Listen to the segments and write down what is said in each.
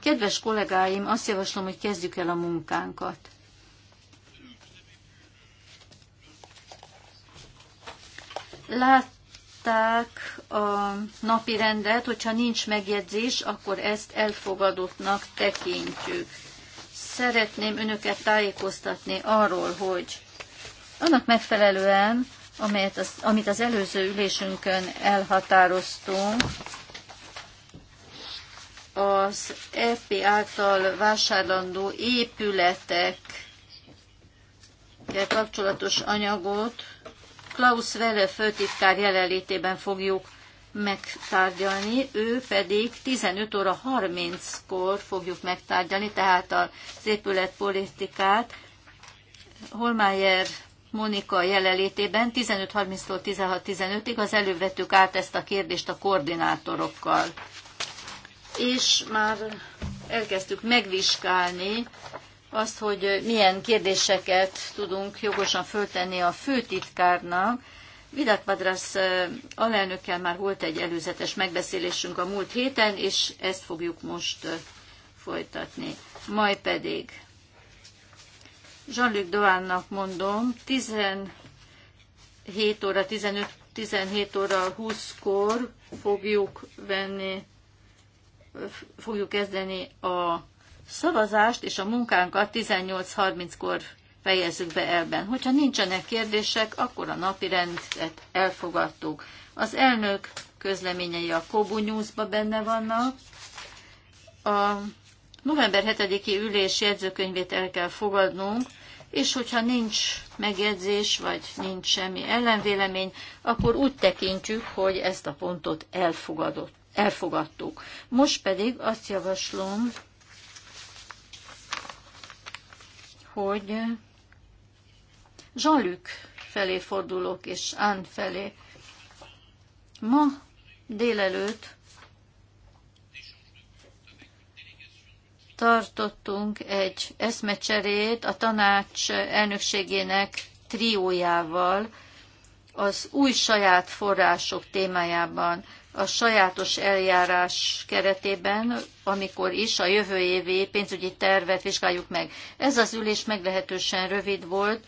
Kedves kollégáim, azt javaslom, hogy kezdjük el a munkánkat. Látták a napi rendet, hogyha nincs megjegyzés, akkor ezt elfogadottnak tekintjük. Szeretném önöket tájékoztatni arról, hogy annak megfelelően, amelyet az, amit az előző ülésünkön elhatároztunk, az EP által vásárlandó épületekkel kapcsolatos anyagot Klaus Welle főtitkár jelenlétében fogjuk megtárgyalni, ő pedig 15 óra 30-kor fogjuk megtárgyalni, tehát az épületpolitikát Holmeyer Monika jelenlétében 15.30-tól 16.15-ig az elővetők át ezt a kérdést a koordinátorokkal és már elkezdtük megvizsgálni azt, hogy milyen kérdéseket tudunk jogosan föltenni a főtitkárnak. Vidák Vadrasz eh, alelnökkel már volt egy előzetes megbeszélésünk a múlt héten, és ezt fogjuk most eh, folytatni. Majd pedig Jean-Luc Doánnak mondom, 17 óra 15, 17 óra 20-kor fogjuk venni fogjuk kezdeni a szavazást, és a munkánkat 18.30-kor fejezzük be elben. Hogyha nincsenek kérdések, akkor a napi rendet elfogadtuk. Az elnök közleményei a Kobu News-ba benne vannak. A november 7-i ülés jegyzőkönyvét el kell fogadnunk, és hogyha nincs megjegyzés, vagy nincs semmi ellenvélemény, akkor úgy tekintjük, hogy ezt a pontot elfogadott elfogadtuk. Most pedig azt javaslom, hogy Zsalük felé fordulok, és Ann felé. Ma délelőtt tartottunk egy eszmecserét a tanács elnökségének triójával az új saját források témájában a sajátos eljárás keretében, amikor is a jövő évi pénzügyi tervet vizsgáljuk meg. Ez az ülés meglehetősen rövid volt.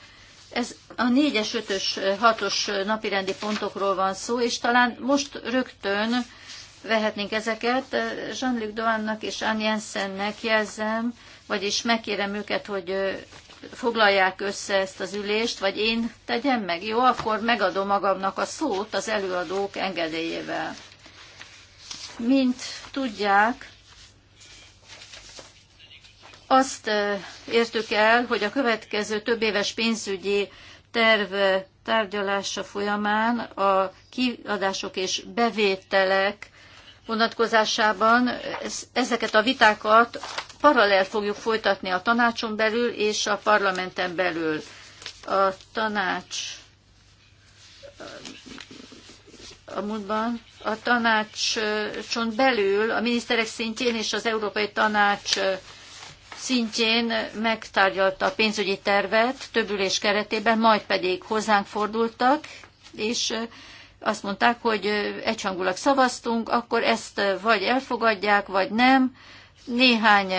Ez a 4-es, 5-ös, 6-os napirendi pontokról van szó, és talán most rögtön vehetnénk ezeket. Jean-Luc Doannak és Anne Jensennek jelzem, vagyis megkérem őket, hogy foglalják össze ezt az ülést, vagy én tegyem meg? Jó, akkor megadom magamnak a szót az előadók engedélyével. Mint tudják, azt értük el, hogy a következő több éves pénzügyi terv tárgyalása folyamán a kiadások és bevételek vonatkozásában ezeket a vitákat paralel fogjuk folytatni a tanácson belül és a parlamenten belül. A tanács a múltban a tanácson belül, a miniszterek szintjén és az Európai Tanács szintjén megtárgyalta a pénzügyi tervet több ülés keretében, majd pedig hozzánk fordultak, és azt mondták, hogy egyhangulag szavaztunk, akkor ezt vagy elfogadják, vagy nem. Néhány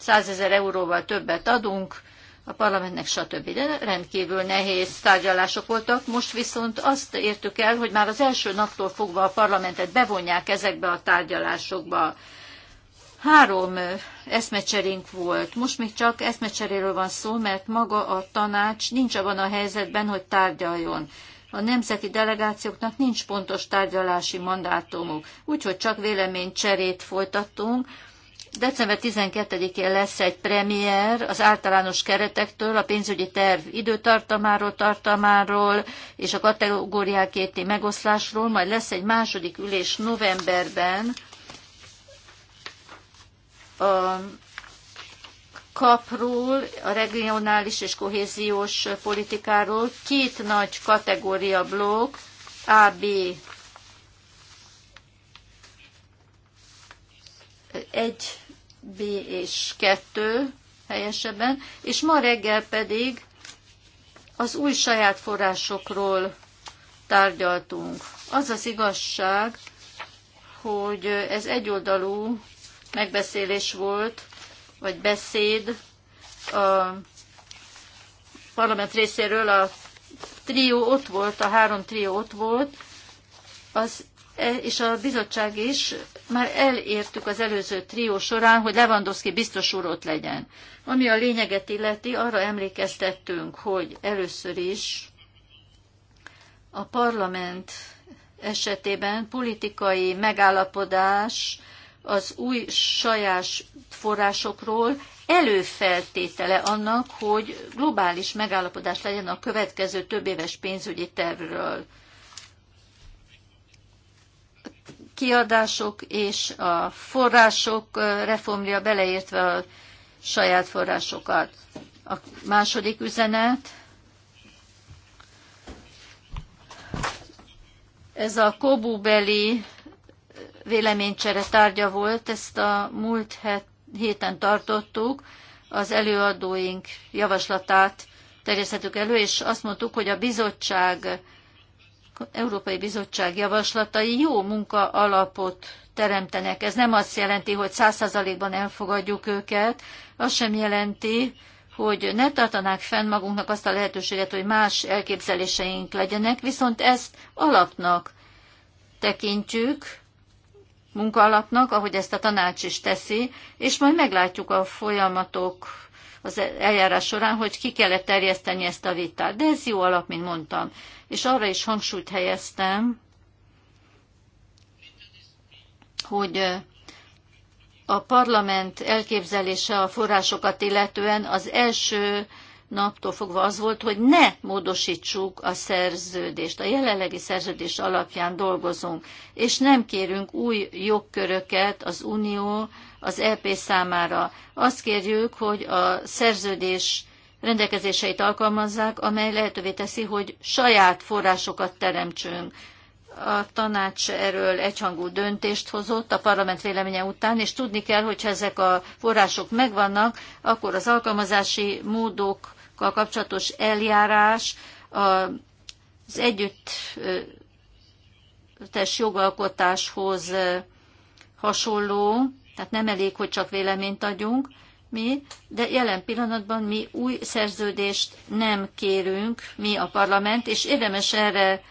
százezer euróval többet adunk, a parlamentnek, stb. De rendkívül nehéz tárgyalások voltak. Most viszont azt értük el, hogy már az első naptól fogva a parlamentet bevonják ezekbe a tárgyalásokba. Három eszmecserénk volt. Most még csak eszmecseréről van szó, mert maga a tanács nincs abban a helyzetben, hogy tárgyaljon. A nemzeti delegációknak nincs pontos tárgyalási mandátumuk, úgyhogy csak véleménycserét folytattunk, December 12-én lesz egy premier az általános keretektől, a pénzügyi terv időtartamáról, tartamáról és a kategóriákéti megoszlásról, majd lesz egy második ülés novemberben a kapról, a regionális és kohéziós politikáról, két nagy kategória blokk, A, B, 1B és 2 helyesebben, és ma reggel pedig az új saját forrásokról tárgyaltunk. Az az igazság, hogy ez egyoldalú megbeszélés volt, vagy beszéd a parlament részéről a trió ott volt, a három trió ott volt, az és a bizottság is, már elértük az előző trió során, hogy Lewandowski biztos úr ott legyen. Ami a lényeget illeti, arra emlékeztettünk, hogy először is a parlament esetében politikai megállapodás az új saját forrásokról előfeltétele annak, hogy globális megállapodás legyen a következő több éves pénzügyi tervről. kiadások és a források reformja beleértve a saját forrásokat. A második üzenet, ez a Kobubeli véleménycsere tárgya volt, ezt a múlt héten tartottuk, az előadóink javaslatát terjesztettük elő, és azt mondtuk, hogy a bizottság Európai Bizottság javaslatai jó munka alapot teremtenek. Ez nem azt jelenti, hogy százszázalékban elfogadjuk őket, az sem jelenti, hogy ne tartanák fenn magunknak azt a lehetőséget, hogy más elképzeléseink legyenek, viszont ezt alapnak tekintjük, munkaalapnak, ahogy ezt a tanács is teszi, és majd meglátjuk a folyamatok az eljárás során, hogy ki kellett terjeszteni ezt a vitát. De ez jó alap, mint mondtam. És arra is hangsúlyt helyeztem, hogy a parlament elképzelése a forrásokat illetően az első naptól fogva az volt, hogy ne módosítsuk a szerződést. A jelenlegi szerződés alapján dolgozunk, és nem kérünk új jogköröket az Unió az EP számára. Azt kérjük, hogy a szerződés rendelkezéseit alkalmazzák, amely lehetővé teszi, hogy saját forrásokat teremtsünk. A tanács erről egyhangú döntést hozott a parlament véleménye után, és tudni kell, hogy ha ezek a források megvannak, akkor az alkalmazási módokkal kapcsolatos eljárás az együttes jogalkotáshoz hasonló, tehát nem elég, hogy csak véleményt adjunk mi, de jelen pillanatban mi új szerződést nem kérünk, mi a parlament, és érdemes erre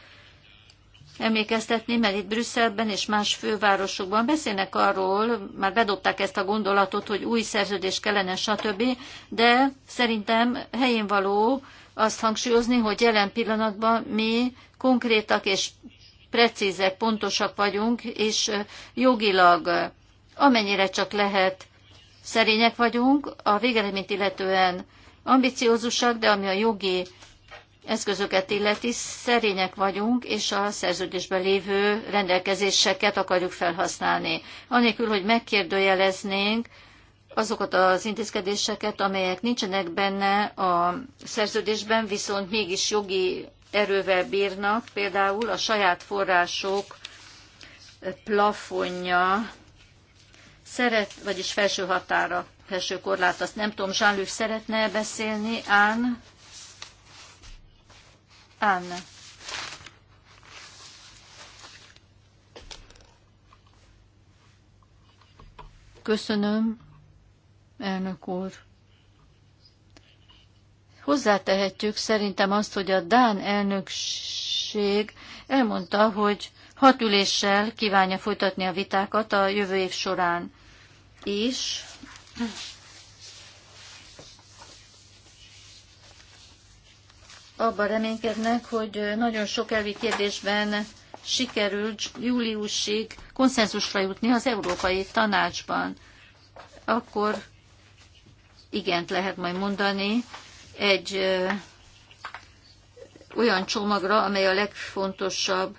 emlékeztetni, mert itt Brüsszelben és más fővárosokban beszélnek arról, már bedobták ezt a gondolatot, hogy új szerződés kellene, stb., de szerintem helyén való azt hangsúlyozni, hogy jelen pillanatban mi konkrétak és precízek, pontosak vagyunk, és jogilag amennyire csak lehet szerények vagyunk, a végeleményt illetően ambiciózusak, de ami a jogi eszközöket illeti, szerények vagyunk, és a szerződésben lévő rendelkezéseket akarjuk felhasználni. Anélkül, hogy megkérdőjeleznénk azokat az intézkedéseket, amelyek nincsenek benne a szerződésben, viszont mégis jogi erővel bírnak, például a saját források plafonja szeret, vagyis felső határa, felső korlát, azt nem tudom, jean szeretne beszélni, Án? án. Köszönöm, elnök úr. Hozzátehetjük szerintem azt, hogy a Dán elnökség elmondta, hogy hat üléssel kívánja folytatni a vitákat a jövő év során és Abban reménykednek, hogy nagyon sok elvi kérdésben sikerült júliusig konszenzusra jutni az Európai Tanácsban. Akkor igent lehet majd mondani egy olyan csomagra, amely a legfontosabb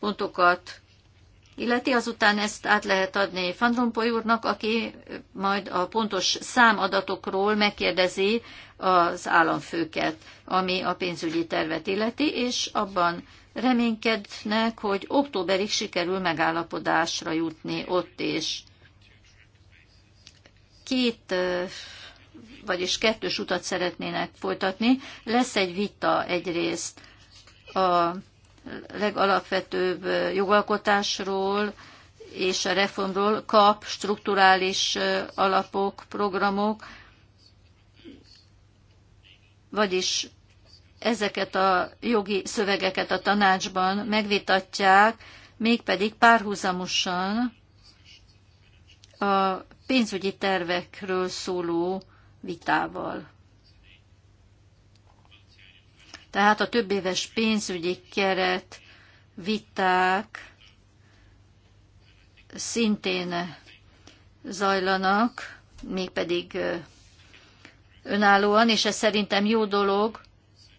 pontokat illeti, azután ezt át lehet adni Van Rompuy úrnak, aki majd a pontos számadatokról megkérdezi az államfőket, ami a pénzügyi tervet illeti, és abban reménykednek, hogy októberig sikerül megállapodásra jutni ott is. Két vagyis kettős utat szeretnének folytatni. Lesz egy vita egyrészt a legalapvetőbb jogalkotásról és a reformról kap strukturális alapok, programok, vagyis ezeket a jogi szövegeket a tanácsban megvitatják, mégpedig párhuzamosan a pénzügyi tervekről szóló vitával. Tehát a több éves pénzügyi keret viták szintén zajlanak, mégpedig önállóan, és ez szerintem jó dolog,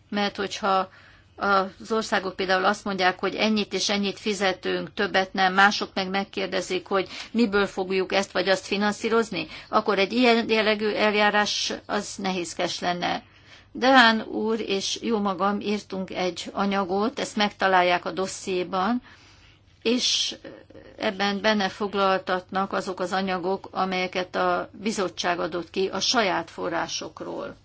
mert hogyha az országok például azt mondják, hogy ennyit és ennyit fizetünk, többet nem, mások meg megkérdezik, hogy miből fogjuk ezt vagy azt finanszírozni, akkor egy ilyen jellegű eljárás az nehézkes lenne. Dehán úr és jó magam írtunk egy anyagot, ezt megtalálják a dosszéban, és ebben benne foglaltatnak azok az anyagok, amelyeket a bizottság adott ki a saját forrásokról.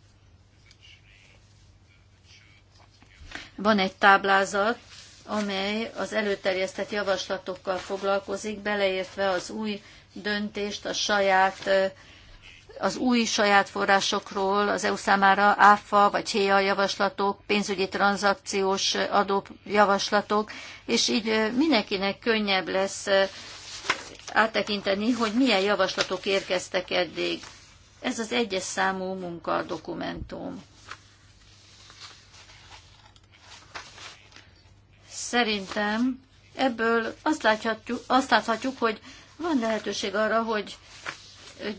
Van egy táblázat, amely az előterjesztett javaslatokkal foglalkozik, beleértve az új döntést a saját az új saját forrásokról az EU számára áfa vagy héja javaslatok, pénzügyi tranzakciós adó javaslatok, és így mindenkinek könnyebb lesz áttekinteni, hogy milyen javaslatok érkeztek eddig. Ez az egyes számú munkadokumentum. Szerintem ebből azt láthatjuk, azt láthatjuk hogy van lehetőség arra, hogy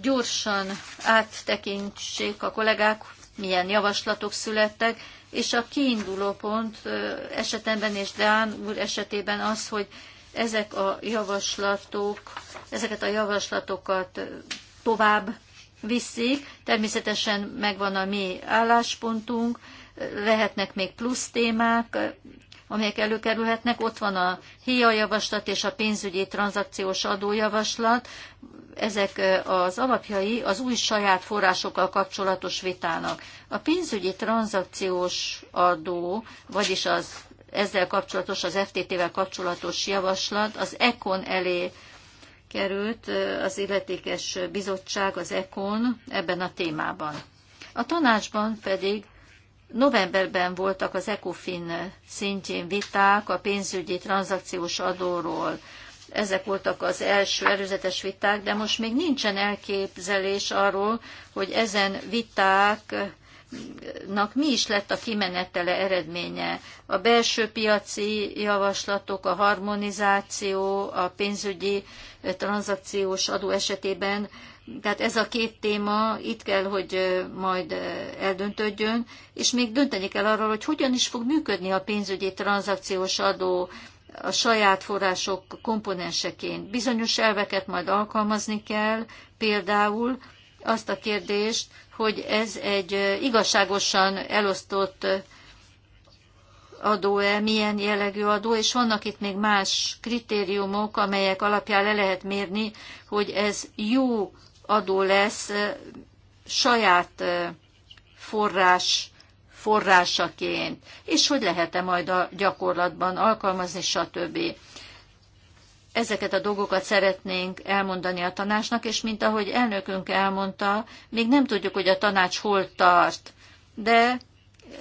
gyorsan áttekintsék a kollégák, milyen javaslatok születtek, és a kiinduló pont esetemben és Deán úr esetében az, hogy ezek a javaslatok, ezeket a javaslatokat tovább viszik. Természetesen megvan a mi álláspontunk, lehetnek még plusz témák, amelyek előkerülhetnek. Ott van a HIA javaslat és a pénzügyi tranzakciós adójavaslat. Ezek az alapjai az új saját forrásokkal kapcsolatos vitának. A pénzügyi tranzakciós adó, vagyis az ezzel kapcsolatos, az FTT-vel kapcsolatos javaslat az ECON elé került az illetékes bizottság, az ECON ebben a témában. A tanácsban pedig Novemberben voltak az ECOFIN szintjén viták a pénzügyi tranzakciós adóról. Ezek voltak az első előzetes viták, de most még nincsen elképzelés arról, hogy ezen viták mi is lett a kimenetele eredménye. A belső piaci javaslatok, a harmonizáció, a pénzügyi tranzakciós adó esetében tehát ez a két téma itt kell, hogy majd eldöntődjön, és még dönteni kell arról, hogy hogyan is fog működni a pénzügyi tranzakciós adó a saját források komponenseként. Bizonyos elveket majd alkalmazni kell, például azt a kérdést, hogy ez egy igazságosan elosztott adó-e, milyen jellegű adó, és vannak itt még más kritériumok, amelyek alapján le lehet mérni, hogy ez jó adó lesz saját forrás forrásaként, és hogy lehet-e majd a gyakorlatban alkalmazni, stb. Ezeket a dolgokat szeretnénk elmondani a tanácsnak, és mint ahogy elnökünk elmondta, még nem tudjuk, hogy a tanács hol tart, de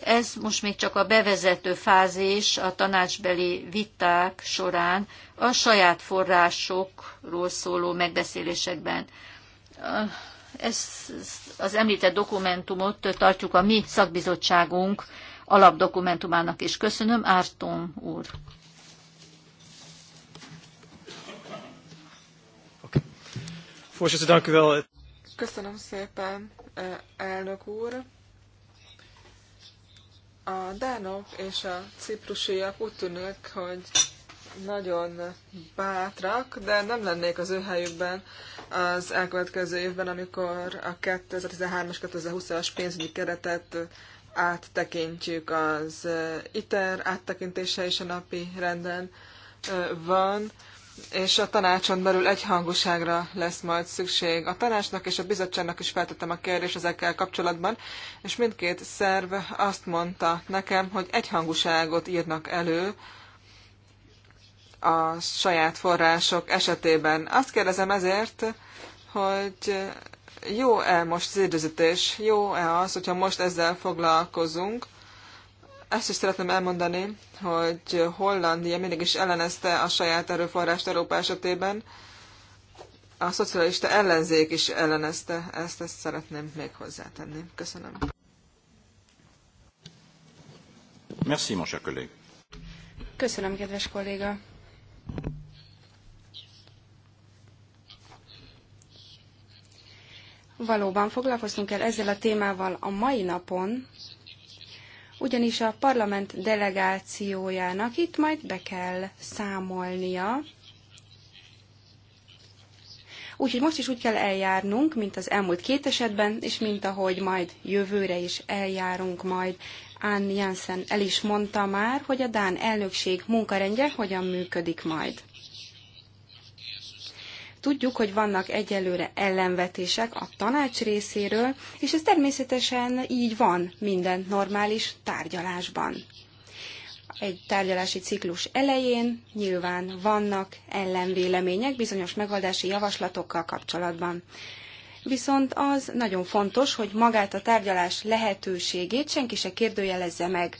ez most még csak a bevezető fázis a tanácsbeli viták során a saját forrásokról szóló megbeszélésekben ezt az említett dokumentumot tartjuk a mi szakbizottságunk alapdokumentumának is. Köszönöm, Árton úr. Köszönöm szépen, eh, elnök úr. A dánok és a ciprusiak úgy tűnik, hogy nagyon bátrak, de nem lennék az ő helyükben az elkövetkező évben, amikor a 2013-as, 2020-as pénzügyi keretet áttekintjük az ITER áttekintése is a napi renden van, és a tanácson belül egyhangúságra lesz majd szükség. A tanácsnak és a bizottságnak is feltettem a kérdés ezekkel kapcsolatban, és mindkét szerv azt mondta nekem, hogy egyhangúságot írnak elő, a saját források esetében. Azt kérdezem ezért, hogy jó-e most az időzítés, jó-e az, hogyha most ezzel foglalkozunk. Ezt is szeretném elmondani, hogy Hollandia mindig is ellenezte a saját erőforrást Európa esetében. A szocialista ellenzék is ellenezte ezt, ezt szeretném még hozzátenni. Köszönöm. Merci, mon cher collègue. Köszönöm, kedves kolléga. Valóban foglalkoztunk el ezzel a témával a mai napon, ugyanis a parlament delegációjának itt majd be kell számolnia. Úgyhogy most is úgy kell eljárnunk, mint az elmúlt két esetben, és mint ahogy majd jövőre is eljárunk majd. Ann Janssen el is mondta már, hogy a Dán elnökség munkarendje hogyan működik majd. Tudjuk, hogy vannak egyelőre ellenvetések a tanács részéről, és ez természetesen így van minden normális tárgyalásban. Egy tárgyalási ciklus elején nyilván vannak ellenvélemények bizonyos megoldási javaslatokkal kapcsolatban viszont az nagyon fontos, hogy magát a tárgyalás lehetőségét senki se kérdőjelezze meg.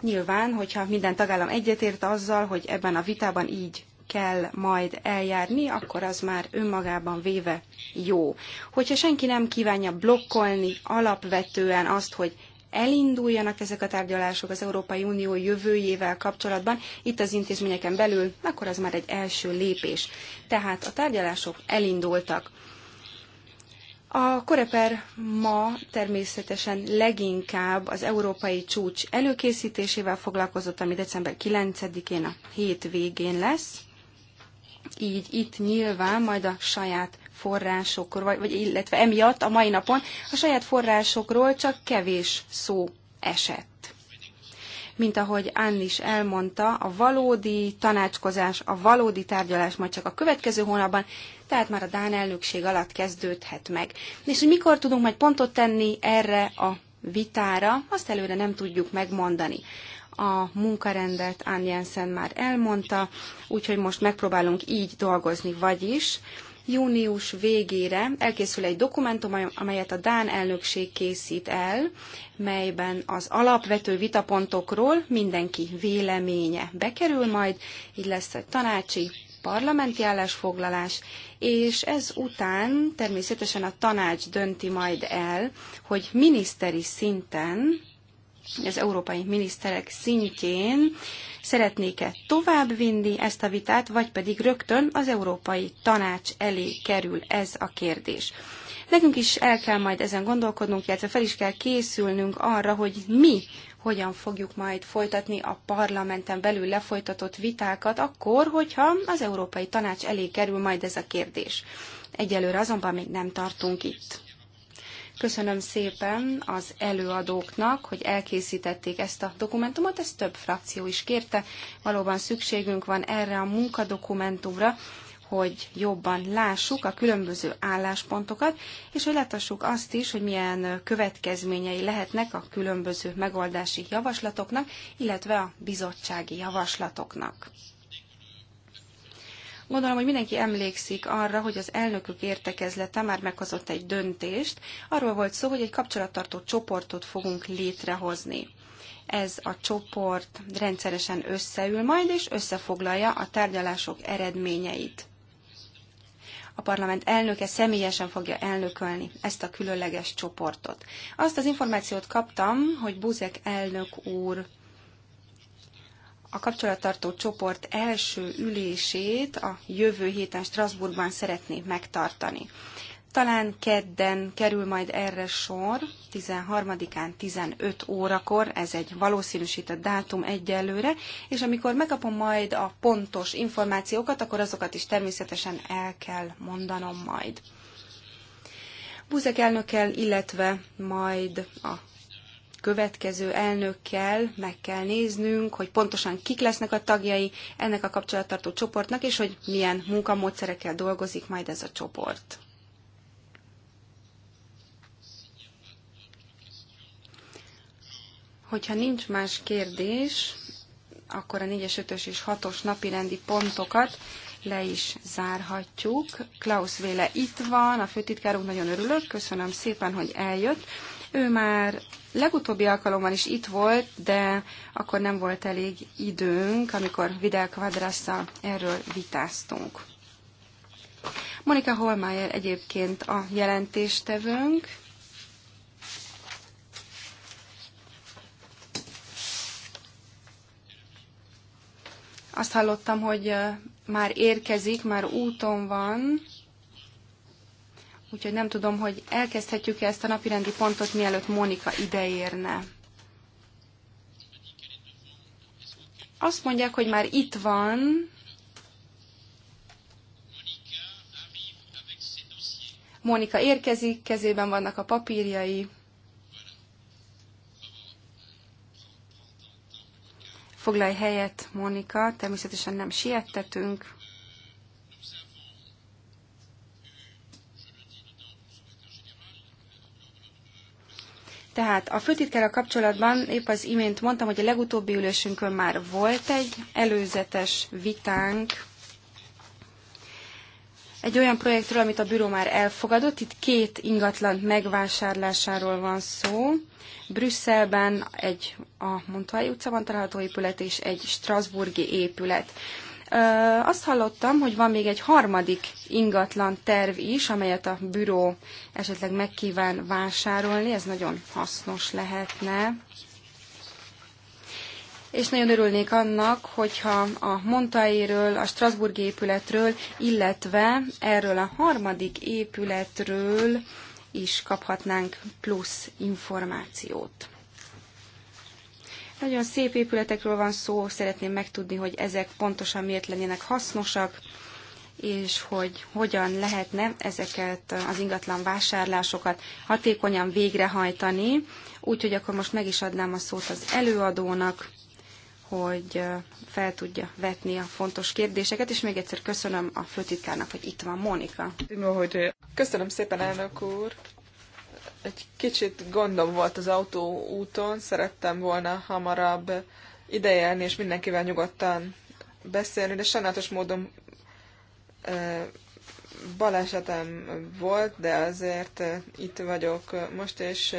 Nyilván, hogyha minden tagállam egyetért azzal, hogy ebben a vitában így kell majd eljárni, akkor az már önmagában véve jó. Hogyha senki nem kívánja blokkolni alapvetően azt, hogy elinduljanak ezek a tárgyalások az Európai Unió jövőjével kapcsolatban, itt az intézményeken belül, akkor az már egy első lépés. Tehát a tárgyalások elindultak. A Koreper ma természetesen leginkább az európai csúcs előkészítésével foglalkozott, ami december 9-én a hét végén lesz. Így itt nyilván majd a saját forrásokról, vagy, vagy illetve emiatt a mai napon a saját forrásokról csak kevés szó esett. Mint ahogy Ann is elmondta, a valódi tanácskozás, a valódi tárgyalás majd csak a következő hónapban, tehát már a Dán elnökség alatt kezdődhet meg. És hogy mikor tudunk majd pontot tenni erre a vitára, azt előre nem tudjuk megmondani a munkarendet Ann Jensen már elmondta, úgyhogy most megpróbálunk így dolgozni, vagyis június végére elkészül egy dokumentum, amelyet a Dán elnökség készít el, melyben az alapvető vitapontokról mindenki véleménye bekerül majd, így lesz egy tanácsi parlamenti állásfoglalás, és ez után természetesen a tanács dönti majd el, hogy miniszteri szinten az európai miniszterek szintjén szeretnék-e továbbvinni ezt a vitát, vagy pedig rögtön az Európai Tanács elé kerül ez a kérdés. Nekünk is el kell majd ezen gondolkodnunk, illetve fel is kell készülnünk arra, hogy mi hogyan fogjuk majd folytatni a parlamenten belül lefolytatott vitákat, akkor, hogyha az Európai Tanács elé kerül majd ez a kérdés. Egyelőre azonban még nem tartunk itt. Köszönöm szépen az előadóknak, hogy elkészítették ezt a dokumentumot, ezt több frakció is kérte. Valóban szükségünk van erre a munkadokumentumra, hogy jobban lássuk a különböző álláspontokat, és hogy látassuk azt is, hogy milyen következményei lehetnek a különböző megoldási javaslatoknak, illetve a bizottsági javaslatoknak. Gondolom, hogy mindenki emlékszik arra, hogy az elnökök értekezlete már meghozott egy döntést. Arról volt szó, hogy egy kapcsolattartó csoportot fogunk létrehozni. Ez a csoport rendszeresen összeül majd, és összefoglalja a tárgyalások eredményeit a parlament elnöke személyesen fogja elnökölni ezt a különleges csoportot. Azt az információt kaptam, hogy Buzek elnök úr a kapcsolattartó csoport első ülését a jövő héten Strasbourgban szeretné megtartani. Talán kedden kerül majd erre sor, 13-án 15 órakor, ez egy valószínűsített dátum egyelőre, és amikor megkapom majd a pontos információkat, akkor azokat is természetesen el kell mondanom majd. Buzek elnökkel, illetve majd a következő elnökkel meg kell néznünk, hogy pontosan kik lesznek a tagjai ennek a kapcsolattartó csoportnak, és hogy milyen munkamódszerekkel dolgozik majd ez a csoport. Hogyha nincs más kérdés, akkor a 4-es, 5-ös és 6-os rendi pontokat le is zárhatjuk. Klaus Véle itt van, a főtitkárunk, nagyon örülök, köszönöm szépen, hogy eljött. Ő már Legutóbbi alkalommal is itt volt, de akkor nem volt elég időnk, amikor Vidal Quadrassa erről vitáztunk. Monika Holmeyer egyébként a jelentéstevőnk. Azt hallottam, hogy eh, már érkezik, már úton van. Úgyhogy nem tudom, hogy elkezdhetjük-e ezt a napirendi pontot, mielőtt Mónika ideérne. Azt mondják, hogy már itt van. Mónika érkezik, kezében vannak a papírjai. Foglalj helyet, Mónika, természetesen nem siettetünk. Tehát a főtitkára kapcsolatban épp az imént mondtam, hogy a legutóbbi ülésünkön már volt egy előzetes vitánk, egy olyan projektről, amit a büró már elfogadott. Itt két ingatlan megvásárlásáról van szó. Brüsszelben egy a Montoy utcában található épület és egy Strasburgi épület. Azt hallottam, hogy van még egy harmadik ingatlan terv is, amelyet a büró esetleg megkíván vásárolni, ez nagyon hasznos lehetne. És nagyon örülnék annak, hogyha a Montairől, a Strasburg épületről, illetve erről a harmadik épületről is kaphatnánk plusz információt. Nagyon szép épületekről van szó, szeretném megtudni, hogy ezek pontosan miért lennének hasznosak, és hogy hogyan lehetne ezeket az ingatlan vásárlásokat hatékonyan végrehajtani. Úgyhogy akkor most meg is adnám a szót az előadónak, hogy fel tudja vetni a fontos kérdéseket, és még egyszer köszönöm a főtitkárnak, hogy itt van Mónika. Köszönöm szépen, elnök úr! egy kicsit gondom volt az autóúton, szerettem volna hamarabb idejelni, és mindenkivel nyugodtan beszélni, de sajnálatos módon e, balesetem volt, de azért itt vagyok most, és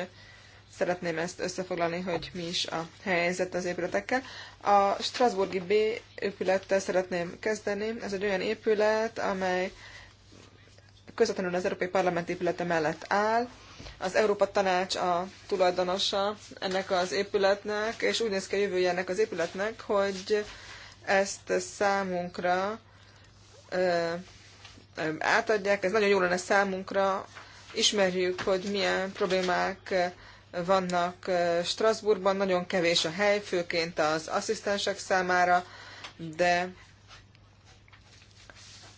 szeretném ezt összefoglalni, hogy mi is a helyzet az épületekkel. A Strasburgi B épülettel szeretném kezdeni. Ez egy olyan épület, amely közvetlenül az Európai Parlament épülete mellett áll, az Európa Tanács a tulajdonosa ennek az épületnek, és úgy néz ki a jövője ennek az épületnek, hogy ezt számunkra ö, ö, átadják. Ez nagyon jó lenne számunkra. Ismerjük, hogy milyen problémák vannak Strasbourgban, nagyon kevés a hely, főként az asszisztensek számára, de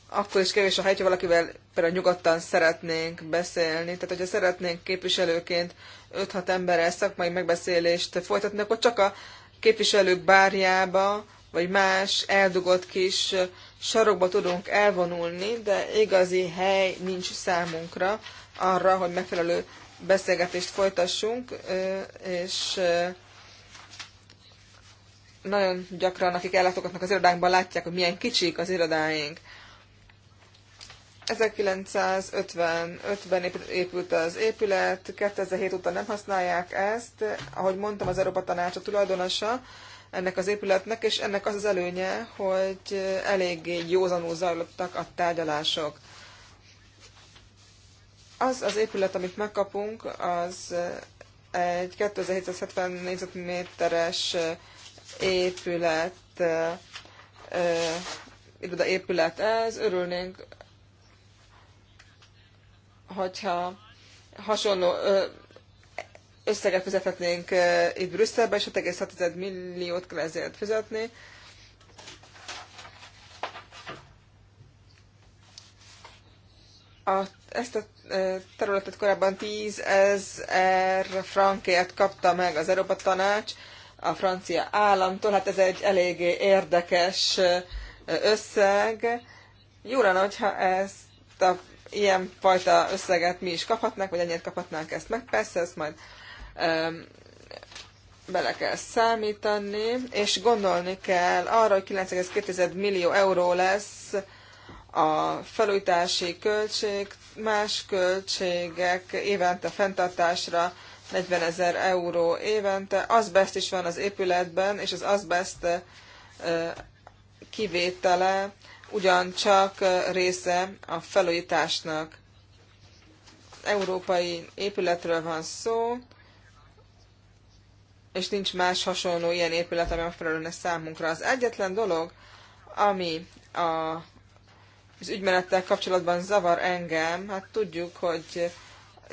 akkor is kevés a hely, ha valakivel például nyugodtan szeretnénk beszélni. Tehát, hogyha szeretnénk képviselőként 5-6 emberrel szakmai megbeszélést folytatni, akkor csak a képviselők bárjába, vagy más eldugott kis sarokba tudunk elvonulni, de igazi hely nincs számunkra arra, hogy megfelelő beszélgetést folytassunk, és nagyon gyakran, akik ellátogatnak az irodánkban, látják, hogy milyen kicsik az irodáink. 1955-ben épült az épület, 2007 óta nem használják ezt, ahogy mondtam, az Európa Tanács a tulajdonosa ennek az épületnek, és ennek az az előnye, hogy eléggé józanul zajlottak a tárgyalások. Az az épület, amit megkapunk, az egy 2770 négyzetméteres épület iroda épület ez, örülnénk hogyha hasonló összeget fizethetnénk itt Brüsszelben, és 6,6 milliót kell ezért fizetni. A, ezt a területet korábban 10 ezer frankért kapta meg az Európa Tanács a francia államtól, hát ez egy eléggé érdekes összeg. Jó lenne, hogyha ezt a ilyen fajta összeget mi is kaphatnánk, vagy ennyit kaphatnánk ezt meg. Persze, ezt majd um, bele kell számítani, és gondolni kell arra, hogy 9,2 millió euró lesz a felújítási költség, más költségek évente fenntartásra 40 ezer euró évente, azbest is van az épületben, és az azbest kivétele ugyancsak része a felújításnak. Európai épületről van szó, és nincs más hasonló ilyen épület, ami megfelelőne számunkra. Az egyetlen dolog, ami a, az ügymenettel kapcsolatban zavar engem, hát tudjuk, hogy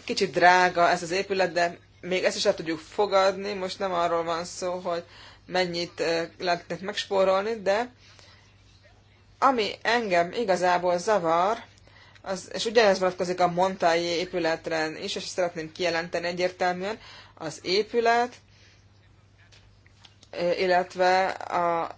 kicsit drága ez az épület, de még ezt is el tudjuk fogadni, most nem arról van szó, hogy mennyit lehetnek megspórolni, de ami engem igazából zavar, az, és ugyanez vonatkozik a Montai épületre is, és szeretném kijelenteni egyértelműen, az épület, illetve a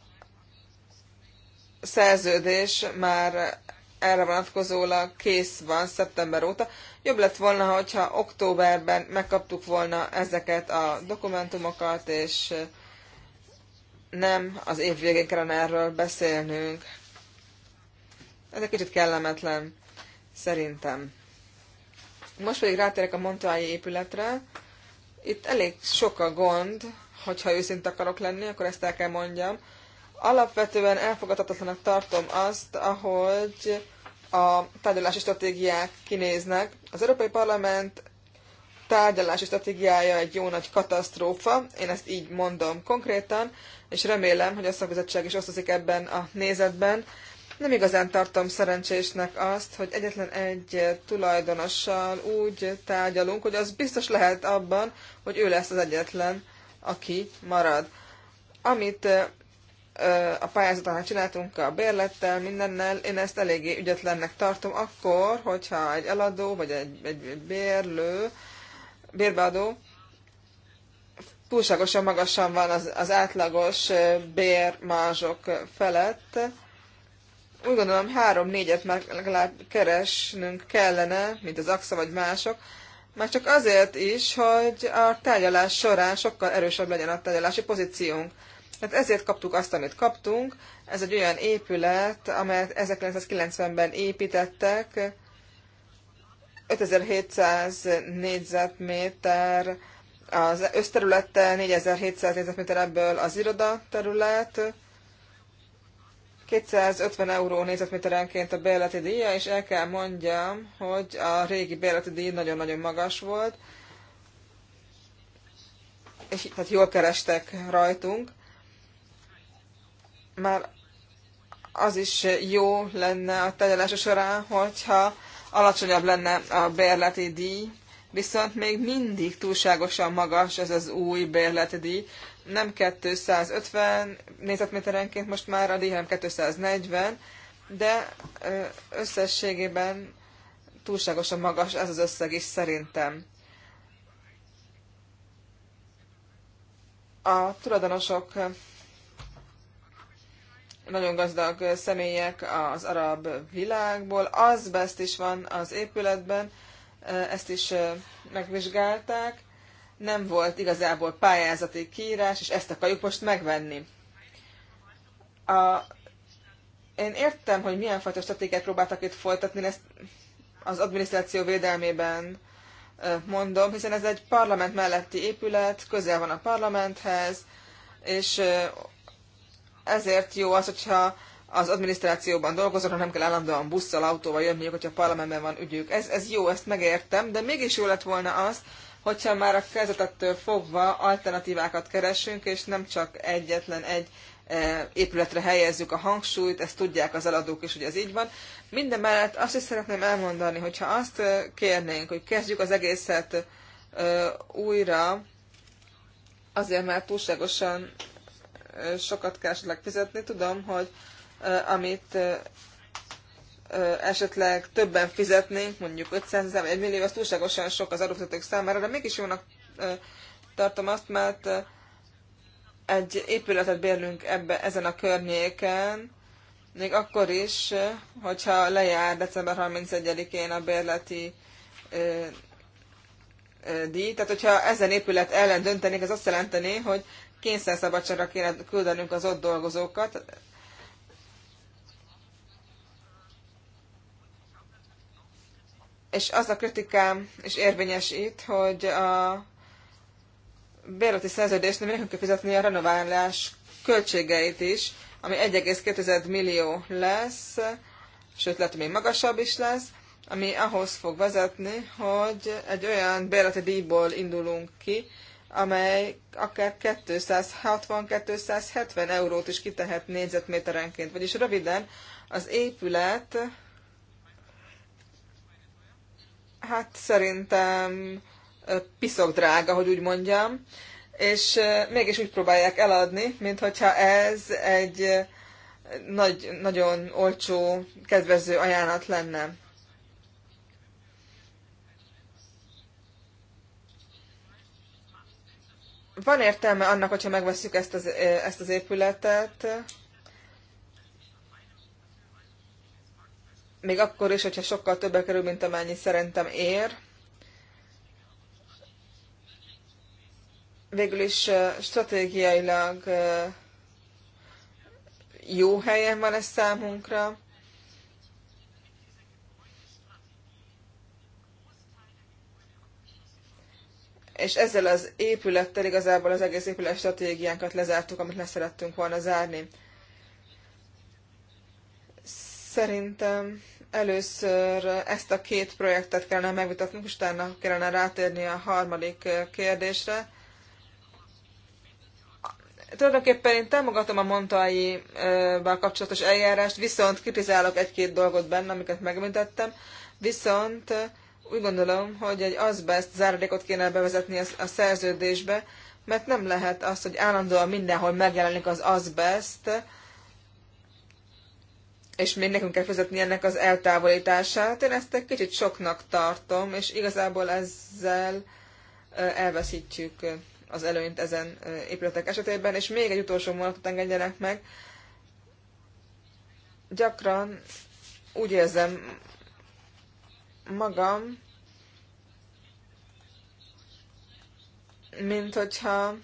szerződés már erre vonatkozólag kész van szeptember óta. Jobb lett volna, hogyha októberben megkaptuk volna ezeket a dokumentumokat, és nem az év végén kellene erről beszélnünk. Ez egy kicsit kellemetlen, szerintem. Most pedig rátérek a Montoyi épületre. Itt elég sok a gond, hogyha őszint akarok lenni, akkor ezt el kell mondjam. Alapvetően elfogadhatatlanak tartom azt, ahogy a tárgyalási stratégiák kinéznek. Az Európai Parlament tárgyalási stratégiája egy jó nagy katasztrófa, én ezt így mondom konkrétan, és remélem, hogy a szakbizottság is osztozik ebben a nézetben, nem igazán tartom szerencsésnek azt, hogy egyetlen egy tulajdonossal úgy tárgyalunk, hogy az biztos lehet abban, hogy ő lesz az egyetlen, aki marad. Amit a pályázatánál csináltunk a bérlettel, mindennel, én ezt eléggé ügyetlennek tartom akkor, hogyha egy eladó vagy egy, egy bérlő, bérbeadó túlságosan magasan van az, az átlagos bérmázsok felett, úgy gondolom három-négyet már legalább keresnünk kellene, mint az AXA vagy mások, már csak azért is, hogy a tárgyalás során sokkal erősebb legyen a tárgyalási pozíciónk. Tehát ezért kaptuk azt, amit kaptunk. Ez egy olyan épület, amelyet 1990-ben építettek, 5700 négyzetméter az összterülete, 4700 négyzetméter ebből az iroda terület, 250 euró nézetméterenként a bérleti díja, és el kell mondjam, hogy a régi bérleti díj nagyon-nagyon magas volt, és tehát jól kerestek rajtunk. Már az is jó lenne a tegyelása során, hogyha alacsonyabb lenne a bérleti díj, viszont még mindig túlságosan magas ez az új bérleti díj, nem 250 nézetméterenként most már a díjhelyem 240, de összességében túlságosan magas ez az összeg is szerintem. A tulajdonosok nagyon gazdag személyek az arab világból, azbest is van az épületben, ezt is megvizsgálták, nem volt igazából pályázati kiírás, és ezt akarjuk most megvenni. A, én értem, hogy milyen fajta stratégiát próbáltak itt folytatni, ezt az adminisztráció védelmében mondom, hiszen ez egy parlament melletti épület, közel van a parlamenthez, és ezért jó az, hogyha az adminisztrációban dolgozok, nem kell állandóan busszal, autóval jönni, hogyha a parlamentben van ügyük. Ez, ez jó, ezt megértem, de mégis jó lett volna az, hogyha már a kezdetettől fogva alternatívákat keresünk, és nem csak egyetlen egy e, épületre helyezzük a hangsúlyt, ezt tudják az eladók is, hogy ez így van. Minden mellett azt is szeretném elmondani, hogyha azt e, kérnénk, hogy kezdjük az egészet e, újra, azért már túlságosan sokat kell esetleg fizetni, tudom, hogy amit esetleg többen fizetnénk, mondjuk 500 ezer vagy 1 millió, az túlságosan sok az adófizetők számára, de mégis jónak tartom azt, mert egy épületet bérlünk ebbe, ezen a környéken, még akkor is, hogyha lejár december 31-én a bérleti ö, ö, díj. Tehát, hogyha ezen épület ellen döntenék, ez azt jelenteni, hogy szabadságra kéne küldenünk az ott dolgozókat, és az a kritikám is érvényes itt, hogy a bérleti szerződésnél nekünk kell fizetni a renoválás költségeit is, ami 1,2 millió lesz, sőt lehet, hogy még magasabb is lesz, ami ahhoz fog vezetni, hogy egy olyan bérleti díjból indulunk ki, amely akár 260-270 eurót is kitehet négyzetméterenként. Vagyis röviden az épület hát szerintem piszok drága, hogy úgy mondjam, és mégis úgy próbálják eladni, mint ez egy nagy, nagyon olcsó, kedvező ajánlat lenne. Van értelme annak, hogyha megveszük ezt az, ezt az épületet, még akkor is, hogyha sokkal többe kerül, mint amennyi szerintem ér. Végül is stratégiailag jó helyen van ez számunkra. és ezzel az épülettel igazából az egész épület stratégiánkat lezártuk, amit leszerettünk volna zárni. Szerintem először ezt a két projektet kellene megvitatnunk, és utána kellene rátérni a harmadik kérdésre. Tulajdonképpen én támogatom a montai kapcsolatos eljárást, viszont kritizálok egy-két dolgot benne, amiket megmutattam. Viszont úgy gondolom, hogy egy azbest záradékot kéne bevezetni a szerződésbe, mert nem lehet az, hogy állandóan mindenhol megjelenik az azbest, és még nekünk kell fizetni ennek az eltávolítását. Én ezt egy kicsit soknak tartom, és igazából ezzel elveszítjük az előnyt ezen épületek esetében. És még egy utolsó mondatot engedjenek meg. Gyakran úgy érzem magam, mint hogyha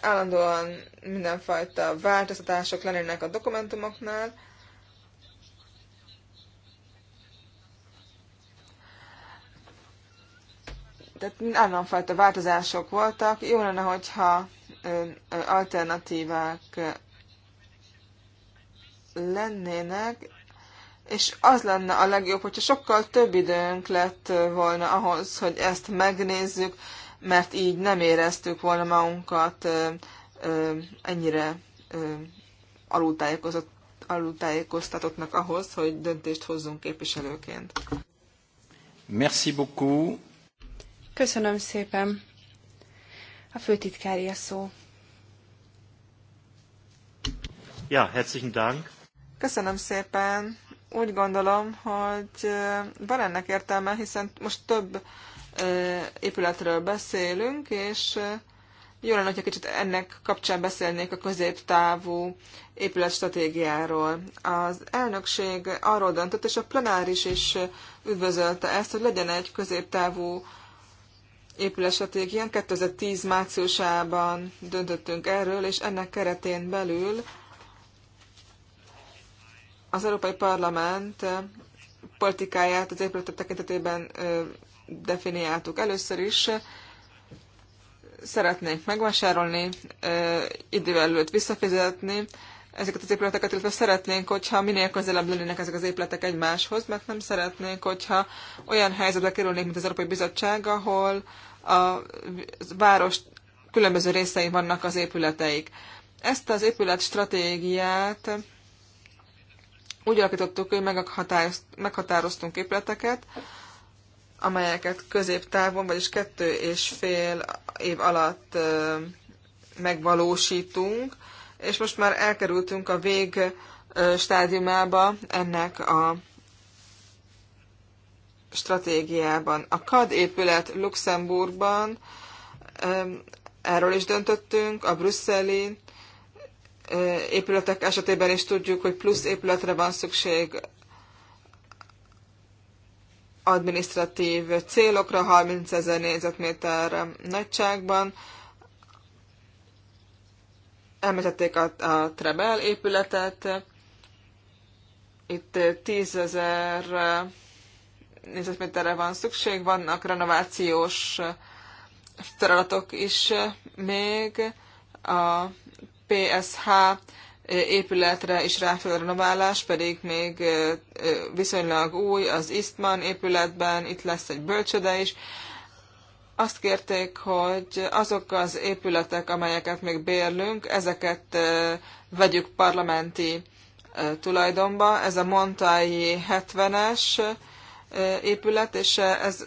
állandóan mindenfajta változtatások lennének a dokumentumoknál, tehát államfajta változások voltak. Jó lenne, hogyha alternatívák lennének, és az lenne a legjobb, hogyha sokkal több időnk lett volna ahhoz, hogy ezt megnézzük, mert így nem éreztük volna magunkat ennyire alultájékozott, alultájékoztatottnak ahhoz, hogy döntést hozzunk képviselőként. Merci beaucoup. Köszönöm szépen. A főtitkári a szó. Ja, herzlichen Dank. Köszönöm szépen. Úgy gondolom, hogy van ennek értelme, hiszen most több épületről beszélünk, és jó lenne, hogyha kicsit ennek kapcsán beszélnék a középtávú épületstratégiáról. Az elnökség arról döntött, és a plenáris is üdvözölte ezt, hogy legyen egy középtávú épül esetig ilyen. 2010 márciusában döntöttünk erről, és ennek keretén belül az Európai Parlament politikáját az épületet tekintetében definiáltuk. Először is szeretnénk megvásárolni, idővel előtt visszafizetni, ezeket az épületeket, illetve szeretnénk, hogyha minél közelebb lennének ezek az épületek egymáshoz, mert nem szeretnénk, hogyha olyan helyzetbe kerülnék, mint az Európai Bizottság, ahol a város különböző részein vannak az épületeik. Ezt az épület stratégiát úgy alakítottuk, hogy meghatároztunk épületeket, amelyeket középtávon, vagyis kettő és fél év alatt megvalósítunk, és most már elkerültünk a vég stádiumába ennek a stratégiában. A CAD épület Luxemburgban, erről is döntöttünk, a brüsszeli épületek esetében is tudjuk, hogy plusz épületre van szükség administratív célokra, 30 ezer négyzetméter nagyságban, elmetették a, a Trebel épületet, itt tízezer négyzetméterre van szükség, vannak renovációs feladatok is még, a PSH épületre is ráfér a renoválás, pedig még viszonylag új, az Istman épületben, itt lesz egy bölcsöde is, azt kérték, hogy azok az épületek, amelyeket még bérlünk, ezeket vegyük parlamenti tulajdonba. Ez a Montai 70-es épület, és ez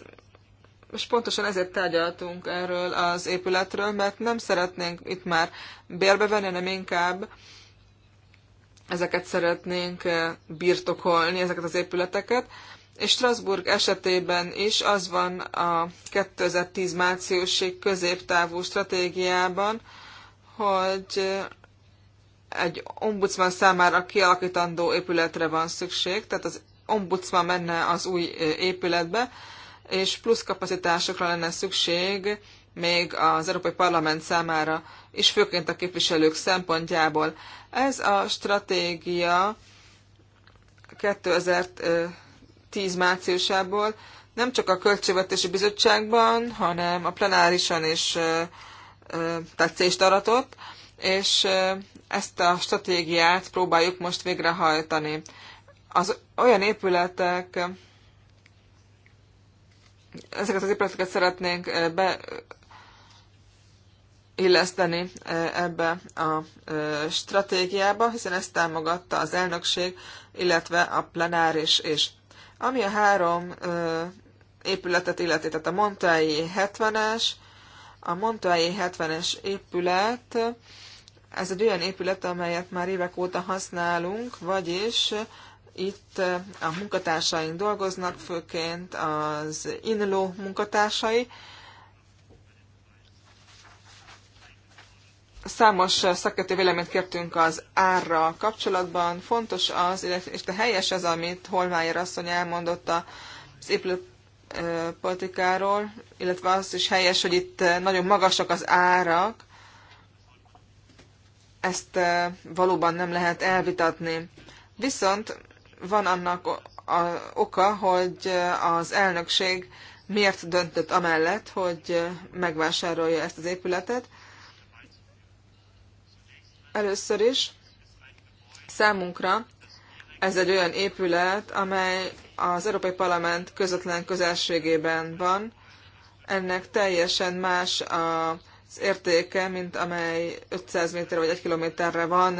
és pontosan ezért tárgyaltunk erről az épületről, mert nem szeretnénk itt már bérbe venni, hanem inkább ezeket szeretnénk birtokolni, ezeket az épületeket és Strasbourg esetében is az van a 2010 márciusi középtávú stratégiában, hogy egy ombudsman számára kialakítandó épületre van szükség, tehát az ombudsman menne az új épületbe, és plusz kapacitásokra lenne szükség még az Európai Parlament számára, és főként a képviselők szempontjából. Ez a stratégia 2000 2010 márciusából nem csak a Költségvetési Bizottságban, hanem a plenárisan is tetszést aratott, és ezt a stratégiát próbáljuk most végrehajtani. Az olyan épületek, ezeket az épületeket szeretnénk beilleszteni ebbe a stratégiába, hiszen ezt támogatta az elnökség, illetve a plenáris és ami a három ö, épületet illeti, tehát a Montai 70-es, a Montai 70-es épület, ez egy olyan épület, amelyet már évek óta használunk, vagyis itt a munkatársaink dolgoznak, főként az INLO munkatársai, Számos szakértő véleményt kértünk az árral kapcsolatban. Fontos az, és de helyes az, amit Holmájer asszony elmondott az politikáról, illetve az is helyes, hogy itt nagyon magasak az árak. Ezt valóban nem lehet elvitatni. Viszont van annak a oka, hogy az elnökség miért döntött amellett, hogy megvásárolja ezt az épületet. Először is számunkra ez egy olyan épület, amely az Európai Parlament közvetlen közelségében van. Ennek teljesen más az értéke, mint amely 500 méter vagy 1 kilométerre van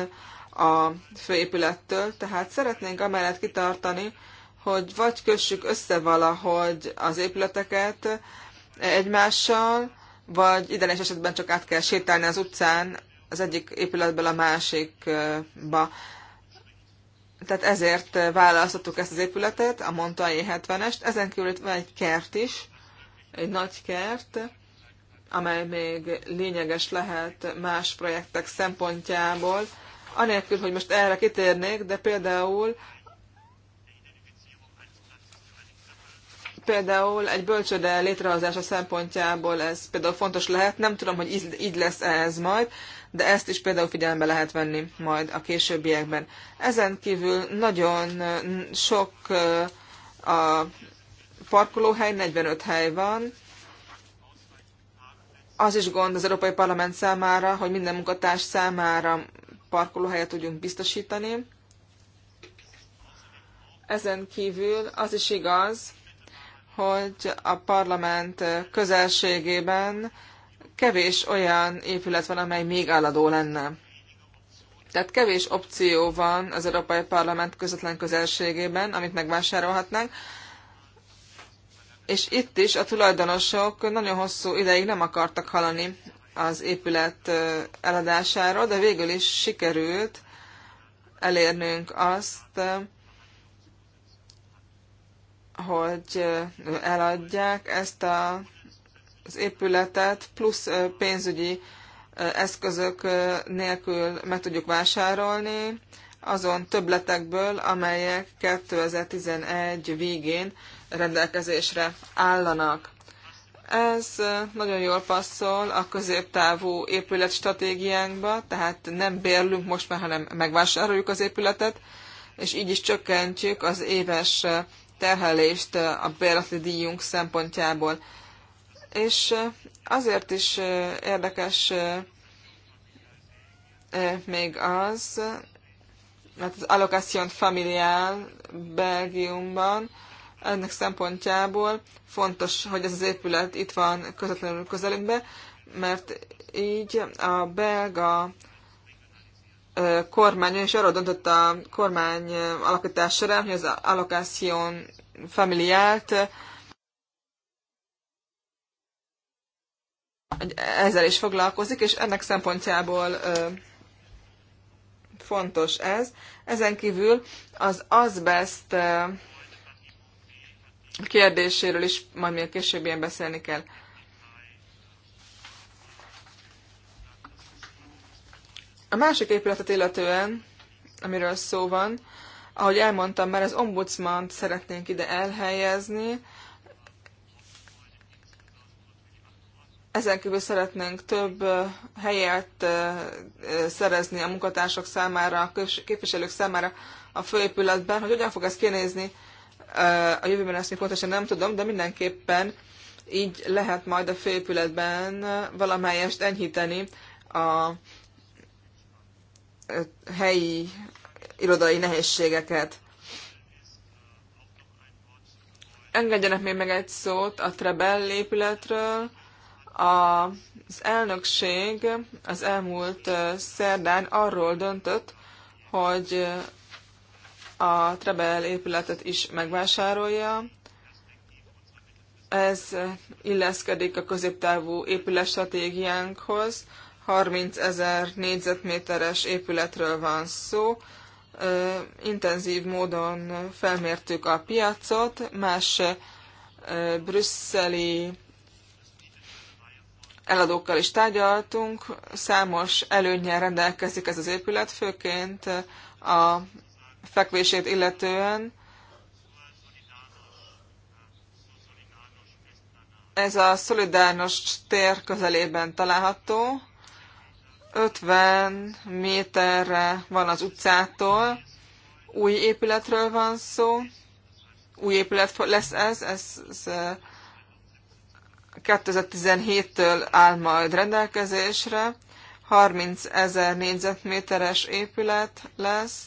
a főépülettől. Tehát szeretnénk amellett kitartani, hogy vagy kössük össze valahogy az épületeket egymással, vagy ideális esetben csak át kell sétálni az utcán az egyik épületből a másikba. Tehát ezért választottuk ezt az épületet, a Montai 70-est. Ezen kívül itt van egy kert is, egy nagy kert, amely még lényeges lehet más projektek szempontjából. Anélkül, hogy most erre kitérnék, de például például egy bölcsőde létrehozása szempontjából ez például fontos lehet. Nem tudom, hogy így lesz -e ez majd, de ezt is például figyelembe lehet venni majd a későbbiekben. Ezen kívül nagyon sok a parkolóhely, 45 hely van. Az is gond az Európai Parlament számára, hogy minden munkatárs számára parkolóhelyet tudjunk biztosítani. Ezen kívül az is igaz, hogy a parlament közelségében kevés olyan épület van, amely még álladó lenne. Tehát kevés opció van az Európai Parlament közvetlen közelségében, amit megvásárolhatnánk, és itt is a tulajdonosok nagyon hosszú ideig nem akartak halani az épület eladásáról, de végül is sikerült elérnünk azt, hogy eladják ezt a, az épületet, plusz pénzügyi eszközök nélkül meg tudjuk vásárolni azon többletekből, amelyek 2011 végén rendelkezésre állanak. Ez nagyon jól passzol a középtávú épületstratégiánkba, tehát nem bérlünk most már, hanem megvásároljuk az épületet, és így is csökkentjük az éves terhelést a bérleti díjunk szempontjából. És azért is érdekes még az, mert az Allocation familiál Belgiumban, ennek szempontjából fontos, hogy ez az épület itt van közvetlenül közelünkben, mert így a belga Kormány és arról döntött a kormány alakítás során, hogy az allokáción familiált ezzel is foglalkozik, és ennek szempontjából fontos ez. Ezen kívül az azbest kérdéséről is majd még később ilyen beszélni kell. A másik épületet illetően, amiről szó van, ahogy elmondtam már, az ombudsman szeretnénk ide elhelyezni. Ezen kívül szeretnénk több helyet szerezni a munkatársak számára, a képviselők számára a főépületben, hogy hogyan fog ez kinézni a jövőben ezt még pontosan nem tudom, de mindenképpen így lehet majd a főépületben valamelyest enyhíteni a helyi irodai nehézségeket. Engedjenek még meg egy szót a Trebel épületről. Az elnökség az elmúlt szerdán arról döntött, hogy a Trebel épületet is megvásárolja. Ez illeszkedik a középtávú épületstratégiánkhoz, 30 ezer négyzetméteres épületről van szó. Intenzív módon felmértük a piacot, más brüsszeli eladókkal is tárgyaltunk. Számos előnyel rendelkezik ez az épület, főként a fekvését illetően. Ez a Szolidárnos tér közelében található. 50 méterre van az utcától, új épületről van szó, új épület lesz ez, ez, ez 2017-től áll majd rendelkezésre, 30 ezer négyzetméteres épület lesz,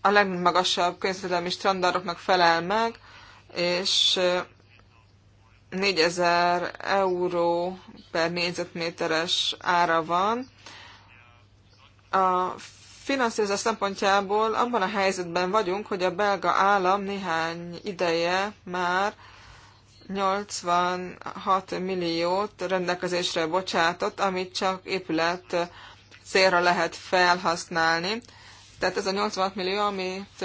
a legmagasabb közvetelmi standardoknak felel meg, és 4000 euró per négyzetméteres ára van. A finanszírozás szempontjából abban a helyzetben vagyunk, hogy a belga állam néhány ideje már 86 milliót rendelkezésre bocsátott, amit csak épület célra lehet felhasználni. Tehát ez a 86 millió, amit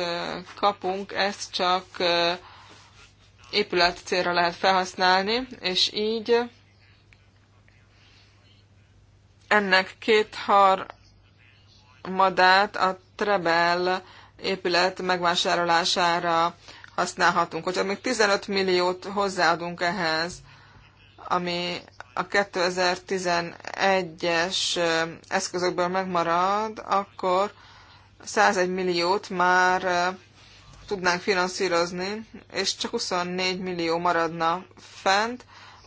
kapunk, ezt csak épület célra lehet felhasználni, és így ennek két har madát a Trebel épület megvásárlására használhatunk. Hogyha még 15 milliót hozzáadunk ehhez, ami a 2011-es eszközökből megmarad, akkor 101 milliót már tudnánk finanszírozni, és csak 24 millió maradna fent,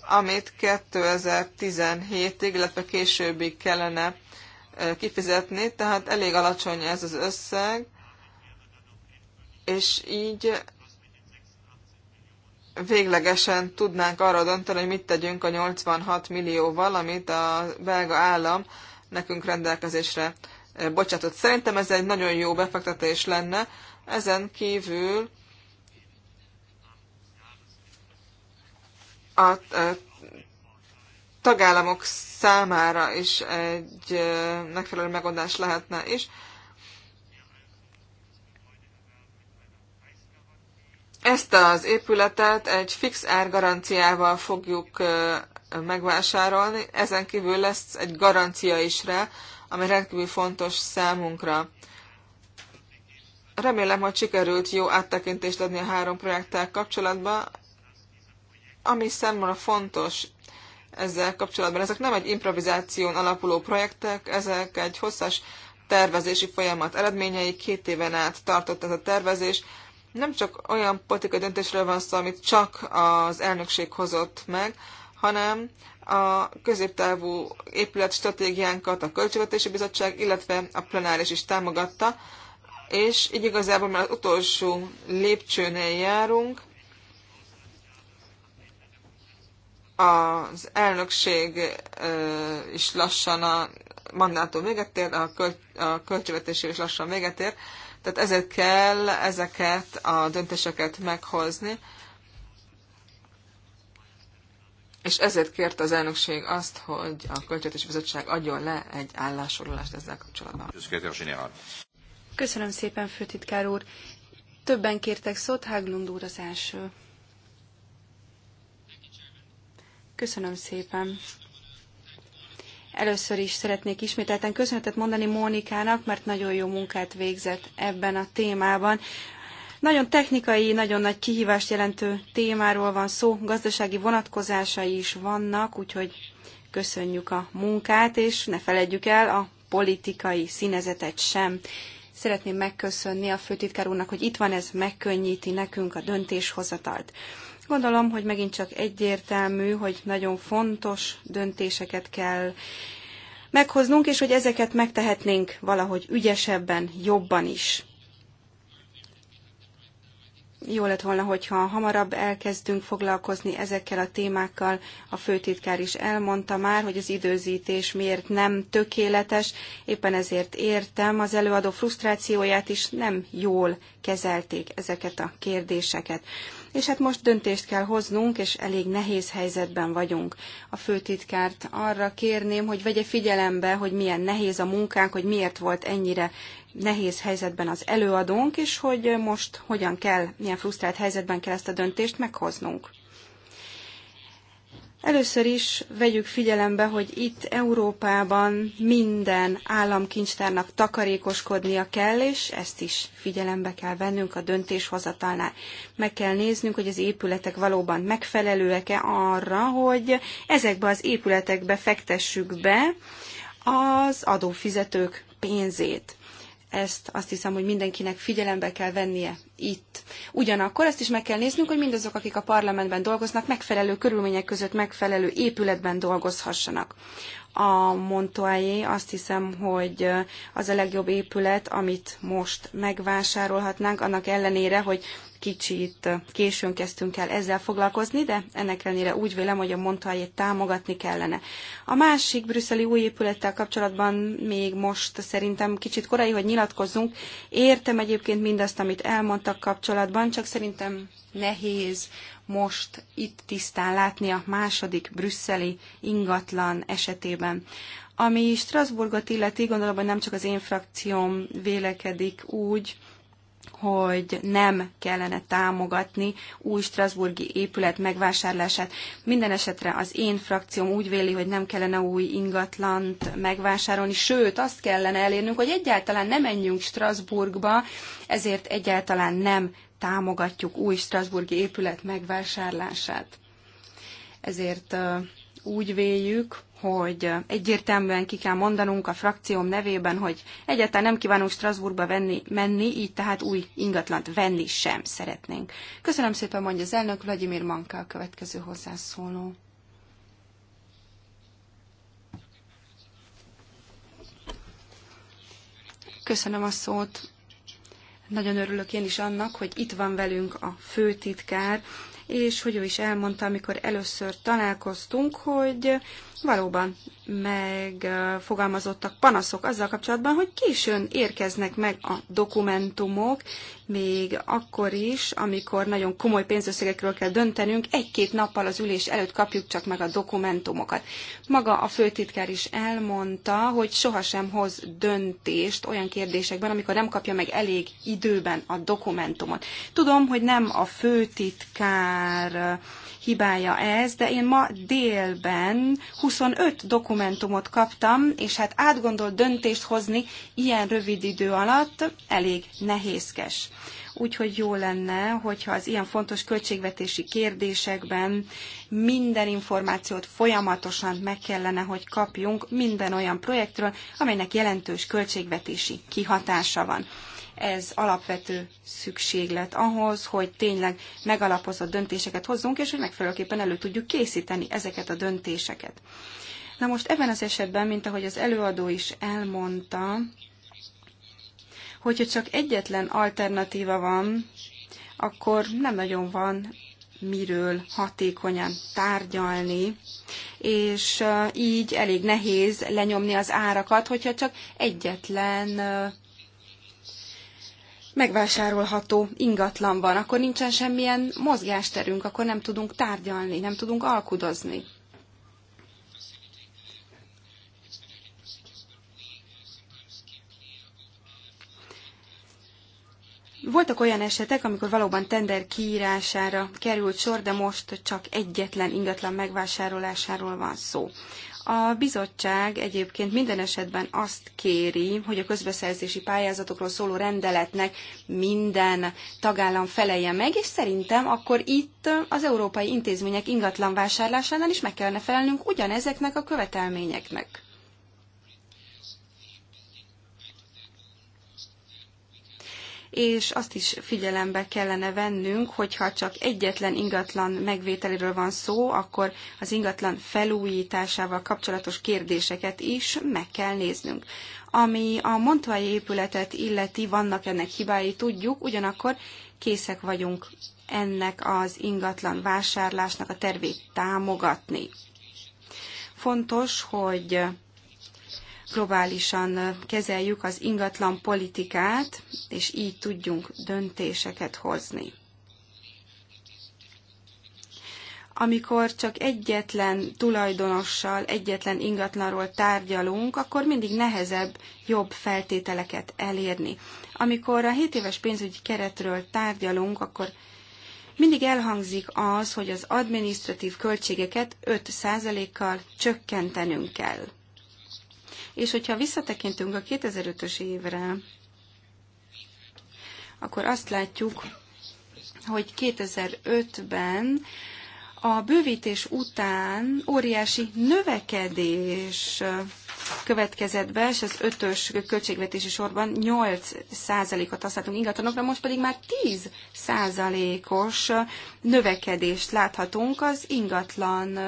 amit 2017-ig, illetve későbbig kellene kifizetni, tehát elég alacsony ez az összeg, és így véglegesen tudnánk arra dönteni, hogy mit tegyünk a 86 millióval, amit a belga állam nekünk rendelkezésre bocsátott. Szerintem ez egy nagyon jó befektetés lenne, ezen kívül a tagállamok számára is egy megfelelő megoldás lehetne is. Ezt az épületet egy fix árgaranciával fogjuk megvásárolni, ezen kívül lesz egy garancia is rá, ami rendkívül fontos számunkra. Remélem, hogy sikerült jó áttekintést adni a három projekttel kapcsolatban. Ami számomra fontos ezzel kapcsolatban, ezek nem egy improvizáción alapuló projektek, ezek egy hosszas tervezési folyamat eredményei, két éven át tartott ez a tervezés. Nem csak olyan politikai döntésről van szó, amit csak az elnökség hozott meg, hanem a középtávú épületstratégiánkat a Költségvetési Bizottság, illetve a plenáris is támogatta és így igazából már az utolsó lépcsőnél járunk. Az elnökség is lassan a mandátum véget ér, a, köl, a költségvetés is lassan véget ér, tehát ezért kell ezeket a döntéseket meghozni. És ezért kért az elnökség azt, hogy a Költségvetési Bizottság adjon le egy állásorulást ezzel kapcsolatban. Köszönöm szépen, főtitkár úr. Többen kértek szót, Haglund úr az első. Köszönöm szépen. Először is szeretnék ismételten köszönetet mondani Mónikának, mert nagyon jó munkát végzett ebben a témában. Nagyon technikai, nagyon nagy kihívást jelentő témáról van szó, gazdasági vonatkozásai is vannak, úgyhogy köszönjük a munkát, és ne feledjük el a politikai színezetet sem. Szeretném megköszönni a főtitkár úrnak, hogy itt van, ez megkönnyíti nekünk a döntéshozatalt. Gondolom, hogy megint csak egyértelmű, hogy nagyon fontos döntéseket kell meghoznunk, és hogy ezeket megtehetnénk valahogy ügyesebben, jobban is jó lett volna, hogyha hamarabb elkezdünk foglalkozni ezekkel a témákkal. A főtitkár is elmondta már, hogy az időzítés miért nem tökéletes, éppen ezért értem az előadó frusztrációját is, nem jól kezelték ezeket a kérdéseket. És hát most döntést kell hoznunk, és elég nehéz helyzetben vagyunk. A főtitkárt arra kérném, hogy vegye figyelembe, hogy milyen nehéz a munkánk, hogy miért volt ennyire nehéz helyzetben az előadónk, és hogy most hogyan kell, milyen frusztrált helyzetben kell ezt a döntést meghoznunk. Először is vegyük figyelembe, hogy itt Európában minden államkincstárnak takarékoskodnia kell, és ezt is figyelembe kell vennünk a döntéshozatalnál. Meg kell néznünk, hogy az épületek valóban megfelelőek-e arra, hogy ezekbe az épületekbe fektessük be az adófizetők pénzét. Ezt azt hiszem, hogy mindenkinek figyelembe kell vennie itt. Ugyanakkor azt is meg kell néznünk, hogy mindazok, akik a parlamentben dolgoznak, megfelelő körülmények között megfelelő épületben dolgozhassanak. A Montoyé azt hiszem, hogy az a legjobb épület, amit most megvásárolhatnánk, annak ellenére, hogy kicsit későn kezdtünk el ezzel foglalkozni, de ennek ellenére úgy vélem, hogy a Montaljét támogatni kellene. A másik brüsszeli új épülettel kapcsolatban még most szerintem kicsit korai, hogy nyilatkozzunk. Értem egyébként mindazt, amit elmondtak kapcsolatban, csak szerintem nehéz most itt tisztán látni a második brüsszeli ingatlan esetében. Ami Strasbourgot illeti, gondolom, hogy nem csak az én frakcióm vélekedik úgy, hogy nem kellene támogatni új Strasburgi épület megvásárlását. Minden esetre az én frakcióm úgy véli, hogy nem kellene új ingatlant megvásárolni, sőt azt kellene elérnünk, hogy egyáltalán nem menjünk Strasbourgba, ezért egyáltalán nem támogatjuk új Strasburgi épület megvásárlását. Ezért úgy véljük, hogy egyértelműen ki kell mondanunk a frakcióm nevében, hogy egyáltalán nem kívánunk Strasbourgba venni, menni, így tehát új ingatlant venni sem szeretnénk. Köszönöm szépen, mondja az elnök, Vladimir Manka a következő hozzászóló. Köszönöm a szót. Nagyon örülök én is annak, hogy itt van velünk a főtitkár, és hogy ő is elmondta, amikor először találkoztunk, hogy valóban megfogalmazottak panaszok azzal kapcsolatban, hogy későn érkeznek meg a dokumentumok, még akkor is, amikor nagyon komoly pénzösszegekről kell döntenünk, egy-két nappal az ülés előtt kapjuk csak meg a dokumentumokat. Maga a főtitkár is elmondta, hogy sohasem hoz döntést olyan kérdésekben, amikor nem kapja meg elég időben a dokumentumot. Tudom, hogy nem a főtitkár hibája ez, de én ma délben 25 dokumentumot kaptam, és hát átgondolt döntést hozni ilyen rövid idő alatt elég nehézkes úgyhogy jó lenne, hogyha az ilyen fontos költségvetési kérdésekben minden információt folyamatosan meg kellene, hogy kapjunk minden olyan projektről, amelynek jelentős költségvetési kihatása van ez alapvető szükséglet ahhoz, hogy tényleg megalapozott döntéseket hozzunk, és hogy megfelelőképpen elő tudjuk készíteni ezeket a döntéseket. Na most ebben az esetben, mint ahogy az előadó is elmondta, Hogyha csak egyetlen alternatíva van, akkor nem nagyon van miről hatékonyan tárgyalni, és így elég nehéz lenyomni az árakat, hogyha csak egyetlen megvásárolható ingatlan van, akkor nincsen semmilyen mozgásterünk, akkor nem tudunk tárgyalni, nem tudunk alkudozni. Voltak olyan esetek, amikor valóban tender kiírására került sor, de most csak egyetlen ingatlan megvásárolásáról van szó. A bizottság egyébként minden esetben azt kéri, hogy a közbeszerzési pályázatokról szóló rendeletnek minden tagállam felelje meg, és szerintem akkor itt az európai intézmények ingatlan vásárlásánál is meg kellene felelnünk ugyanezeknek a követelményeknek. és azt is figyelembe kellene vennünk, hogyha csak egyetlen ingatlan megvételéről van szó, akkor az ingatlan felújításával kapcsolatos kérdéseket is meg kell néznünk. Ami a Montvai épületet illeti, vannak ennek hibái, tudjuk, ugyanakkor készek vagyunk ennek az ingatlan vásárlásnak a tervét támogatni. Fontos, hogy globálisan kezeljük az ingatlan politikát, és így tudjunk döntéseket hozni. amikor csak egyetlen tulajdonossal, egyetlen ingatlanról tárgyalunk, akkor mindig nehezebb jobb feltételeket elérni. Amikor a 7 éves pénzügyi keretről tárgyalunk, akkor mindig elhangzik az, hogy az administratív költségeket 5%-kal csökkentenünk kell. És hogyha visszatekintünk a 2005-ös évre, akkor azt látjuk, hogy 2005-ben a bővítés után óriási növekedés következett be, és az ötös költségvetési sorban 8 százalékot használtunk ingatlanokra, most pedig már 10 százalékos növekedést láthatunk az ingatlan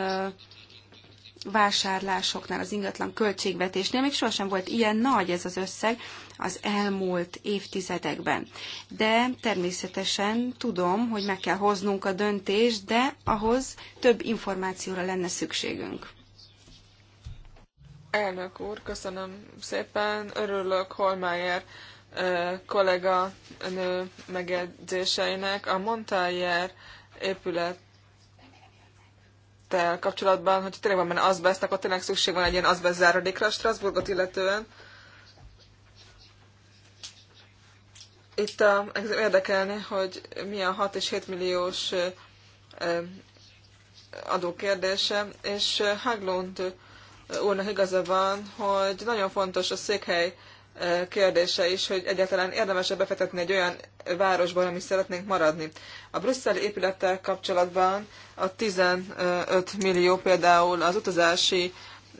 vásárlásoknál, az ingatlan költségvetésnél még sohasem volt ilyen nagy ez az összeg az elmúlt évtizedekben. De természetesen tudom, hogy meg kell hoznunk a döntést, de ahhoz több információra lenne szükségünk. Elnök úr, köszönöm szépen. Örülök Holmájer kollega nő megjegyzéseinek. A Montaier épület rendelettel kapcsolatban, hogy tényleg van benne azbest, akkor tényleg szükség van egy ilyen azbest záradékra a Strasbourgot illetően. Itt a, érdekelni, hogy mi a 6 és 7 milliós adó kérdése, és Haglund úrnak igaza van, hogy nagyon fontos a székhely kérdése is, hogy egyáltalán érdemesebb befektetni egy olyan városban, amit szeretnénk maradni. A brüsszeli épülettel kapcsolatban a 15 millió például az utazási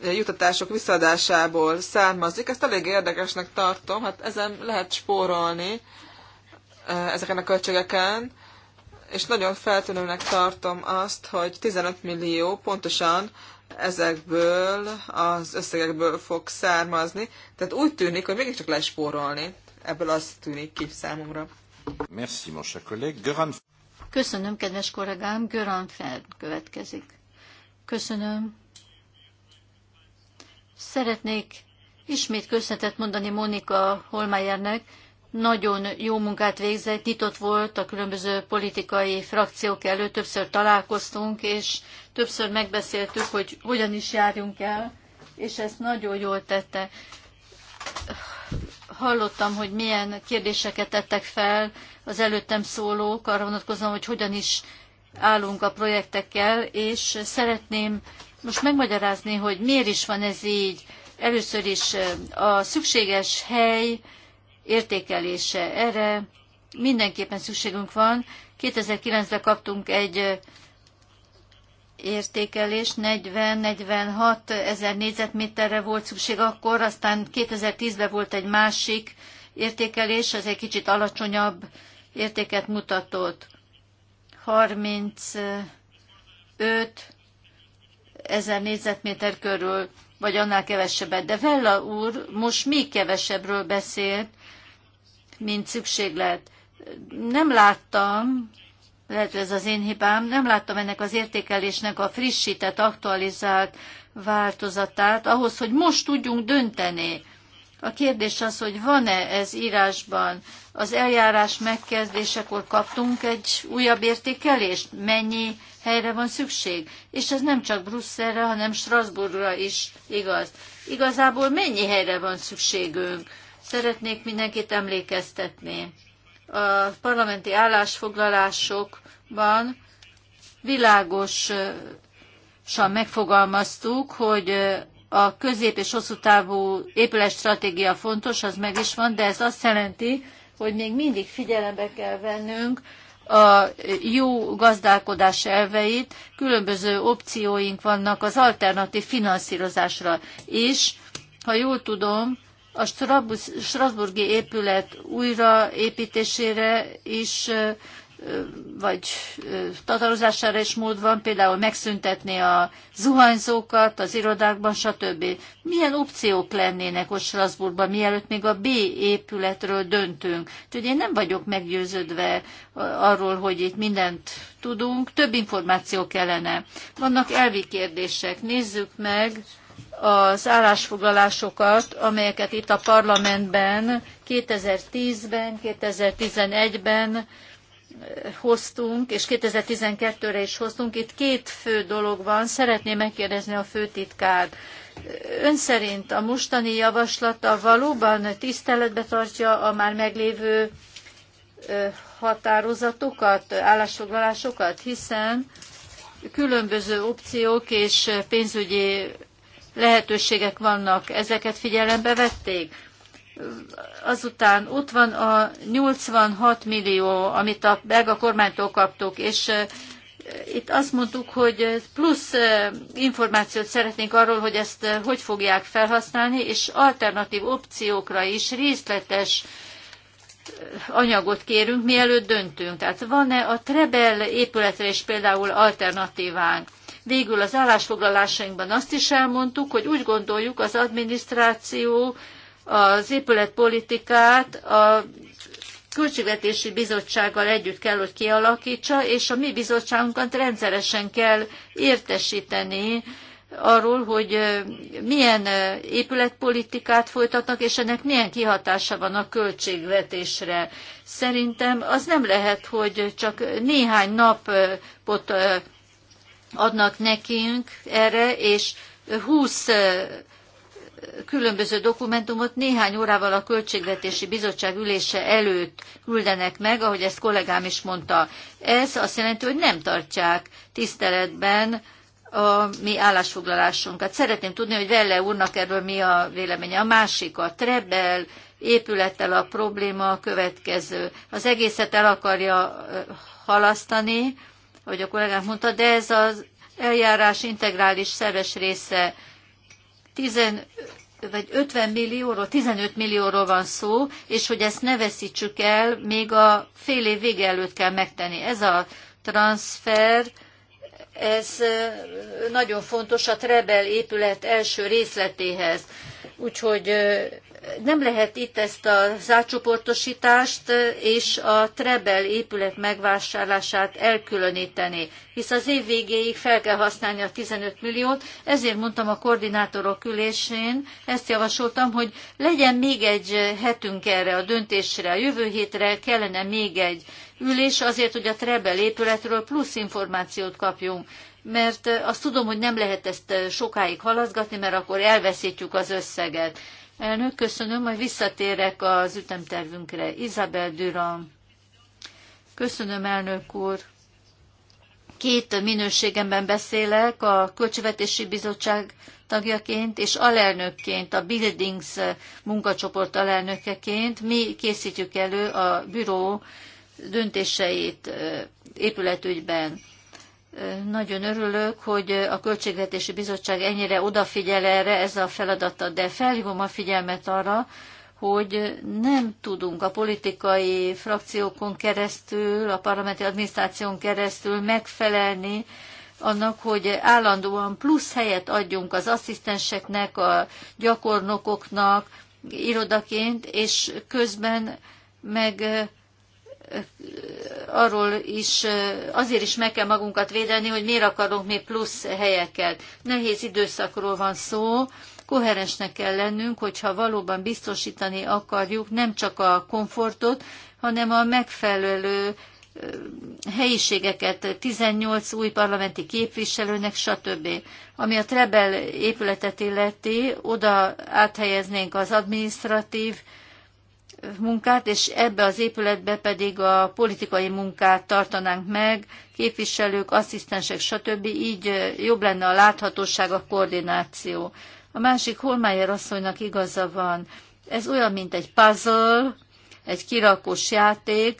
jutatások visszaadásából származik. Ezt elég érdekesnek tartom, hát ezen lehet spórolni ezeken a költségeken, és nagyon feltűnőnek tartom azt, hogy 15 millió pontosan ezekből az összegekből fog származni. Tehát úgy tűnik, hogy mégiscsak lespórolni. Ebből az tűnik ki számomra. Merci, mon cher collègue. Köszönöm, kedves kollégám. Göran Feld következik. Köszönöm. Szeretnék ismét köszönetet mondani Monika Holmeyernek, nagyon jó munkát végzett, nyitott volt a különböző politikai frakciók előtt, többször találkoztunk, és többször megbeszéltük, hogy hogyan is járjunk el, és ezt nagyon jól tette. Hallottam, hogy milyen kérdéseket tettek fel az előttem szólók, arra vonatkozom, hogy hogyan is állunk a projektekkel, és szeretném most megmagyarázni, hogy miért is van ez így. Először is a szükséges hely, értékelése. Erre mindenképpen szükségünk van. 2009-ben kaptunk egy értékelés, 40-46 ezer négyzetméterre volt szükség akkor, aztán 2010-ben volt egy másik értékelés, ez egy kicsit alacsonyabb értéket mutatott. 35 ezer négyzetméter körül, vagy annál kevesebbet. De Vella úr most még kevesebbről beszélt, mint szükséglet. Nem láttam, lehet ez az én hibám, nem láttam ennek az értékelésnek a frissített, aktualizált változatát, ahhoz, hogy most tudjunk dönteni. A kérdés az, hogy van-e ez írásban. Az eljárás megkezdésekor kaptunk egy újabb értékelést, mennyi helyre van szükség. És ez nem csak Brüsszelre, hanem Strasbourgra is igaz. Igazából mennyi helyre van szükségünk? Szeretnék mindenkit emlékeztetni. A parlamenti állásfoglalásokban világosan megfogalmaztuk, hogy a közép- és hosszú távú épületstratégia fontos, az meg is van, de ez azt jelenti, hogy még mindig figyelembe kell vennünk a jó gazdálkodás elveit, különböző opcióink vannak az alternatív finanszírozásra is. Ha jól tudom, a Strasburgi épület újraépítésére is, vagy tatarozására is mód van, például megszüntetni a zuhanyzókat az irodákban, stb. Milyen opciók lennének ott Strasbourgban, mielőtt még a B épületről döntünk? Úgyhogy én nem vagyok meggyőződve arról, hogy itt mindent tudunk, több információ kellene. Vannak elvi kérdések, nézzük meg, az állásfoglalásokat, amelyeket itt a parlamentben 2010-ben, 2011-ben eh, hoztunk, és 2012-re is hoztunk. Itt két fő dolog van. Szeretném megkérdezni a főtitkárt. Ön szerint a mostani javaslata valóban tiszteletbe tartja a már meglévő eh, határozatokat, állásfoglalásokat, hiszen különböző opciók és pénzügyi lehetőségek vannak, ezeket figyelembe vették. Azután ott van a 86 millió, amit a belga kormánytól kaptuk, és itt azt mondtuk, hogy plusz információt szeretnénk arról, hogy ezt hogy fogják felhasználni, és alternatív opciókra is részletes anyagot kérünk, mielőtt döntünk. Tehát van-e a Trebel épületre is például alternatívánk? Végül az állásfoglalásainkban azt is elmondtuk, hogy úgy gondoljuk az adminisztráció, az épületpolitikát a Költségvetési Bizottsággal együtt kell, hogy kialakítsa, és a mi bizottságunkat rendszeresen kell értesíteni arról, hogy milyen épületpolitikát folytatnak, és ennek milyen kihatása van a költségvetésre. Szerintem az nem lehet, hogy csak néhány napot adnak nekünk erre, és 20 különböző dokumentumot néhány órával a Költségvetési Bizottság ülése előtt küldenek meg, ahogy ezt kollégám is mondta. Ez azt jelenti, hogy nem tartják tiszteletben a mi állásfoglalásunkat. Szeretném tudni, hogy Velle úrnak erről mi a véleménye. A másik a Trebel épülettel a probléma a következő. Az egészet el akarja halasztani, ahogy a kollégám mondta, de ez az eljárás integrális szerves része. 10 vagy 50 millióról, 15 millióról van szó, és hogy ezt ne veszítsük el, még a fél év vége előtt kell megtenni. Ez a transfer, ez nagyon fontos a Trebel épület első részletéhez. Úgyhogy nem lehet itt ezt az átcsoportosítást és a Trebel épület megvásárlását elkülöníteni, hisz az év végéig fel kell használni a 15 milliót, ezért mondtam a koordinátorok ülésén, ezt javasoltam, hogy legyen még egy hetünk erre a döntésre, a jövő hétre kellene még egy ülés azért, hogy a Trebel épületről plusz információt kapjunk mert azt tudom, hogy nem lehet ezt sokáig halaszgatni, mert akkor elveszítjük az összeget. Elnök, köszönöm, majd visszatérek az ütemtervünkre. Isabel Duran. Köszönöm, elnök úr. Két minőségemben beszélek, a Költségvetési Bizottság tagjaként és alelnökként, a Buildings munkacsoport alelnökeként. Mi készítjük elő a büró döntéseit épületügyben. Nagyon örülök, hogy a Költségvetési Bizottság ennyire odafigyel erre, ez a feladata, de felhívom a figyelmet arra, hogy nem tudunk a politikai frakciókon keresztül, a parlamenti adminisztráción keresztül megfelelni annak, hogy állandóan plusz helyet adjunk az asszisztenseknek, a gyakornokoknak irodaként, és közben meg arról is, azért is meg kell magunkat védeni, hogy miért akarunk még plusz helyeket. Nehéz időszakról van szó, koherensnek kell lennünk, hogyha valóban biztosítani akarjuk nem csak a komfortot, hanem a megfelelő helyiségeket 18 új parlamenti képviselőnek, stb. Ami a Trebel épületet illeti, oda áthelyeznénk az administratív munkát, és ebbe az épületbe pedig a politikai munkát tartanánk meg, képviselők, asszisztensek, stb. Így jobb lenne a láthatóság, a koordináció. A másik Holmeier asszonynak igaza van. Ez olyan, mint egy puzzle, egy kirakós játék.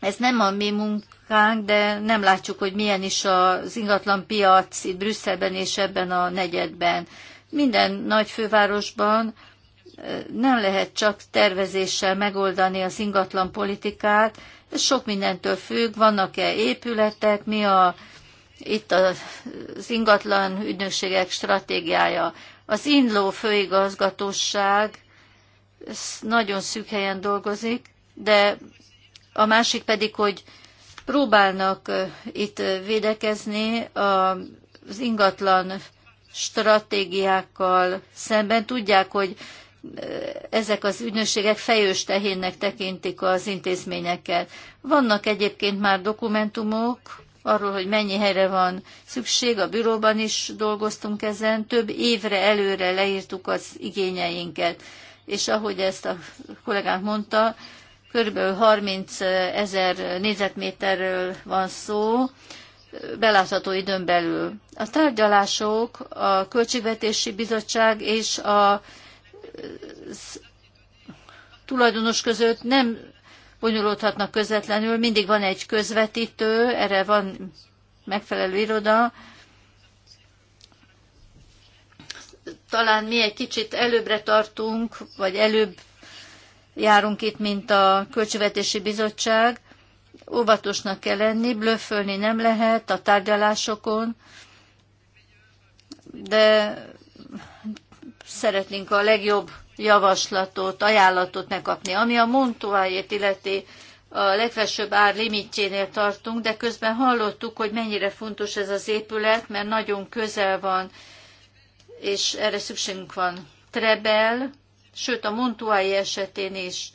Ez nem a mi munkánk, de nem látjuk, hogy milyen is az ingatlan piac itt Brüsszelben és ebben a negyedben. Minden nagy fővárosban nem lehet csak tervezéssel megoldani az ingatlan politikát, ez sok mindentől függ, vannak-e épületek, mi a, itt az ingatlan ügynökségek stratégiája. Az Indló főigazgatóság nagyon szűk helyen dolgozik, de a másik pedig, hogy próbálnak itt védekezni az ingatlan stratégiákkal szemben. Tudják, hogy ezek az ügynökségek fejős tehénnek tekintik az intézményeket. Vannak egyébként már dokumentumok arról, hogy mennyi helyre van szükség, a büróban is dolgoztunk ezen, több évre előre leírtuk az igényeinket. És ahogy ezt a kollégánk mondta, körülbelül 30 ezer négyzetméterről van szó, belátható időn belül. A tárgyalások a Költségvetési Bizottság és a tulajdonos között nem bonyolódhatnak közvetlenül, mindig van egy közvetítő, erre van megfelelő iroda. Talán mi egy kicsit előbbre tartunk, vagy előbb járunk itt, mint a Költségvetési Bizottság. Óvatosnak kell lenni, blöffölni nem lehet a tárgyalásokon, de szeretnénk a legjobb javaslatot, ajánlatot megkapni. Ami a Montoáért illeti a legfelsőbb ár limitjénél tartunk, de közben hallottuk, hogy mennyire fontos ez az épület, mert nagyon közel van, és erre szükségünk van. Trebel, sőt a Montuai esetén is.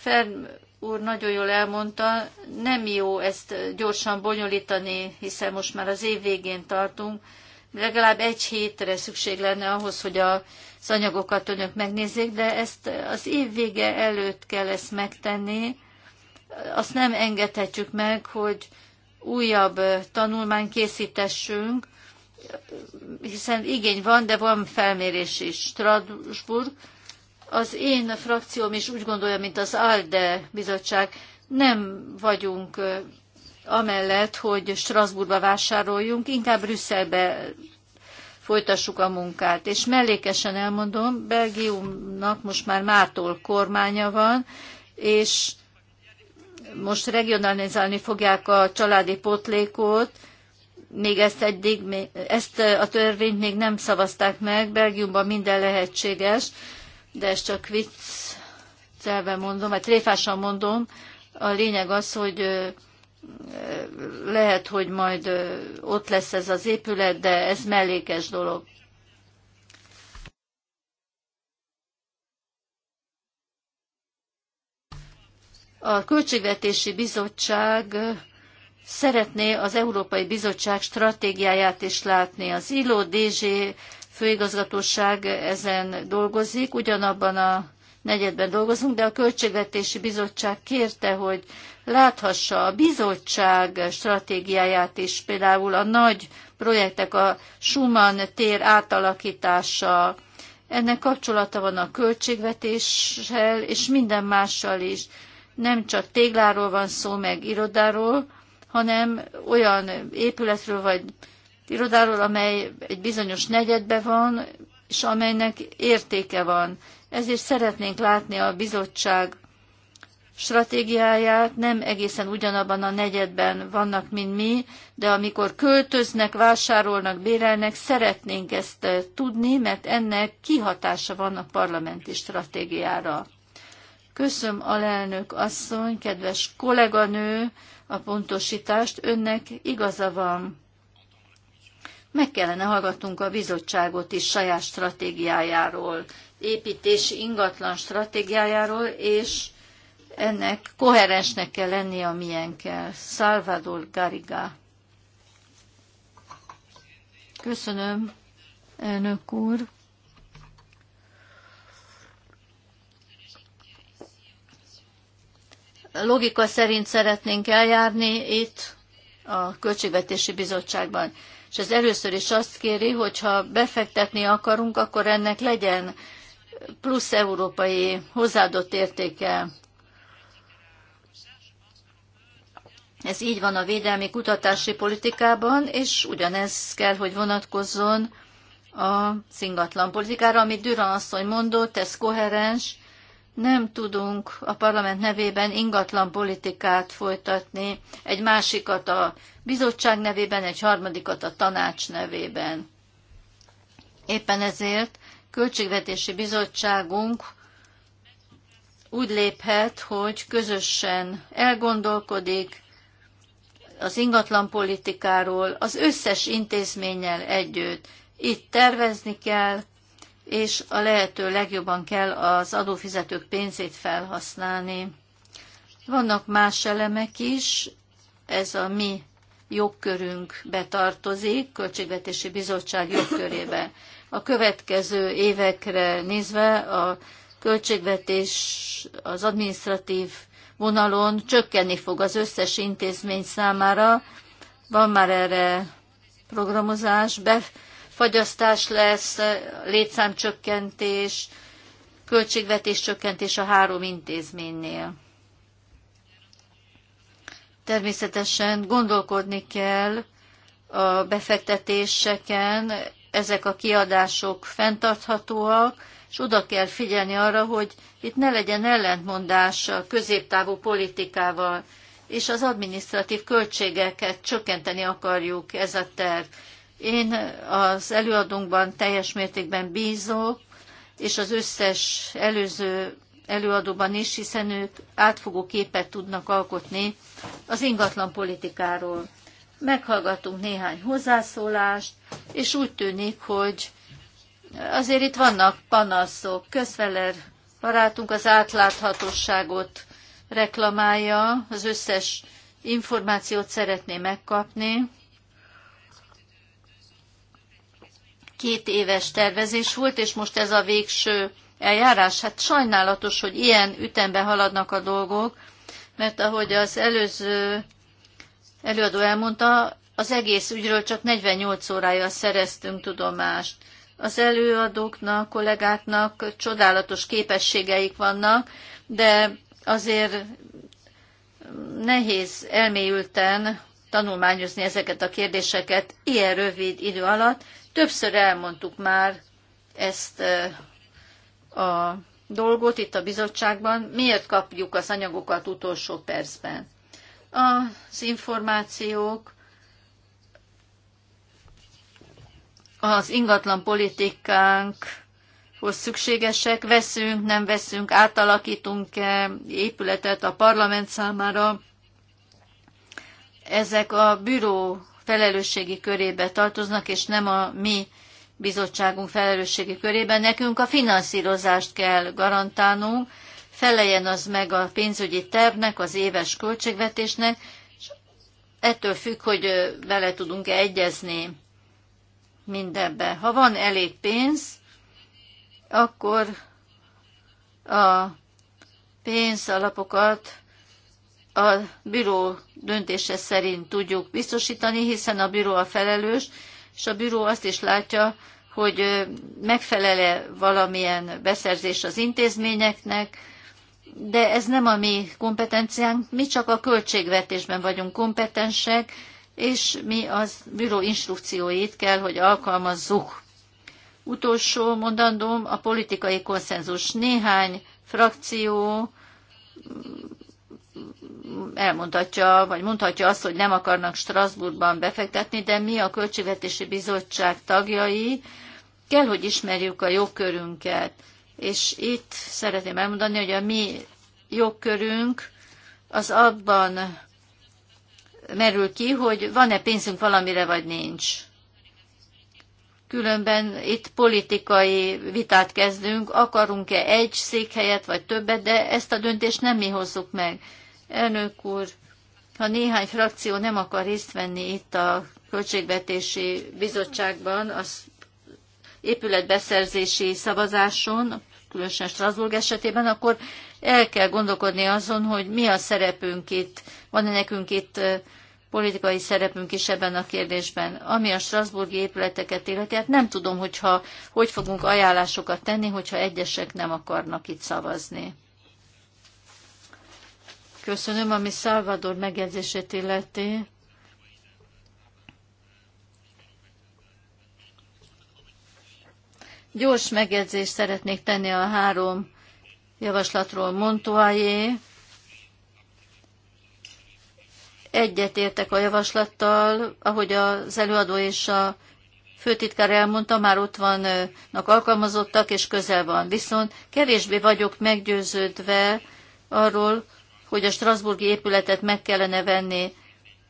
Fern úr nagyon jól elmondta, nem jó ezt gyorsan bonyolítani, hiszen most már az év végén tartunk, legalább egy hétre szükség lenne ahhoz, hogy az anyagokat önök megnézzék, de ezt az év vége előtt kell ezt megtenni. Azt nem engedhetjük meg, hogy újabb tanulmány készítessünk, hiszen igény van, de van felmérés is. Strasbourg, az én frakcióm is úgy gondolja, mint az ALDE bizottság, nem vagyunk amellett, hogy Strasbourgba vásároljunk, inkább Brüsszelbe folytassuk a munkát. És mellékesen elmondom, Belgiumnak most már mától kormánya van, és most regionalizálni fogják a családi potlékot, még ezt, eddig, ezt a törvényt még nem szavazták meg, Belgiumban minden lehetséges, de ezt csak viccelve mondom, vagy tréfásan mondom, a lényeg az, hogy lehet, hogy majd ott lesz ez az épület, de ez mellékes dolog. A Költségvetési Bizottság szeretné az Európai Bizottság stratégiáját is látni. Az ILO DG főigazgatóság ezen dolgozik, ugyanabban a negyedben dolgozunk, de a Költségvetési Bizottság kérte, hogy láthassa a bizottság stratégiáját is, például a nagy projektek, a Schumann tér átalakítása, ennek kapcsolata van a költségvetéssel és minden mással is. Nem csak tégláról van szó, meg irodáról, hanem olyan épületről vagy irodáról, amely egy bizonyos negyedbe van, és amelynek értéke van. Ezért szeretnénk látni a bizottság stratégiáját, nem egészen ugyanabban a negyedben vannak, mint mi, de amikor költöznek, vásárolnak, bérelnek, szeretnénk ezt eh, tudni, mert ennek kihatása van a parlamenti stratégiára. Köszönöm, alelnök asszony, kedves kolléganő, a pontosítást, önnek igaza van. Meg kellene hallgatnunk a bizottságot is saját stratégiájáról építési ingatlan stratégiájáról, és ennek koherensnek kell lennie a kell. Salvador Garriga. Köszönöm, elnök úr. Logika szerint szeretnénk eljárni itt a Költségvetési Bizottságban. És ez először is azt kéri, hogy ha befektetni akarunk, akkor ennek legyen plusz európai hozzáadott értéke. Ez így van a védelmi kutatási politikában, és ugyanez kell, hogy vonatkozzon a szingatlan politikára, amit Düran asszony mondott, ez koherens, nem tudunk a parlament nevében ingatlan politikát folytatni, egy másikat a bizottság nevében, egy harmadikat a tanács nevében. Éppen ezért költségvetési bizottságunk úgy léphet, hogy közösen elgondolkodik az ingatlanpolitikáról, az összes intézménnyel együtt. Itt tervezni kell, és a lehető legjobban kell az adófizetők pénzét felhasználni. Vannak más elemek is, ez a mi jogkörünk betartozik, Költségvetési Bizottság jogkörébe a következő évekre nézve a költségvetés az administratív vonalon csökkenni fog az összes intézmény számára. Van már erre programozás, befagyasztás lesz, létszámcsökkentés, költségvetés csökkentés a három intézménynél. Természetesen gondolkodni kell a befektetéseken, ezek a kiadások fenntarthatóak, és oda kell figyelni arra, hogy itt ne legyen ellentmondás a középtávú politikával, és az adminisztratív költségeket csökkenteni akarjuk ez a terv. Én az előadónkban teljes mértékben bízok, és az összes előző előadóban is, hiszen ők átfogó képet tudnak alkotni az ingatlan politikáról meghallgatunk néhány hozzászólást, és úgy tűnik, hogy azért itt vannak panaszok. Közveler barátunk az átláthatóságot reklamálja, az összes információt szeretné megkapni. Két éves tervezés volt, és most ez a végső eljárás. Hát sajnálatos, hogy ilyen ütemben haladnak a dolgok, mert ahogy az előző előadó elmondta, az egész ügyről csak 48 órája szereztünk tudomást. Az előadóknak, kollégáknak csodálatos képességeik vannak, de azért nehéz elmélyülten tanulmányozni ezeket a kérdéseket ilyen rövid idő alatt. Többször elmondtuk már ezt a dolgot itt a bizottságban, miért kapjuk az anyagokat utolsó percben az információk az ingatlan politikánkhoz szükségesek, veszünk, nem veszünk, átalakítunk-e épületet a parlament számára. Ezek a büró felelősségi körébe tartoznak, és nem a mi bizottságunk felelősségi körében. Nekünk a finanszírozást kell garantálnunk, feleljen az meg a pénzügyi tervnek, az éves költségvetésnek, és ettől függ, hogy bele tudunk-e egyezni mindenbe. Ha van elég pénz, akkor a pénzalapokat a bíró döntése szerint tudjuk biztosítani, hiszen a bíró a felelős, és a bíró azt is látja, hogy megfelele valamilyen beszerzés az intézményeknek, de ez nem a mi kompetenciánk, mi csak a költségvetésben vagyunk kompetensek, és mi az büro instrukcióit kell, hogy alkalmazzuk. Utolsó mondandóm a politikai konszenzus. Néhány frakció mm, elmondhatja, vagy mondhatja azt, hogy nem akarnak Strasbourgban befektetni, de mi a Költségvetési Bizottság tagjai kell, hogy ismerjük a jogkörünket és itt szeretném elmondani, hogy a mi jogkörünk az abban merül ki, hogy van-e pénzünk valamire, vagy nincs. Különben itt politikai vitát kezdünk, akarunk-e egy székhelyet, vagy többet, de ezt a döntést nem mi hozzuk meg. Elnök úr, ha néhány frakció nem akar részt venni itt a Költségvetési Bizottságban, az épületbeszerzési szavazáson, különösen Strasbourg esetében, akkor el kell gondolkodni azon, hogy mi a szerepünk itt, van-e nekünk itt politikai szerepünk is ebben a kérdésben. Ami a Strasburgi épületeket illeti, hát nem tudom, hogyha hogy fogunk ajánlásokat tenni, hogyha egyesek nem akarnak itt szavazni. Köszönöm, ami Salvador megjegyzését illeti. Gyors megjegyzést szeretnék tenni a három javaslatról Montoyé. Egyet értek a javaslattal, ahogy az előadó és a főtitkár elmondta, már ott vannak alkalmazottak, és közel van. Viszont kevésbé vagyok meggyőződve arról, hogy a Strasburgi épületet meg kellene venni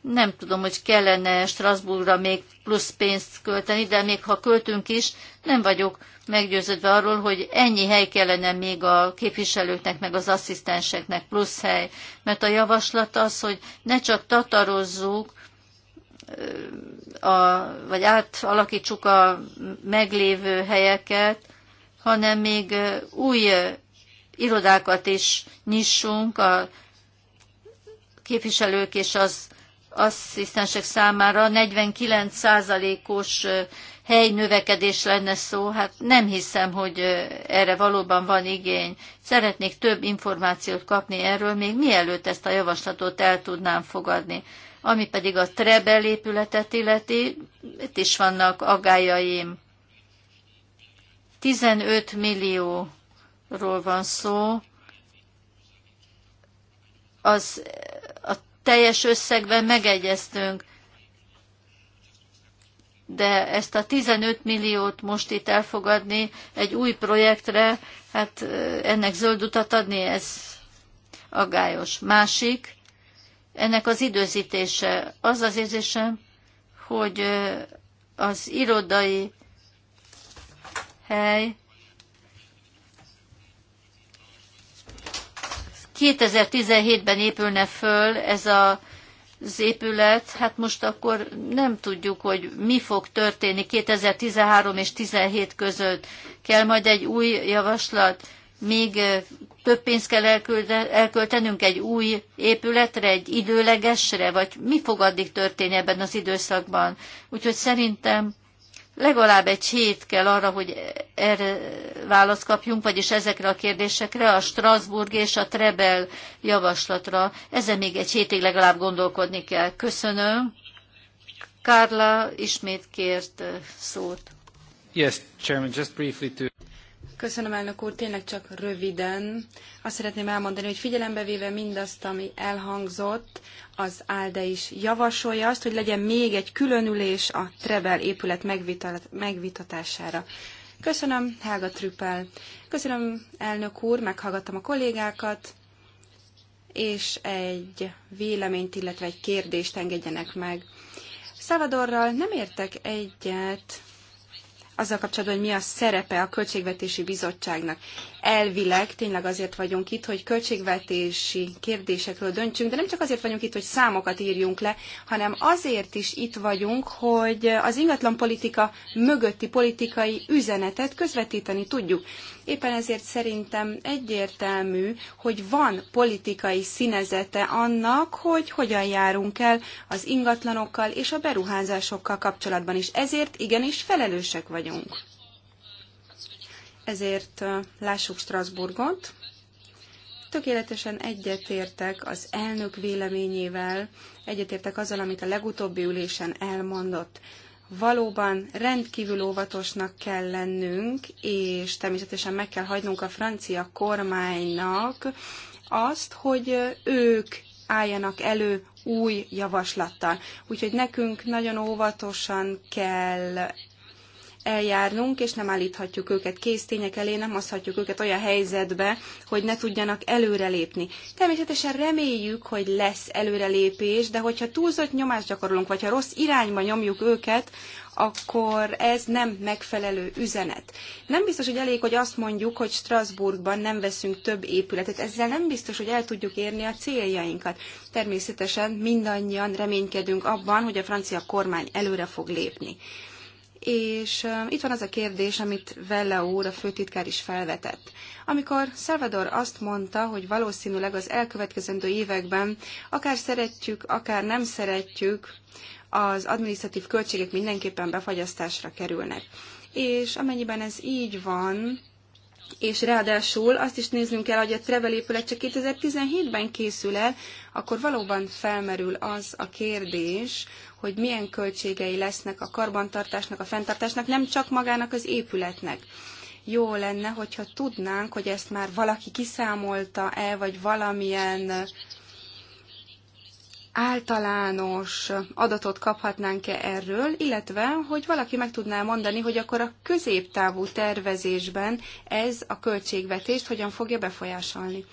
nem tudom, hogy kellene Strasbourgra még plusz pénzt költeni, de még ha költünk is, nem vagyok meggyőződve arról, hogy ennyi hely kellene még a képviselőknek, meg az asszisztenseknek plusz hely. Mert a javaslat az, hogy ne csak tatarozzuk, a, vagy átalakítsuk a meglévő helyeket, hanem még új irodákat is nyissunk a képviselők és az asszisztensek számára 49%-os növekedés lenne szó, hát nem hiszem, hogy erre valóban van igény. Szeretnék több információt kapni erről, még mielőtt ezt a javaslatot el tudnám fogadni. Ami pedig a Trebel épületet illeti, itt is vannak agályaim. 15 millióról van szó, az teljes összegben megegyeztünk, de ezt a 15 milliót most itt elfogadni egy új projektre, hát ennek zöld utat adni, ez aggályos. Másik, ennek az időzítése. Az az érzésem, hogy az irodai hely 2017-ben épülne föl ez a az épület, hát most akkor nem tudjuk, hogy mi fog történni 2013 és 17 között. Kell majd egy új javaslat, még több pénzt kell elköltenünk egy új épületre, egy időlegesre, vagy mi fog addig történni ebben az időszakban. Úgyhogy szerintem legalább egy hét kell arra, hogy erre választ kapjunk, vagyis ezekre a kérdésekre, a Strasbourg és a Trebel javaslatra. Ezen még egy hétig legalább gondolkodni kell. Köszönöm. Kárla ismét kért szót. Yes, Chairman, just briefly to... Köszönöm, elnök úr, tényleg csak röviden. Azt szeretném elmondani, hogy figyelembe véve mindazt, ami elhangzott, az ALDE is javasolja azt, hogy legyen még egy különülés a Trebel épület megvitatására. Köszönöm, Helga Trüppel. Köszönöm, elnök úr, meghallgattam a kollégákat, és egy véleményt, illetve egy kérdést engedjenek meg. Salvadorral nem értek egyet, azzal kapcsolatban, hogy mi a szerepe a Költségvetési Bizottságnak elvileg tényleg azért vagyunk itt, hogy költségvetési kérdésekről döntsünk, de nem csak azért vagyunk itt, hogy számokat írjunk le, hanem azért is itt vagyunk, hogy az ingatlan politika mögötti politikai üzenetet közvetíteni tudjuk. Éppen ezért szerintem egyértelmű, hogy van politikai színezete annak, hogy hogyan járunk el az ingatlanokkal és a beruházásokkal kapcsolatban is. Ezért igenis felelősek vagyunk. Ezért lássuk Strasbourgot. Tökéletesen egyetértek az elnök véleményével, egyetértek azzal, amit a legutóbbi ülésen elmondott valóban rendkívül óvatosnak kell lennünk, és természetesen meg kell hagynunk a francia kormánynak azt, hogy ők álljanak elő új javaslattal. Úgyhogy nekünk nagyon óvatosan kell eljárnunk, és nem állíthatjuk őket késztények elé, nem hozhatjuk őket olyan helyzetbe, hogy ne tudjanak előrelépni. Természetesen reméljük, hogy lesz előrelépés, de hogyha túlzott nyomást gyakorolunk, vagy ha rossz irányba nyomjuk őket, akkor ez nem megfelelő üzenet. Nem biztos, hogy elég, hogy azt mondjuk, hogy Strasbourgban nem veszünk több épületet. Ezzel nem biztos, hogy el tudjuk érni a céljainkat. Természetesen mindannyian reménykedünk abban, hogy a francia kormány előre fog lépni. És itt van az a kérdés, amit Velle úr, a főtitkár is felvetett. Amikor Salvador azt mondta, hogy valószínűleg az elkövetkezendő években, akár szeretjük, akár nem szeretjük, az administratív költségek mindenképpen befagyasztásra kerülnek. És amennyiben ez így van, és ráadásul azt is néznünk kell, hogy a Trevel épület csak 2017-ben készül el, akkor valóban felmerül az a kérdés, hogy milyen költségei lesznek a karbantartásnak, a fenntartásnak, nem csak magának az épületnek. Jó lenne, hogyha tudnánk, hogy ezt már valaki kiszámolta el, vagy valamilyen általános adatot kaphatnánk-e erről, illetve hogy valaki meg tudná mondani, hogy akkor a középtávú tervezésben ez a költségvetést hogyan fogja befolyásolni.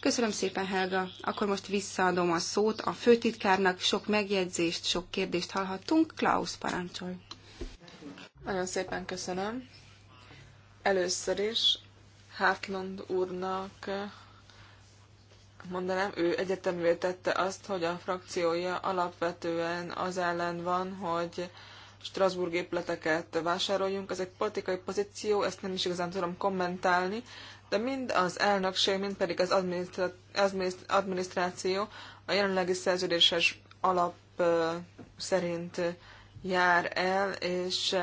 Köszönöm szépen, Helga. Akkor most visszaadom a szót a főtitkárnak. Sok megjegyzést, sok kérdést hallhattunk. Klaus parancsol. Nagyon szépen köszönöm. Először is Hartland úrnak mondanám, ő egyetemvé tette azt, hogy a frakciója alapvetően az ellen van, hogy Strasbourg épületeket vásároljunk. Ez egy politikai pozíció, ezt nem is igazán tudom kommentálni, de mind az elnökség, mind pedig az adminisztráció a jelenlegi szerződéses alap szerint jár el, és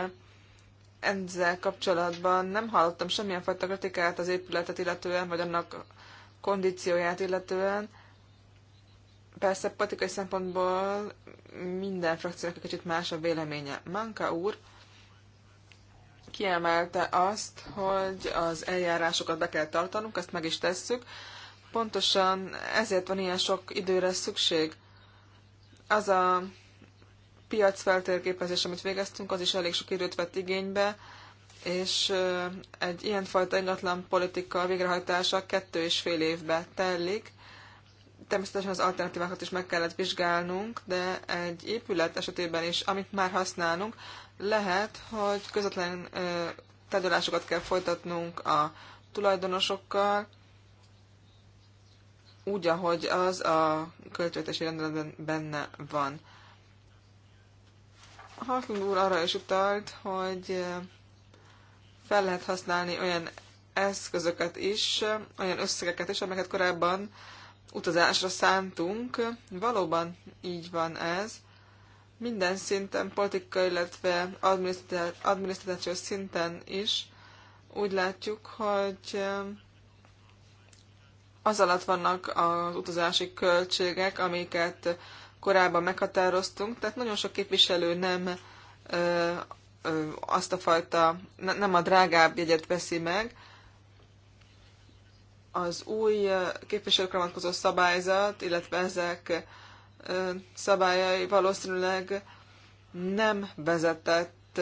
ezzel kapcsolatban nem hallottam semmilyen fajta kritikát az épületet illetően, vagy annak kondícióját illetően persze politikai szempontból minden frakciónak egy kicsit más a véleménye. Manka úr kiemelte azt, hogy az eljárásokat be kell tartanunk, ezt meg is tesszük. Pontosan ezért van ilyen sok időre szükség. Az a piac feltérképezés, amit végeztünk, az is elég sok időt vett igénybe, és egy ilyenfajta ingatlan politika végrehajtása kettő és fél évbe telik. Természetesen az alternatívákat is meg kellett vizsgálnunk, de egy épület esetében is, amit már használunk, lehet, hogy közvetlen tárgyalásokat kell folytatnunk a tulajdonosokkal, úgy, ahogy az a költségvetési rendeletben benne van. A úr arra is utalt, hogy fel lehet használni olyan eszközöket is, olyan összegeket is, amelyeket korábban utazásra szántunk. Valóban így van ez. Minden szinten, politikai, illetve adminisztrációs szinten is úgy látjuk, hogy um, az alatt vannak az utazási költségek, amiket korábban meghatároztunk, tehát nagyon sok képviselő nem azt a fajta, nem a drágább jegyet veszi meg, az új képviselőkre vonatkozó szabályzat, illetve ezek szabályai valószínűleg nem vezetett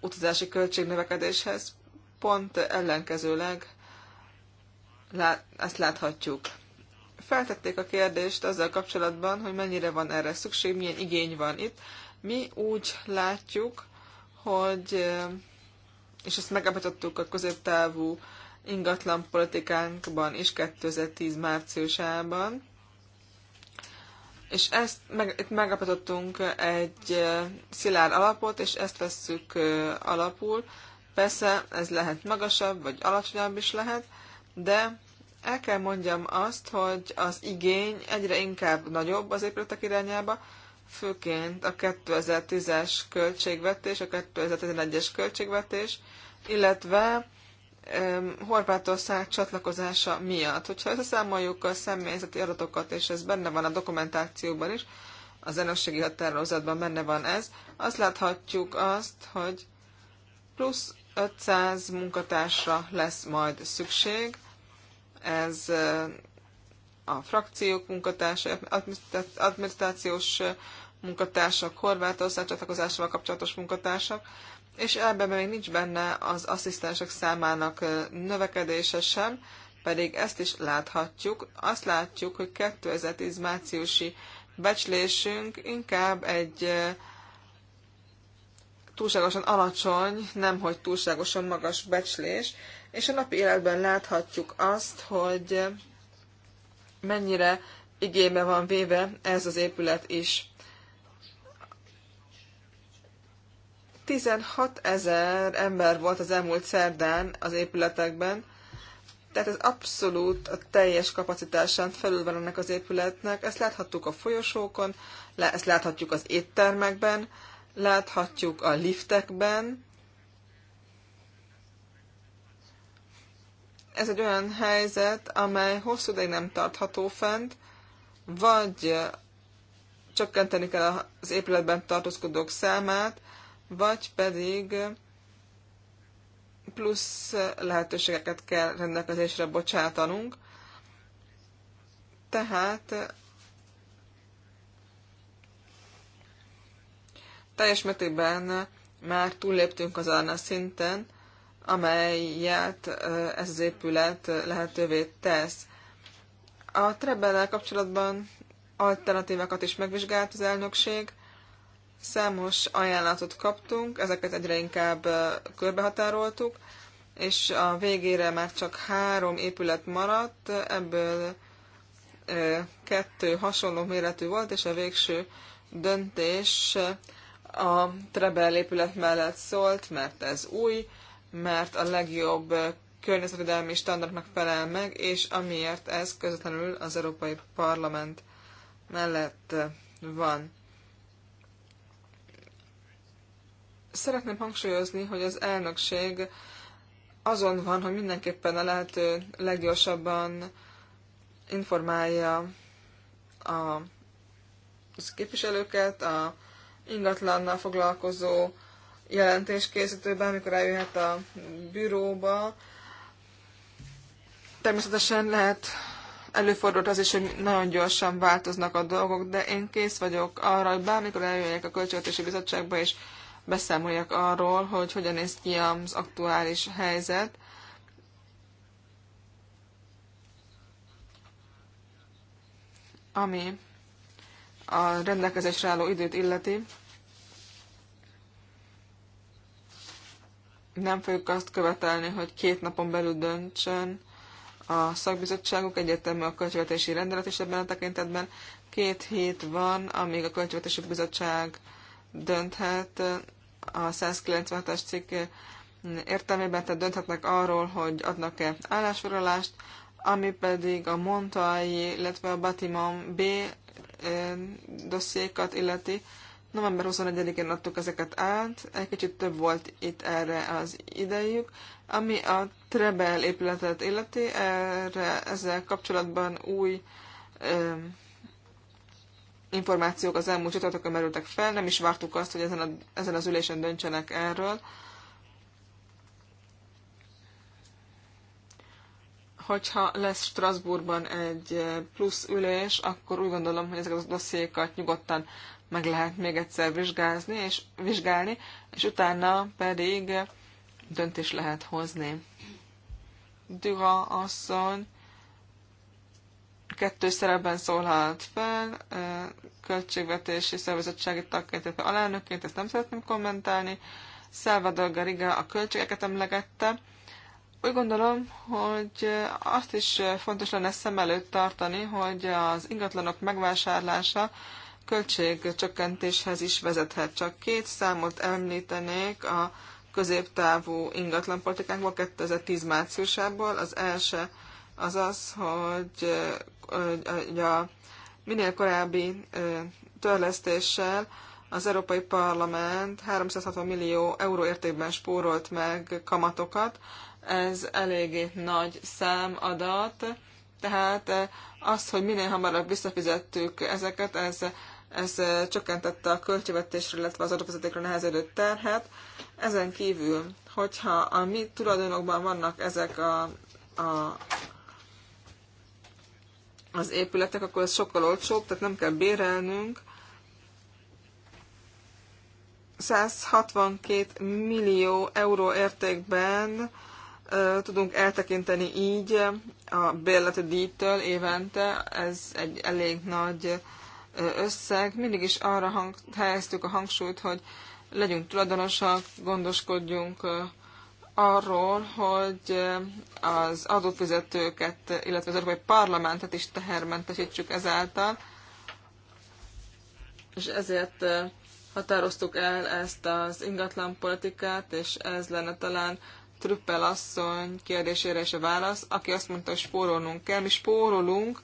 utazási költségnövekedéshez, pont ellenkezőleg ezt láthatjuk. Feltették a kérdést azzal kapcsolatban, hogy mennyire van erre szükség, milyen igény van itt. Mi úgy látjuk, hogy, eh, és ezt megállapítottuk a középtávú ingatlan politikánkban is 2010 márciusában, és ezt meg, itt megállapítottunk egy eh, szilárd alapot, és ezt vesszük eh, alapul. Persze ez lehet magasabb, vagy alacsonyabb is lehet, de el kell mondjam azt, hogy az igény egyre inkább nagyobb az épületek irányába, főként a 2010-es költségvetés, a 2011-es költségvetés, illetve Horvátország csatlakozása miatt. Hogyha összeszámoljuk a személyzeti adatokat, és ez benne van a dokumentációban is, az elnökségi határozatban benne van ez, azt láthatjuk azt, hogy plusz 500 munkatársra lesz majd szükség. Ez a frakciók munkatársa, adminisztrációs munkatársak, Horvátország csatlakozásával kapcsolatos munkatársak, és ebben még nincs benne az asszisztensek számának növekedése sem, pedig ezt is láthatjuk. Azt látjuk, hogy 2010 márciusi becslésünk inkább egy túlságosan alacsony, nemhogy túlságosan magas becslés, és a napi életben láthatjuk azt, hogy mennyire igénybe van véve ez az épület is. 16 ezer ember volt az elmúlt szerdán az épületekben, tehát ez abszolút a teljes kapacitásán felül van ennek az épületnek. Ezt láthattuk a folyosókon, le, ezt láthatjuk az éttermekben, láthatjuk a liftekben. Ez egy olyan helyzet, amely hosszú ideig nem tartható fent, vagy csökkenteni kell az épületben tartózkodók számát, vagy pedig plusz lehetőségeket kell rendelkezésre bocsátanunk. Tehát teljes mértékben már túlléptünk az arna szinten, amelyet ez az épület lehetővé tesz. A Trebellel kapcsolatban alternatívákat is megvizsgált az elnökség, Számos ajánlatot kaptunk, ezeket egyre inkább körbehatároltuk, és a végére már csak három épület maradt, ebből kettő hasonló méretű volt, és a végső döntés a Trebel épület mellett szólt, mert ez új, mert a legjobb környezetvédelmi standardnak felel meg, és amiért ez közvetlenül az Európai Parlament mellett van. Szeretném hangsúlyozni, hogy az elnökség azon van, hogy mindenképpen a lehető leggyorsabban informálja a az képviselőket, a ingatlannal foglalkozó jelentéskészítőben, amikor eljöhet a büróba. Természetesen lehet előfordult az is, hogy nagyon gyorsan változnak a dolgok, de én kész vagyok arra, hogy bármikor eljöjjek a Költségvetési Bizottságba, és beszámoljak arról, hogy hogyan néz ki az aktuális helyzet. Ami a rendelkezésre álló időt illeti, nem fogjuk azt követelni, hogy két napon belül döntsön a szakbizottságuk, egyértelmű a költségvetési rendelet is ebben a tekintetben. Két hét van, amíg a költségvetési bizottság dönthet a 196-as cikk értelmében, tehát dönthetnek arról, hogy adnak-e állásfoglalást, ami pedig a Montai, illetve a Batimon B dossziékat illeti. November 21-én adtuk ezeket át, egy kicsit több volt itt erre az idejük. Ami a Trebel épületet illeti, erre ezzel kapcsolatban új információk az elmúlt csatokon merültek fel, nem is vártuk azt, hogy ezen, a, ezen az ülésen döntsenek erről. Hogyha lesz Strasbourgban egy eh, plusz ülés, akkor úgy gondolom, hogy ezeket a dossziékat nyugodtan meg lehet még egyszer vizsgálni, és, vizsgálni, és utána pedig döntés lehet hozni. Dura asszony kettős szerepben szólhat fel, költségvetési szervezettsági tagként, illetve alelnökként, ezt nem szeretném kommentálni. Salvador Gariga a költségeket emlegette. Úgy gondolom, hogy azt is fontos lenne szem előtt tartani, hogy az ingatlanok megvásárlása költségcsökkentéshez is vezethet. Csak két számot említenék a középtávú ingatlanpolitikánkból 2010 márciusából. Az első az az, hogy, hogy a minél korábbi törlesztéssel az Európai Parlament 360 millió euró értékben spórolt meg kamatokat. Ez eléggé nagy számadat, tehát az, hogy minél hamarabb visszafizettük ezeket, ez, ez csökkentette a költségvetésre, illetve az adóvezetékre nehezedő terhet. Ezen kívül, hogyha a mi tulajdonokban vannak ezek a, a, az épületek, akkor ez sokkal olcsóbb, tehát nem kell bérelnünk. 162 millió euró értékben tudunk eltekinteni így a bérleti díjtől évente, ez egy elég nagy összeg. Mindig is arra hang, helyeztük a hangsúlyt, hogy legyünk tulajdonosak, gondoskodjunk arról, hogy eh, az adófizetőket, illetve az Európai Parlamentet is tehermentesítsük ezáltal, és ezért eh, határoztuk el ezt az ingatlan politikát, és ez lenne talán Trüppel asszony kérdésére is a válasz, aki azt mondta, hogy spórolnunk kell. Mi spórolunk,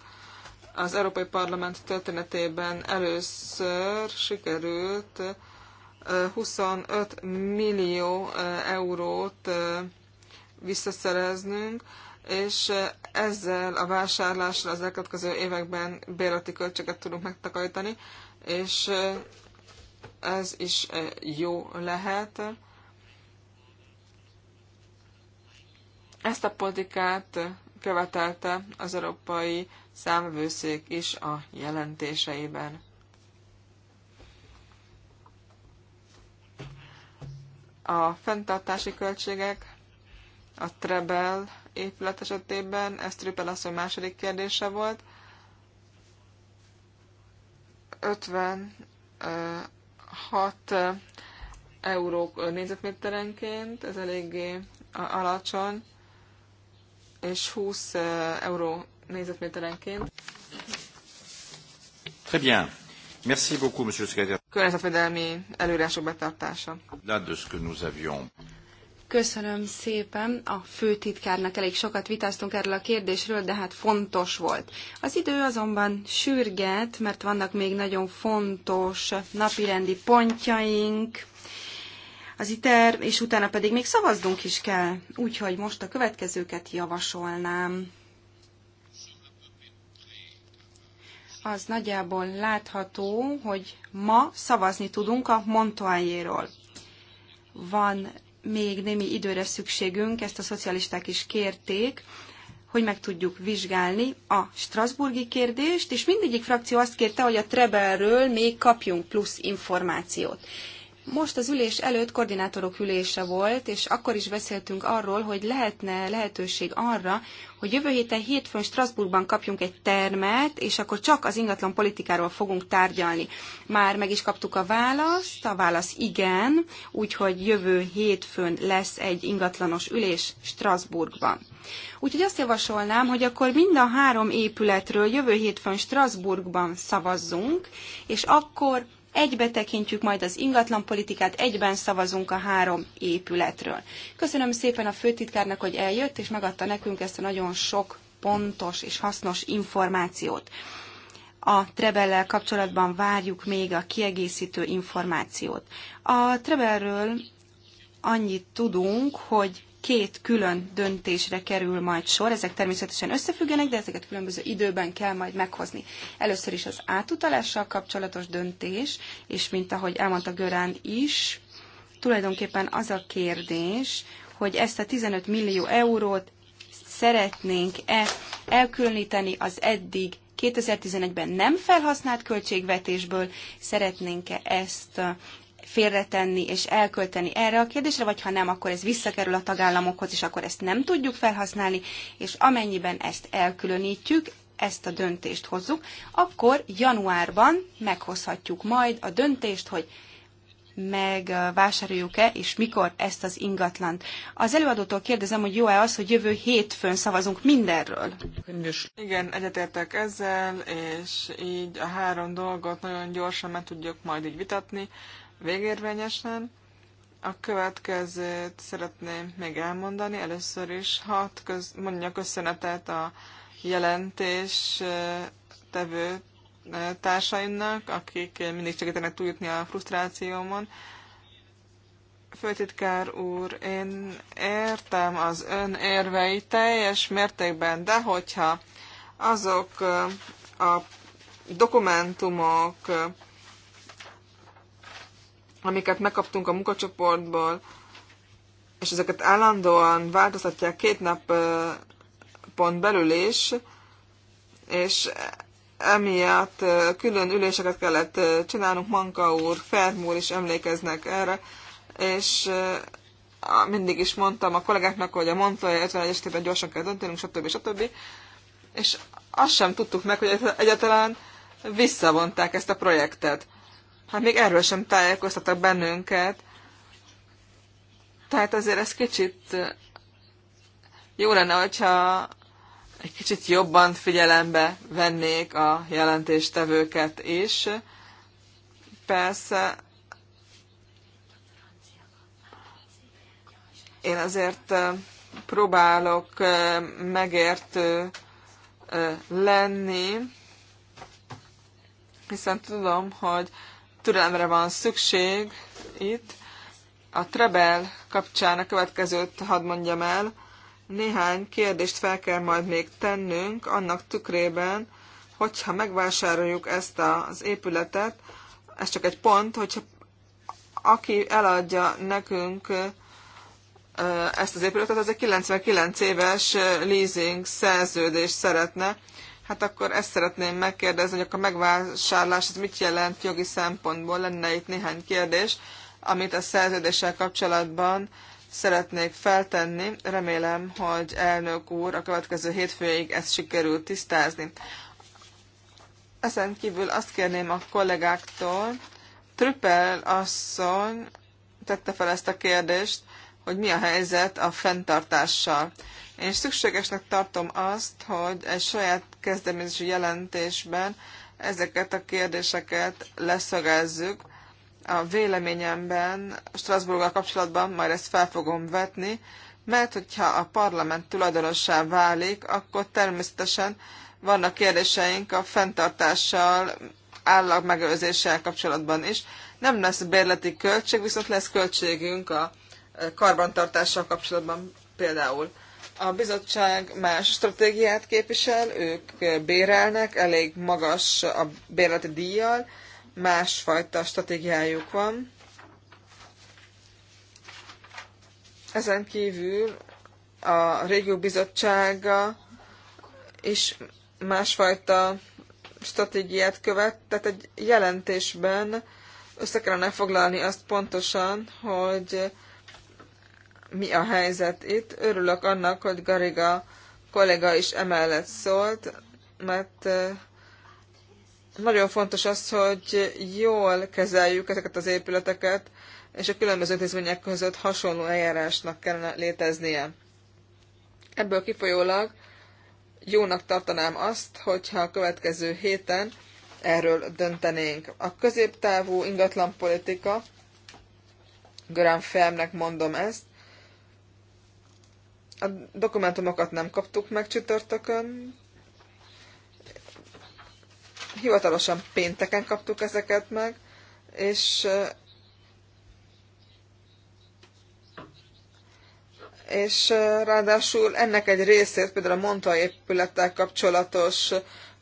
az Európai Parlament történetében először sikerült 25 millió eurót visszaszereznünk, és ezzel a vásárlással az elkövetkező években bérleti költséget tudunk megtakarítani, és ez is jó lehet. Ezt a politikát követelte az Európai Számvőszék is a jelentéseiben. A fenntartási költségek, a Trebel épület esetében, ez Trüppel asszony második kérdése volt, 56 euró négyzetméterenként, ez eléggé alacsony, és 20 euró négyzetméterenként. Très bien. Merci beaucoup, monsieur le secrétaire. Környezetvédelmi előrások betartása. Köszönöm szépen. A főtitkárnak elég sokat vitáztunk erről a kérdésről, de hát fontos volt. Az idő azonban sürget, mert vannak még nagyon fontos napirendi pontjaink az ITER, és utána pedig még szavaznunk is kell. Úgyhogy most a következőket javasolnám. az nagyjából látható, hogy ma szavazni tudunk a Montoyéről. Van még némi időre szükségünk, ezt a szocialisták is kérték, hogy meg tudjuk vizsgálni a Strasburgi kérdést, és mindegyik frakció azt kérte, hogy a Trebelről még kapjunk plusz információt. Most az ülés előtt koordinátorok ülése volt, és akkor is beszéltünk arról, hogy lehetne lehetőség arra, hogy jövő héten hétfőn Strasbourgban kapjunk egy termet, és akkor csak az ingatlan politikáról fogunk tárgyalni. Már meg is kaptuk a választ, a válasz igen, úgyhogy jövő hétfőn lesz egy ingatlanos ülés Strasbourgban. Úgyhogy azt javasolnám, hogy akkor mind a három épületről jövő hétfőn Strasbourgban szavazzunk, és akkor egybe tekintjük majd az ingatlanpolitikát, egyben szavazunk a három épületről. Köszönöm szépen a főtitkárnak, hogy eljött, és megadta nekünk ezt a nagyon sok pontos és hasznos információt. A Trebellel kapcsolatban várjuk még a kiegészítő információt. A Trebelről annyit tudunk, hogy két külön döntésre kerül majd sor. Ezek természetesen összefüggenek, de ezeket különböző időben kell majd meghozni. Először is az átutalással kapcsolatos döntés, és mint ahogy elmondta Görán is, tulajdonképpen az a kérdés, hogy ezt a 15 millió eurót szeretnénk-e elkülöníteni az eddig 2011-ben nem felhasznált költségvetésből, szeretnénk-e ezt félretenni és elkölteni erre a kérdésre, vagy ha nem, akkor ez visszakerül a tagállamokhoz, és akkor ezt nem tudjuk felhasználni, és amennyiben ezt elkülönítjük, ezt a döntést hozzuk, akkor januárban meghozhatjuk majd a döntést, hogy megvásároljuk-e, és mikor ezt az ingatlant. Az előadótól kérdezem, hogy jó-e az, hogy jövő hétfőn szavazunk mindenről? Igen, egyetértek ezzel, és így a három dolgot nagyon gyorsan meg tudjuk majd így vitatni, végérvényesen. A következőt szeretném még elmondani. Először is hat köz, mondja köszönetet a jelentés tevő társaimnak, akik mindig segítenek túljutni a frusztrációmon. Főtitkár úr, én értem az ön érvei teljes mértékben, de hogyha azok a dokumentumok, amiket megkaptunk a munkacsoportból, és ezeket állandóan változtatják két nap pont belül is, és emiatt külön üléseket kellett csinálnunk, Manka úr, Ferm úr is emlékeznek erre, és mindig is mondtam a kollégáknak, hogy a Montoya 51 esetében gyorsan kell döntenünk, stb. stb. És azt sem tudtuk meg, hogy egyáltalán visszavonták ezt a projektet hát még erről sem tájékoztattak bennünket. Tehát azért ez kicsit eh, jó lenne, hogyha egy kicsit jobban figyelembe vennék a jelentéstevőket is. Persze én azért eh, próbálok eh, megértő lenni, hiszen tudom, hogy türelemre van szükség itt. A Trebel kapcsán a következőt hadd mondjam el. Néhány kérdést fel kell majd még tennünk annak tükrében, hogyha megvásároljuk ezt az épületet, ez csak egy pont, hogyha aki eladja nekünk ezt az épületet, az egy 99 éves leasing szerződést szeretne, Hát akkor ezt szeretném megkérdezni, hogy akkor a megvásárlás ez mit jelent jogi szempontból? Lenne itt néhány kérdés, amit a szerződéssel kapcsolatban szeretnék feltenni. Remélem, hogy elnök úr a következő hétfőig ezt sikerül tisztázni. Ezen kívül azt kérném a kollégáktól, Trüppel asszony tette fel ezt a kérdést, hogy mi a helyzet a fenntartással. Én szükségesnek tartom azt, hogy egy saját kezdeményezési jelentésben ezeket a kérdéseket leszögezzük. A véleményemben Strasbourggal kapcsolatban majd ezt fel fogom vetni, mert hogyha a parlament tulajdonossá válik, akkor természetesen vannak kérdéseink a fenntartással, állagmegőrzéssel kapcsolatban is. Nem lesz bérleti költség, viszont lesz költségünk a karbantartással kapcsolatban például. A bizottság más stratégiát képvisel, ők bérelnek, elég magas a bérleti díjjal, másfajta stratégiájuk van. Ezen kívül a régió bizottsága is másfajta stratégiát követ, tehát egy jelentésben össze kellene foglalni azt pontosan, hogy mi a helyzet itt. Örülök annak, hogy Gariga kollega is emellett szólt, mert nagyon fontos az, hogy jól kezeljük ezeket az épületeket, és a különböző intézmények között hasonló eljárásnak kellene léteznie. Ebből kifolyólag jónak tartanám azt, hogyha a következő héten erről döntenénk. A középtávú ingatlanpolitika, Görán Fermnek mondom ezt, a dokumentumokat nem kaptuk meg csütörtökön. Hivatalosan pénteken kaptuk ezeket meg, és és ráadásul ennek egy részét, például a Monta épülettel kapcsolatos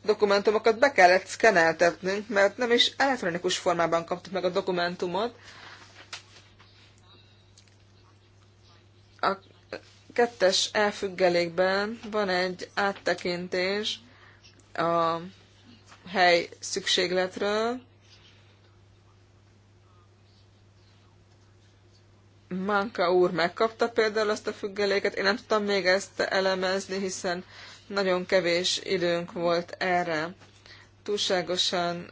dokumentumokat be kellett szkeneltetnünk, mert nem is elektronikus formában kaptuk meg a dokumentumot. A kettes elfüggelékben van egy áttekintés a hely szükségletről. Manka úr megkapta például azt a függeléket, én nem tudtam még ezt elemezni, hiszen nagyon kevés időnk volt erre. Túlságosan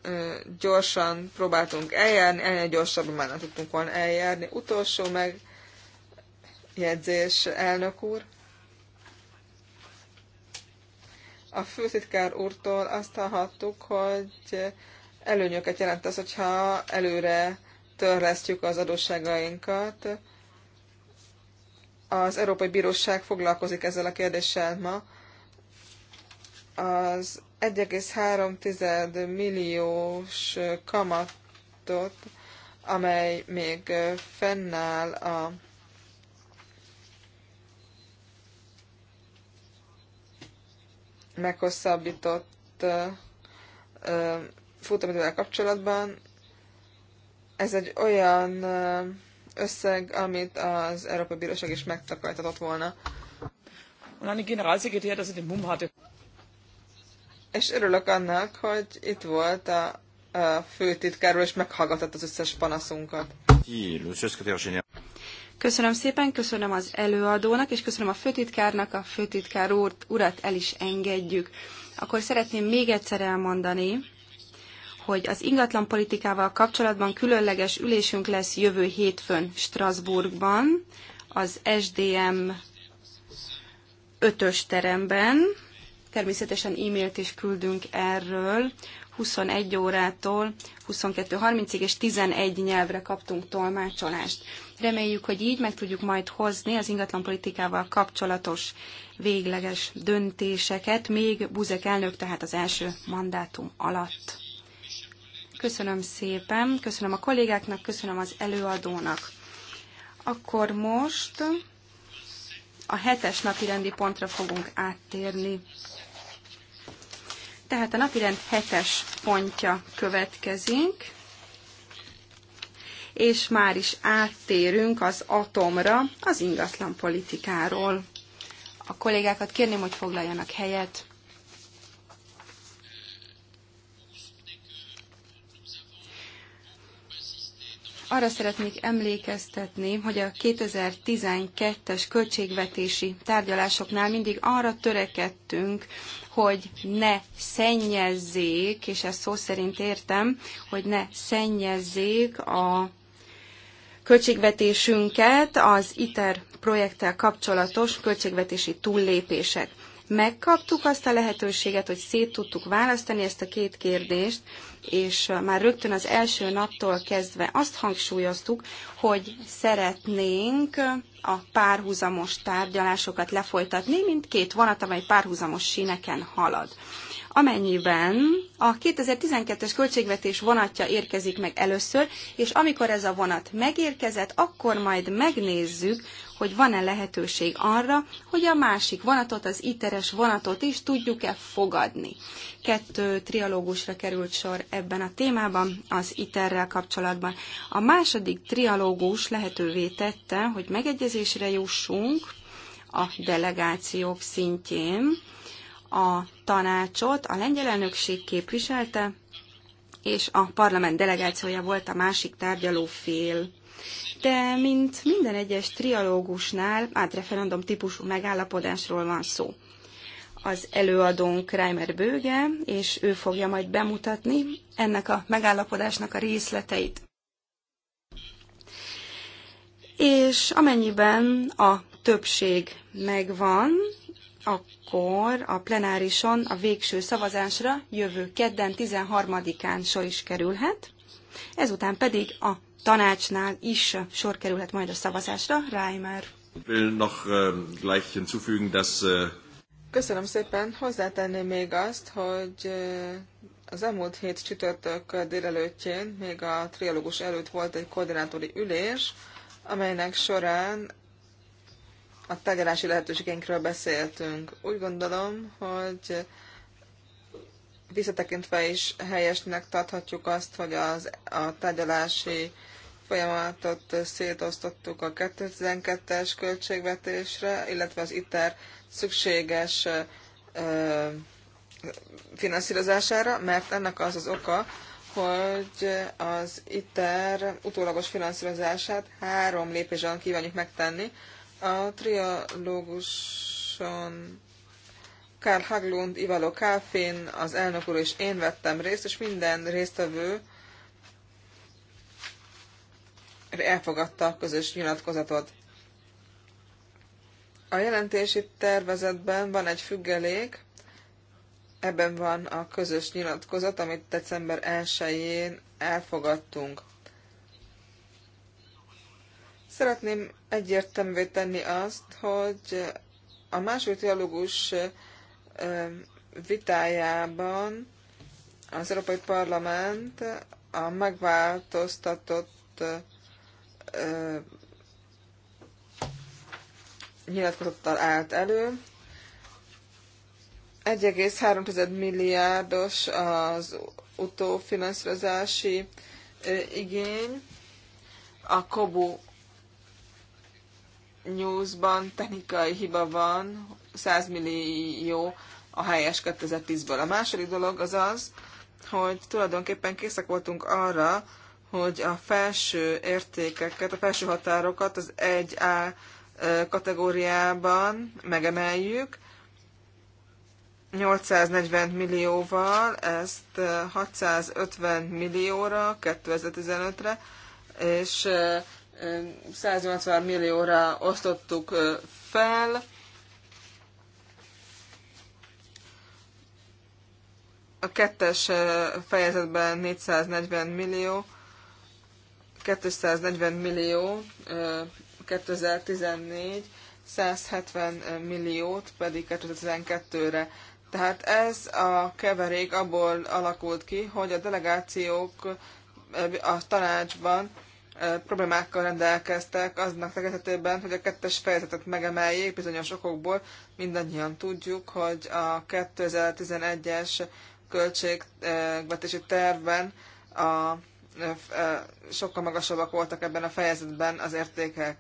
gyorsan próbáltunk eljárni, ennél gyorsabban már nem tudtunk volna eljárni. Utolsó meg jegyzés, elnök úr. A főtitkár úrtól azt hallhattuk, hogy előnyöket jelent az, hogyha előre törlesztjük az adósságainkat. Az Európai Bíróság foglalkozik ezzel a kérdéssel ma. Az 1,3 milliós kamatot, amely még fennáll a meghosszabbított futamidővel kapcsolatban. Ez egy olyan összeg, amit az Európai Bíróság is megtakarítatott volna. És örülök annak, hogy itt volt a, a és meghallgatott az összes panaszunkat. Köszönöm szépen, köszönöm az előadónak, és köszönöm a főtitkárnak, a főtitkár úr, urat el is engedjük. Akkor szeretném még egyszer elmondani, hogy az ingatlan politikával kapcsolatban különleges ülésünk lesz jövő hétfőn Strasbourgban, az SDM 5-ös teremben. Természetesen e-mailt is küldünk erről. 21 órától 22.30-ig és 11 nyelvre kaptunk tolmácsolást. Reméljük, hogy így meg tudjuk majd hozni az politikával kapcsolatos végleges döntéseket, még Buzek elnök tehát az első mandátum alatt. Köszönöm szépen, köszönöm a kollégáknak, köszönöm az előadónak. Akkor most a hetes napirendi pontra fogunk áttérni. Tehát a napirend hetes pontja következik és már is áttérünk az atomra, az ingatlan politikáról. A kollégákat kérném, hogy foglaljanak helyet. arra szeretnék emlékeztetni, hogy a 2012-es költségvetési tárgyalásoknál mindig arra törekedtünk, hogy ne szennyezzék, és ezt szó szerint értem, hogy ne szennyezzék a költségvetésünket az ITER projekttel kapcsolatos költségvetési túllépések. Megkaptuk azt a lehetőséget, hogy szét tudtuk választani ezt a két kérdést, és már rögtön az első naptól kezdve azt hangsúlyoztuk, hogy szeretnénk a párhuzamos tárgyalásokat lefolytatni, mint két vonat, amely párhuzamos síneken halad amennyiben a 2012-es költségvetés vonatja érkezik meg először, és amikor ez a vonat megérkezett, akkor majd megnézzük, hogy van-e lehetőség arra, hogy a másik vonatot, az iteres vonatot is tudjuk-e fogadni. Kettő trialógusra került sor ebben a témában, az iterrel kapcsolatban. A második trialógus lehetővé tette, hogy megegyezésre jussunk a delegációk szintjén, a tanácsot a lengyel elnökség képviselte, és a parlament delegációja volt a másik tárgyaló fél. De mint minden egyes trialógusnál átreferendum típusú megállapodásról van szó. Az előadónk Reimer Bőge, és ő fogja majd bemutatni ennek a megállapodásnak a részleteit. És amennyiben a többség megvan, akkor a plenárison a végső szavazásra jövő kedden 13-án sor is kerülhet, ezután pedig a tanácsnál is sor kerülhet majd a szavazásra. Reimer. Ähm, äh, Köszönöm szépen. Hozzátenném még azt, hogy äh, az elmúlt hét csütörtök délelőttjén, még a trialógus előtt volt egy koordinátori ülés, amelynek során a tárgyalási lehetőségeinkről beszéltünk. Úgy gondolom, hogy visszatekintve is helyesnek tarthatjuk azt, hogy az, a tárgyalási folyamatot szétosztottuk a 2012-es költségvetésre, illetve az ITER szükséges ö, finanszírozására, mert ennek az az oka, hogy az ITER utólagos finanszírozását három lépésen kívánjuk megtenni. A trialóguson Karl Haglund, Ivalo Káfén, az elnök úr és én vettem részt, és minden résztvevő elfogadta a közös nyilatkozatot. A jelentési tervezetben van egy függelék, ebben van a közös nyilatkozat, amit december 1-én elfogadtunk. Szeretném egyértelművé tenni azt, hogy a második dialógus vitájában az Európai Parlament a megváltoztatott nyilatkozattal állt elő. 1,3 milliárdos az utófinanszírozási igény. A KOBU News-ban technikai hiba van, 100 millió a helyes 2010-ből. A második dolog az az, hogy tulajdonképpen készek voltunk arra, hogy a felső értékeket, a felső határokat az 1A kategóriában megemeljük 840 millióval, ezt 650 millióra 2015-re, és 180 millióra osztottuk fel. A kettes fejezetben 440 millió, 240 millió 2014, 170 milliót pedig 2012-re. Tehát ez a keverék abból alakult ki, hogy a delegációk a tanácsban problémákkal rendelkeztek aznak tekintetében, hogy a kettes fejezetet megemeljék bizonyos okokból. Mindannyian tudjuk, hogy a 2011-es költségvetési tervben a, a sokkal magasabbak voltak ebben a fejezetben az értékek.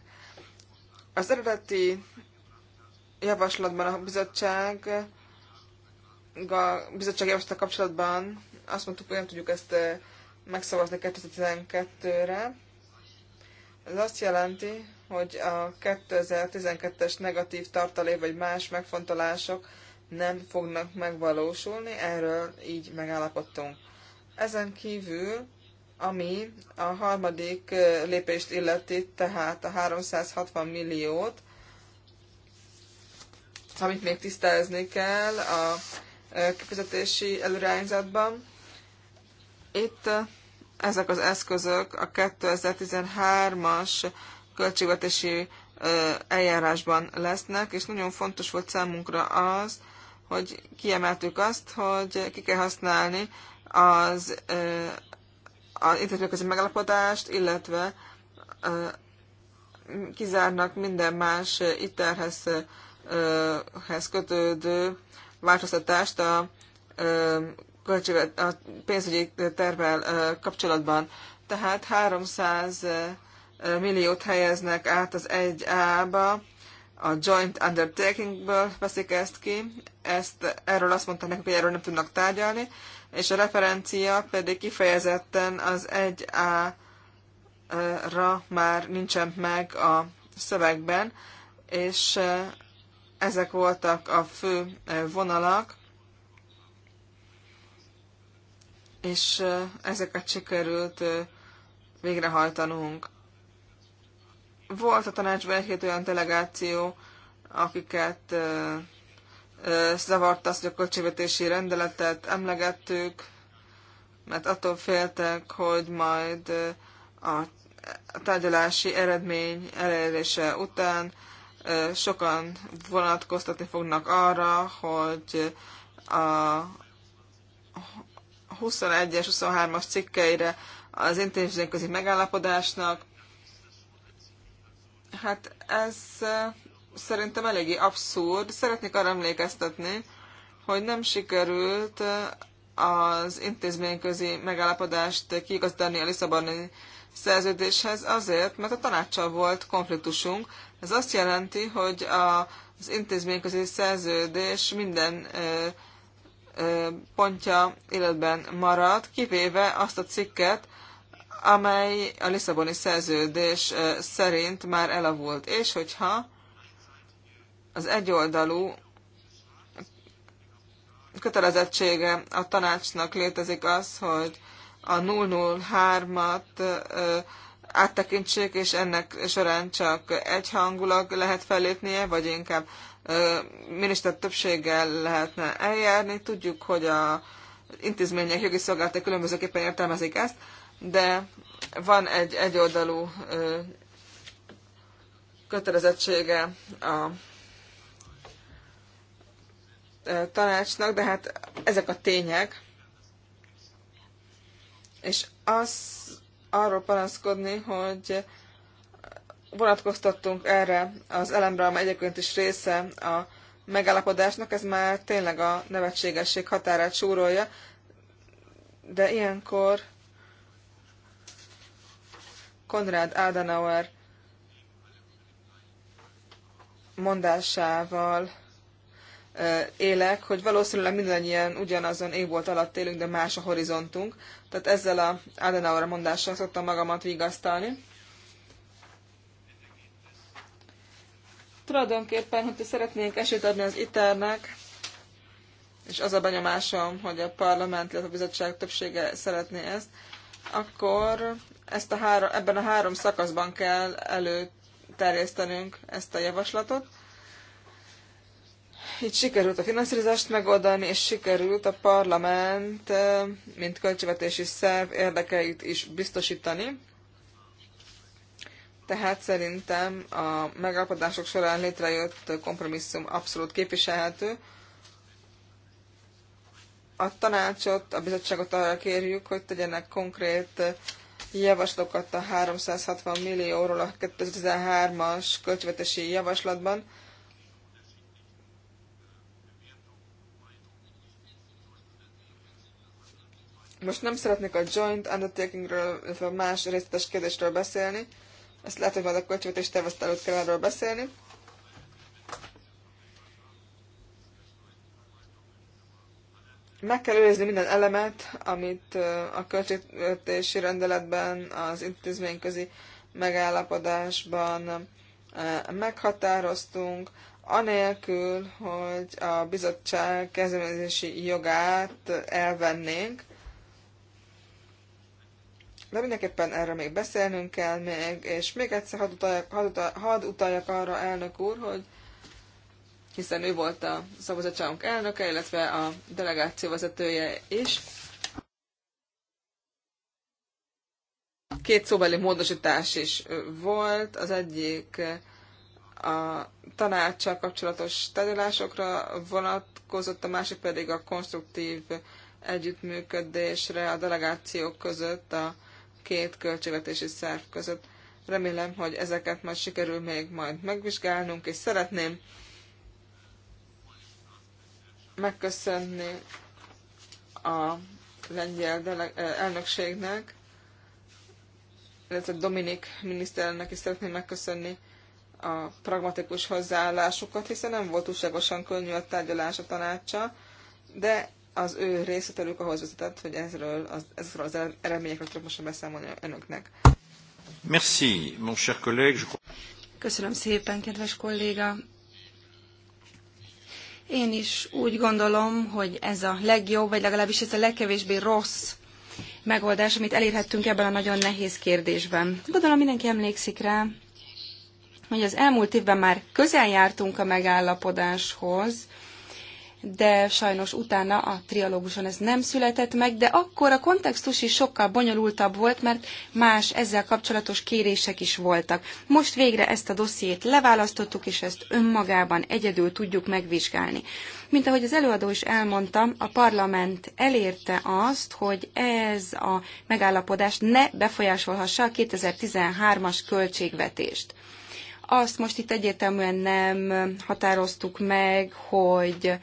Az eredeti javaslatban a bizottság a bizottság javaslata kapcsolatban azt mondtuk, hogy nem tudjuk ezt megszavazni 2012-re, ez azt jelenti, hogy a 2012-es negatív tartalék vagy más megfontolások nem fognak megvalósulni, erről így megállapodtunk. Ezen kívül, ami a harmadik lépést illeti, tehát a 360 milliót, amit még tisztázni kell a kifizetési előrányzatban. Itt ezek az eszközök a 2013-as költségvetési eljárásban lesznek, és nagyon fontos volt számunkra az, hogy kiemeltük azt, hogy ki kell használni az, az intézményközi megalapodást, illetve kizárnak minden más iterhez kötődő változtatást a költséget, a pénzügyi tervvel kapcsolatban. Tehát 300 milliót helyeznek át az 1A-ba, a joint undertakingből veszik ezt ki, ezt erről azt mondták nekünk, hogy erről nem tudnak tárgyalni, és a referencia pedig kifejezetten az 1A-ra már nincsen meg a szövegben, és ezek voltak a fő vonalak, és ezeket sikerült végrehajtanunk. Volt a tanácsban egy-két olyan delegáció, akiket zavart azt, hogy a költségvetési rendeletet emlegettük, mert attól féltek, hogy majd a tárgyalási eredmény elérése után sokan vonatkoztatni fognak arra, hogy a 21-es, 23-as cikkeire az intézményközi megállapodásnak. Hát ez szerintem eléggé abszurd. Szeretnék arra emlékeztetni, hogy nem sikerült az intézményközi megállapodást kiigazdani a Lisszaboni szerződéshez azért, mert a tanácssal volt konfliktusunk. Ez azt jelenti, hogy a az intézményközi szerződés minden pontja életben marad, kivéve azt a cikket, amely a Lisszaboni szerződés szerint már elavult. És hogyha az egyoldalú kötelezettsége a tanácsnak létezik az, hogy a 003-at áttekintsék, és ennek során csak egyhangulag lehet fellépnie, vagy inkább miniszter többséggel lehetne eljárni. Tudjuk, hogy a intézmények jogi szolgálatai különbözőképpen értelmezik ezt, de van egy egyoldalú kötelezettsége a tanácsnak, de hát ezek a tények, és az arról panaszkodni, hogy vonatkoztattunk erre az elemre, amely egyébként is része a megállapodásnak, ez már tényleg a nevetségesség határát súrolja, de ilyenkor Konrad Adenauer mondásával élek, hogy valószínűleg mindannyian ugyanazon év volt alatt élünk, de más a horizontunk. Tehát ezzel a Adenauer mondással szoktam magamat vigasztalni. Tulajdonképpen, hogyha szeretnénk esélyt adni az ITER-nek, és az a benyomásom, hogy a parlament, illetve a bizottság többsége szeretné ezt, akkor ezt a három, ebben a három szakaszban kell előterjesztenünk ezt a javaslatot. Itt sikerült a finanszírozást megoldani, és sikerült a parlament, eh, mint költségvetési szerv érdekeit is biztosítani. Tehát szerintem a megállapodások során létrejött kompromisszum abszolút képviselhető. A tanácsot, a bizottságot arra kérjük, hogy tegyenek konkrét javaslatokat a 360 millióról a 2013-as költségvetési javaslatban. Most nem szeretnék a joint undertakingről, vagy más részletes kérdésről beszélni, ezt lehet, hogy majd a költségvetés tervezet előtt kell erről beszélni. Meg kell őrizni minden elemet, amit a költségvetési rendeletben, az intézményközi megállapodásban meghatároztunk, anélkül, hogy a bizottság kezdeményezési jogát elvennénk de mindenképpen erről még beszélnünk kell még, és még egyszer hadd utaljak, hadd utaljak, hadd utaljak arra, elnök úr, hogy hiszen ő volt a szavazatságunk elnöke, illetve a delegáció vezetője is. Két szóbeli módosítás is volt, az egyik a tanácssal kapcsolatos tárgyalásokra vonatkozott, a másik pedig a konstruktív együttműködésre a delegációk között a két költségvetési szerv között. Remélem, hogy ezeket majd sikerül még majd megvizsgálnunk, és szeretném megköszönni a lengyel elnökségnek, illetve Dominik miniszterelnök is szeretném megköszönni a pragmatikus hozzáállásukat, hiszen nem volt túlságosan könnyű a tárgyalás a tanácsa, de az ő részletelők ahhoz vezetett, hogy ezről az, ezekről az eredményekről tudok most beszámolni önöknek. Merci, mon cher collègue. Köszönöm szépen, kedves kolléga. Én is úgy gondolom, hogy ez a legjobb, vagy legalábbis ez a legkevésbé rossz megoldás, amit elérhettünk ebben a nagyon nehéz kérdésben. Gondolom mindenki emlékszik rá, hogy az elmúlt évben már közel jártunk a megállapodáshoz, de sajnos utána a trialóguson ez nem született meg, de akkor a kontextus is sokkal bonyolultabb volt, mert más ezzel kapcsolatos kérések is voltak. Most végre ezt a dossziét leválasztottuk, és ezt önmagában egyedül tudjuk megvizsgálni. Mint ahogy az előadó is elmondta, a parlament elérte azt, hogy ez a megállapodás ne befolyásolhassa a 2013-as költségvetést. Azt most itt egyértelműen nem határoztuk meg, hogy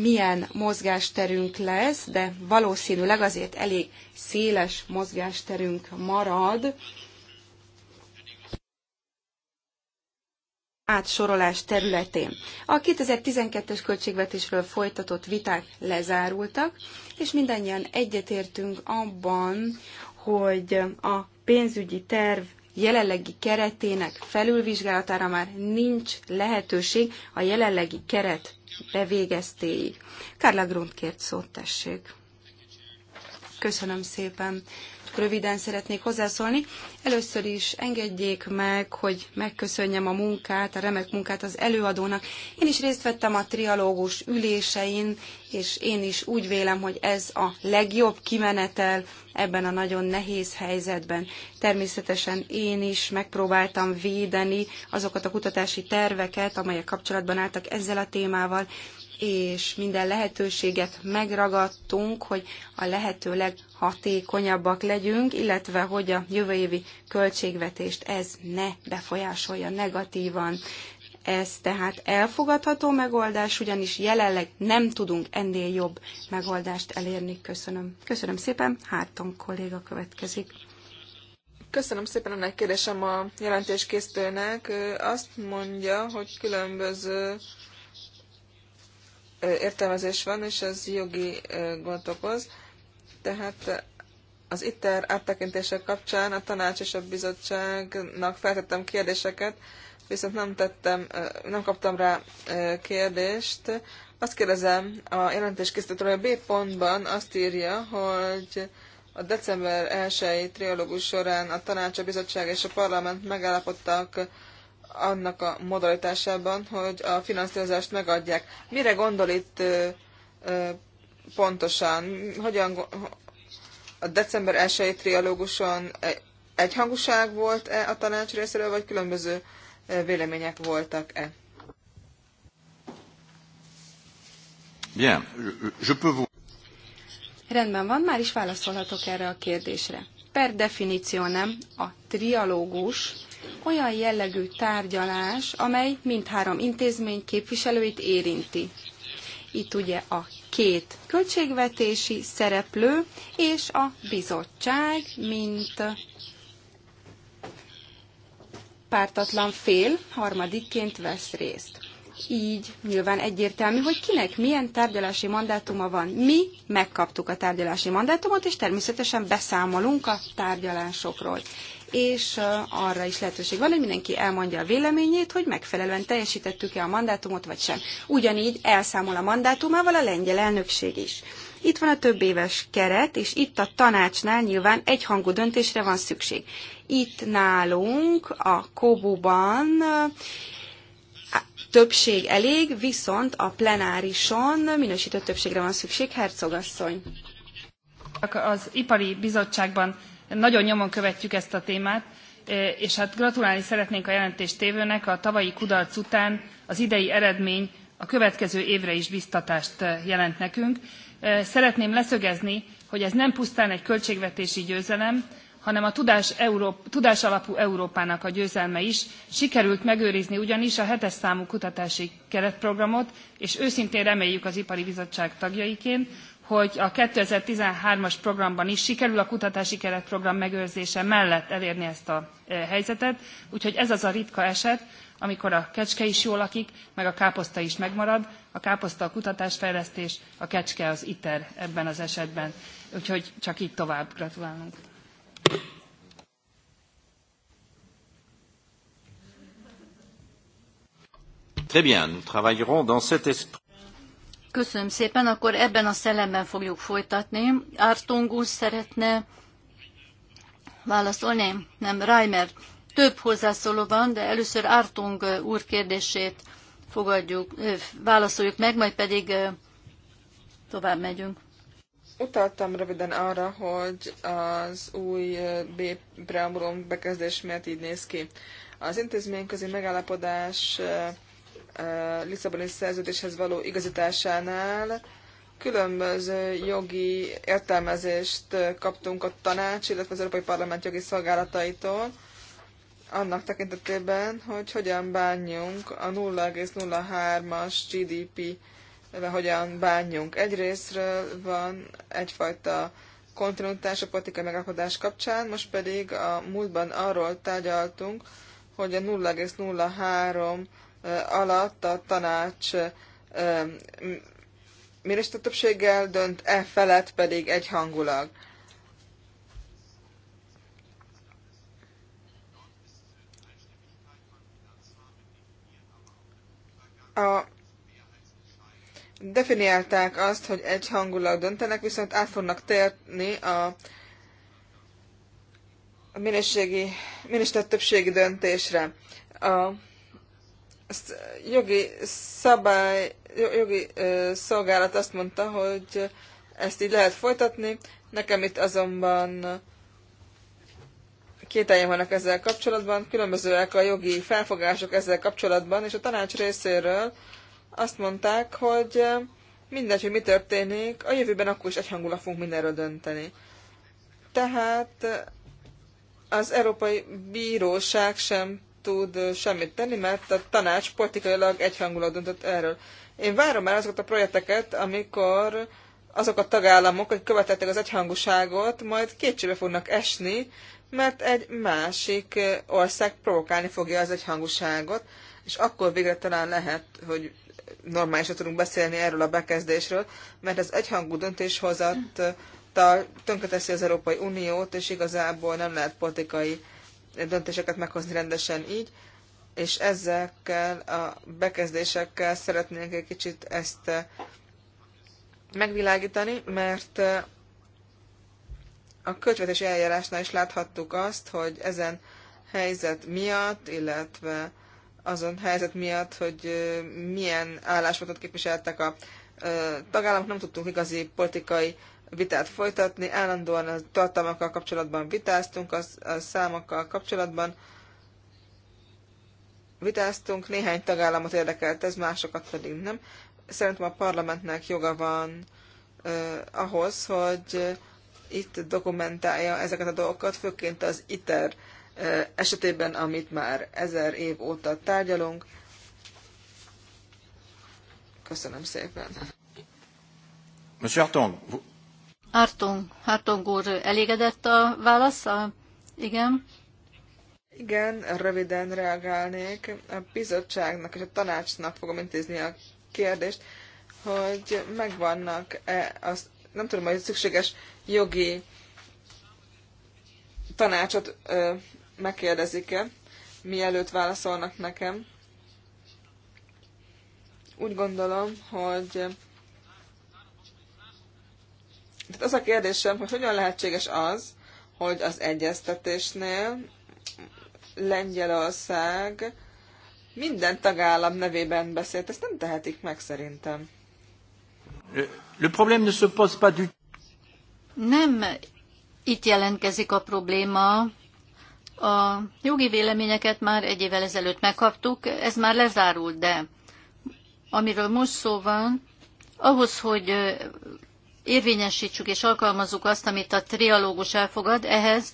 milyen mozgásterünk lesz, de valószínűleg azért elég széles mozgásterünk marad. átsorolás területén. A 2012-es költségvetésről folytatott viták lezárultak, és mindannyian egyetértünk abban, hogy a pénzügyi terv jelenlegi keretének felülvizsgálatára már nincs lehetőség a jelenlegi keret bevégeztéig. Kárla Grund kért szót, tessék. Köszönöm szépen röviden szeretnék hozzászólni. Először is engedjék meg, hogy megköszönjem a munkát, a remek munkát az előadónak. Én is részt vettem a trialógus ülésein, és én is úgy vélem, hogy ez a legjobb kimenetel ebben a nagyon nehéz helyzetben. Természetesen én is megpróbáltam védeni azokat a kutatási terveket, amelyek kapcsolatban álltak ezzel a témával, és minden lehetőséget megragadtunk, hogy a lehető leghatékonyabbak legyünk, illetve hogy a jövő évi költségvetést ez ne befolyásolja negatívan. Ez tehát elfogadható megoldás, ugyanis jelenleg nem tudunk ennél jobb megoldást elérni. Köszönöm. Köszönöm szépen. Hátton kolléga következik. Köszönöm szépen, ennek kérdésem a jelentéskészítőnek. Azt mondja, hogy különböző értelmezés van, és ez jogi gondot okoz. Tehát az ITER áttekintése kapcsán a tanács és a bizottságnak feltettem kérdéseket, viszont nem, tettem, nem kaptam rá kérdést. Azt kérdezem a jelentés készítettől hogy a B pontban azt írja, hogy a december 1-i triológus során a tanács, a bizottság és a parlament megállapodtak annak a modalitásában, hogy a finanszírozást megadják. Mire gondol itt pontosan? Hogyan a december 1-i trialóguson e- egyhangúság volt-e a tanács részéről, vagy különböző vélemények voltak-e? Bien, je peux vous... Rendben van, már is válaszolhatok erre a kérdésre. Per definíció nem, a trialógus olyan jellegű tárgyalás, amely mindhárom intézmény képviselőit érinti. Itt ugye a két költségvetési szereplő és a bizottság, mint pártatlan fél harmadikként vesz részt így nyilván egyértelmű, hogy kinek milyen tárgyalási mandátuma van. Mi megkaptuk a tárgyalási mandátumot, és természetesen beszámolunk a tárgyalásokról. És arra is lehetőség van, hogy mindenki elmondja a véleményét, hogy megfelelően teljesítettük-e a mandátumot, vagy sem. Ugyanígy elszámol a mandátumával a lengyel elnökség is. Itt van a több éves keret, és itt a tanácsnál nyilván egyhangú döntésre van szükség. Itt nálunk a Kobuban többség elég, viszont a plenárison minősített többségre van szükség, hercogasszony. Az ipari bizottságban nagyon nyomon követjük ezt a témát, e, és hát gratulálni szeretnénk a jelentéstévőnek, a tavalyi kudarc után az idei eredmény a következő évre is biztatást e, jelent nekünk. E, szeretném leszögezni, hogy ez nem pusztán egy költségvetési győzelem, hanem a tudás, Európ, tudás alapú Európának a győzelme is. Sikerült megőrizni ugyanis a hetes számú kutatási keretprogramot, és őszintén reméljük az Ipari Bizottság tagjaiként, hogy a 2013-as programban is sikerül a kutatási keretprogram megőrzése mellett elérni ezt a e, helyzetet, úgyhogy ez az a ritka eset, amikor a kecske is jól lakik, meg a káposzta is megmarad, a káposzta a kutatásfejlesztés, a kecske az iter ebben az esetben. Úgyhogy csak így tovább gratulálunk. Très bien, nous travaillerons dans cet esprit. Köszönöm szépen, akkor ebben a szellemben fogjuk folytatni. Ártong úr szeretne válaszolni? Nem, Reimer. Több hozzászóló van, de először Ártong úr kérdését fogadjuk, válaszoljuk meg, majd pedig tovább megyünk. Utaltam röviden arra, hogy az új B preambulum bekezdés miért így néz ki. Az intézményközi megállapodás Lisszaboni szerződéshez való igazításánál különböző jogi értelmezést kaptunk a tanács, illetve az Európai Parlament jogi szolgálataitól, annak tekintetében, hogy hogyan bánjunk a 0,03-as GDP hogyan bánjunk. Egyrésztről van egyfajta kontinuitás a politikai megállapodás kapcsán, most pedig a múltban arról tárgyaltunk, hogy a 0,03 Eh, alatt a tanács eh, minősítő többséggel dönt e felett pedig egyhangulag. a definiálták azt, hogy egyhangulag döntenek, viszont át fognak térni a minőségi, miniszter többségi döntésre. A jogi szabály, jogi szolgálat azt mondta, hogy ezt így lehet folytatni. Nekem itt azonban kételjem vannak ezzel kapcsolatban, különbözőek a jogi felfogások ezzel kapcsolatban, és a tanács részéről azt mondták, hogy mindegy, hogy mi történik, a jövőben akkor is egyhangulat fogunk mindenről dönteni. Tehát az Európai Bíróság sem tud semmit tenni, mert a tanács politikailag egyhangulat döntött erről. Én várom már azokat a projekteket, amikor azok a tagállamok, akik követettek az egyhangúságot, majd kétségbe fognak esni, mert egy másik ország provokálni fogja az egyhangúságot, és akkor végre talán lehet, hogy normálisan tudunk beszélni erről a bekezdésről, mert az egyhangú döntéshozat tönkreteszi az Európai Uniót, és igazából nem lehet politikai döntéseket meghozni rendesen így, és ezekkel a bekezdésekkel szeretnénk egy kicsit ezt eh, megvilágítani, mert eh, a költvetési eljárásnál is láthattuk azt, hogy ezen helyzet miatt, illetve azon helyzet miatt, hogy eh, milyen álláspontot képviseltek a tagállamok, nem tudtunk igazi politikai vitát folytatni, állandóan a tartalmakkal kapcsolatban vitáztunk, a, számokkal kapcsolatban vitáztunk, néhány tagállamot érdekelt ez, másokat pedig nem. Szerintem a parlamentnek joga van eh, ahhoz, hogy itt dokumentálja ezeket a dolgokat, főként az ITER esetében, amit már ezer év óta tárgyalunk. Köszönöm szépen. Monsieur Artong, Artung, Hartung úr elégedett a válasza? Igen. Igen, röviden reagálnék. A bizottságnak és a tanácsnak fogom intézni a kérdést, hogy megvannak-e az, nem tudom, hogy szükséges jogi tanácsot megkérdezik-e, mielőtt válaszolnak nekem. Úgy gondolom, hogy itt az a kérdésem, hogy hogyan lehetséges az, hogy az egyeztetésnél Lengyelország minden tagállam nevében beszélt. Ezt nem tehetik meg szerintem. Le problème ne se pose pas du... Nem itt jelentkezik a probléma. A jogi véleményeket már egy évvel ezelőtt megkaptuk, ez már lezárult, de amiről most szó van, ahhoz, hogy érvényesítsük és alkalmazzuk azt, amit a trialógus elfogad, ehhez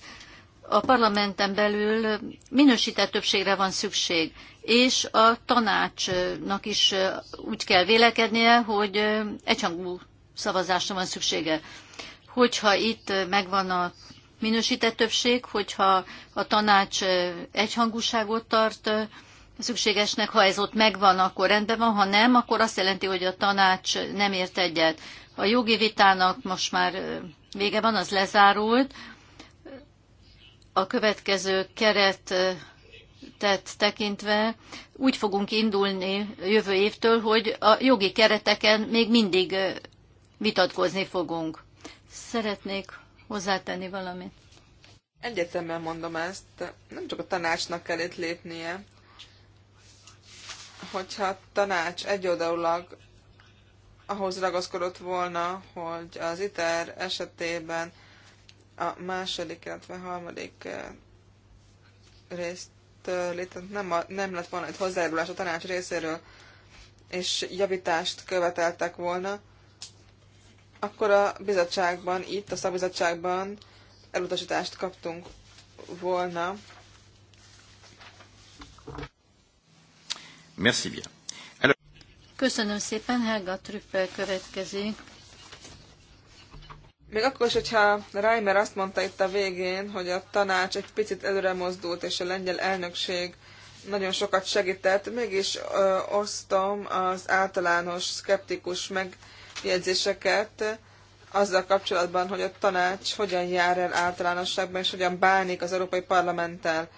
a parlamenten belül minősített többségre van szükség, és a tanácsnak is úgy kell vélekednie, hogy egyhangú szavazásra van szüksége. Hogyha itt megvan a minősített többség, hogyha a tanács egyhangúságot tart, szükségesnek, ha ez ott megvan, akkor rendben van, ha nem, akkor azt jelenti, hogy a tanács nem ért egyet. A jogi vitának most már vége van, az lezárult. A következő keret tett tekintve úgy fogunk indulni jövő évtől, hogy a jogi kereteken még mindig vitatkozni fogunk. Szeretnék hozzátenni valamit. Egyetemben mondom ezt, nem csak a tanácsnak kell itt lépnie, hogyha a tanács egyoldalulag ahhoz ragaszkodott volna, hogy az ITER esetében a második, illetve harmadik eh, részt eh, létezett, nem, nem lett volna egy hozzájárulás a tanács részéről, és javítást követeltek volna, akkor a bizottságban, itt a szabizottságban elutasítást kaptunk volna Merci bien. Alors... Köszönöm szépen, Helga Trüppel következik. Még akkor is, hogyha Reimer azt mondta itt a végén, hogy a tanács egy picit előre mozdult, és a lengyel elnökség nagyon sokat segített, mégis ö, osztom az általános szkeptikus megjegyzéseket azzal kapcsolatban, hogy a tanács hogyan jár el általánosságban, és hogyan bánik az Európai Parlamenttel.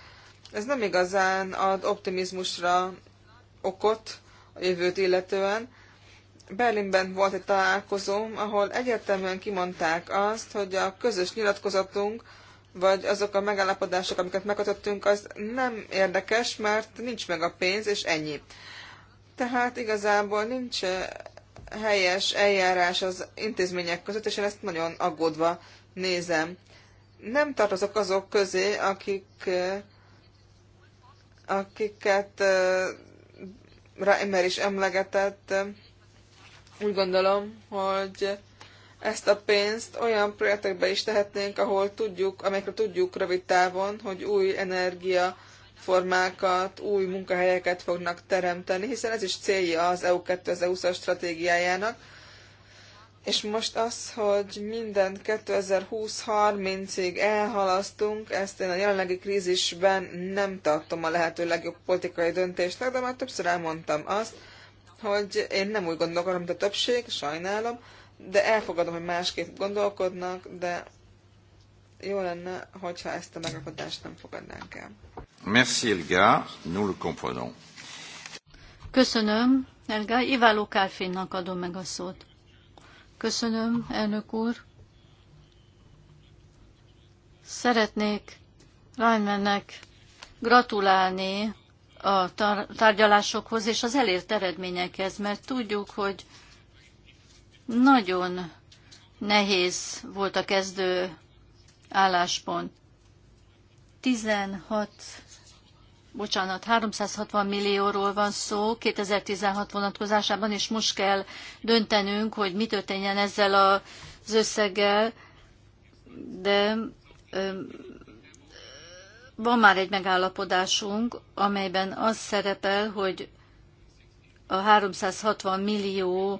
Ez nem igazán ad optimizmusra okot a jövőt illetően. Berlinben volt egy találkozóm, ahol egyértelműen kimondták azt, hogy a közös nyilatkozatunk, vagy azok a megállapodások, amiket megkötöttünk, az nem érdekes, mert nincs meg a pénz, és ennyi. Tehát igazából nincs eh, helyes eljárás az intézmények között, és én ezt nagyon aggódva nézem. Nem tartozok azok közé, akik, eh, akiket eh, Reimer is emlegetett, úgy gondolom, hogy ezt a pénzt olyan projektekbe is tehetnénk, ahol tudjuk, amelyekre tudjuk rövid távon, hogy új energia formákat, új munkahelyeket fognak teremteni, hiszen ez is célja az EU 2020-as e stratégiájának, és most az, hogy minden 2020-30-ig elhalasztunk, ezt én a jelenlegi krízisben nem tartom a lehető legjobb politikai döntésnek, de már többször elmondtam azt, hogy én nem úgy gondolkodom, mint a többség, sajnálom, de elfogadom, hogy másképp gondolkodnak, de jó lenne, hogyha ezt a megakadást nem fogadnánk el. Merci Elga, nous le comprenons. Köszönöm, Elga. Iváló Kárfinnak adom meg a szót. Köszönöm, elnök úr. Szeretnék Reimannek gratulálni a tárgyalásokhoz és az elért eredményekhez, mert tudjuk, hogy nagyon nehéz volt a kezdő álláspont. 16 bocsánat, 360 millióról van szó 2016 vonatkozásában, és most kell döntenünk, hogy mi történjen ezzel az összeggel, de van már egy megállapodásunk, amelyben az szerepel, hogy a 360 millióról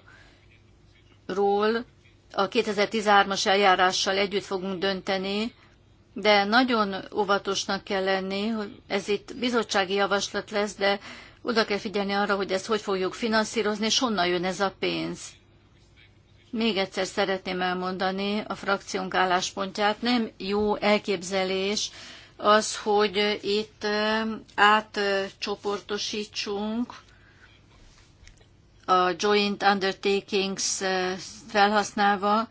a 2013-as eljárással együtt fogunk dönteni, de nagyon óvatosnak kell lenni, hogy ez itt bizottsági javaslat lesz, de oda kell figyelni arra, hogy ezt hogy fogjuk finanszírozni, és honnan jön ez a pénz. Még egyszer szeretném elmondani a frakciónk álláspontját. Nem jó elképzelés az, hogy itt átcsoportosítsunk a joint undertakings eh, felhasználva,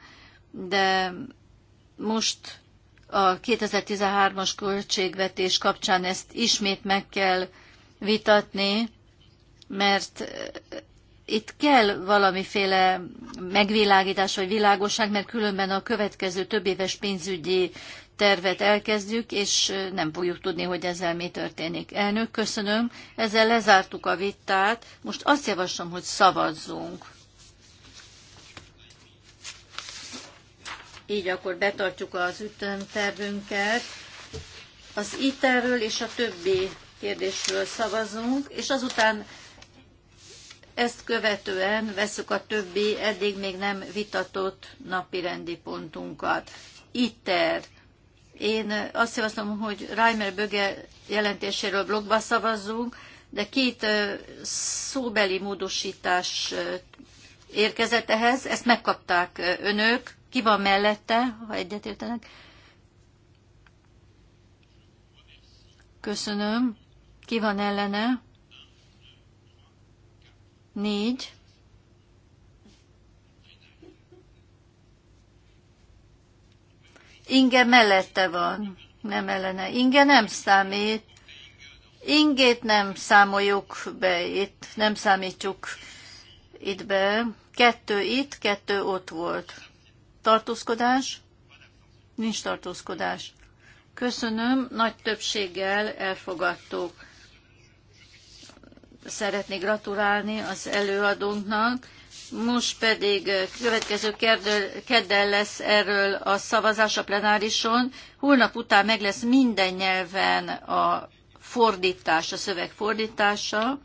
de most a 2013-as költségvetés kapcsán ezt ismét meg kell vitatni, mert eh, itt kell valamiféle megvilágítás vagy világosság, mert különben a következő több éves pénzügyi tervet elkezdjük, és eh, nem fogjuk tudni, hogy ezzel mi történik. Elnök, köszönöm. Ezzel lezártuk a vitát. Most azt javaslom, hogy szavazzunk. így akkor betartjuk az ütemtervünket. Az iterről és a többi kérdésről szavazunk, és azután ezt követően veszük a többi eddig még nem vitatott napirendi pontunkat. ITER. Én azt javaslom, hogy Reimer Böge jelentéséről blogba szavazzunk, de két szóbeli módosítás érkezett ehhez, ezt megkapták önök, ki van mellette, ha egyetértenek? Köszönöm. Ki van ellene? Négy. Inge mellette van, nem ellene. Inge nem számít. Ingét nem számoljuk be itt, nem számítjuk itt be. Kettő itt, kettő ott volt. Tartózkodás? Nincs tartózkodás. Köszönöm, nagy többséggel elfogadtuk. Szeretnék gratulálni az előadónknak. Most pedig következő keddel lesz erről a szavazás a plenárison. Holnap után meg lesz minden nyelven a fordítás, a szöveg fordítása,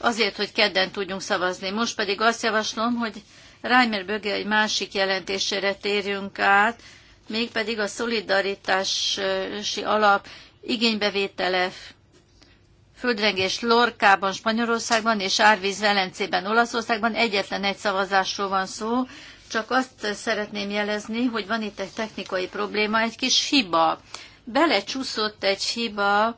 azért, hogy kedden tudjunk szavazni. Most pedig azt javaslom, hogy Reimer Böge egy másik jelentésére térjünk át, mégpedig a szolidaritási alap igénybevétele földrengés Lorkában, Spanyolországban és Árvíz Velencében, Olaszországban egyetlen egy szavazásról van szó, csak azt szeretném jelezni, hogy van itt egy technikai probléma, egy kis hiba. Belecsúszott egy hiba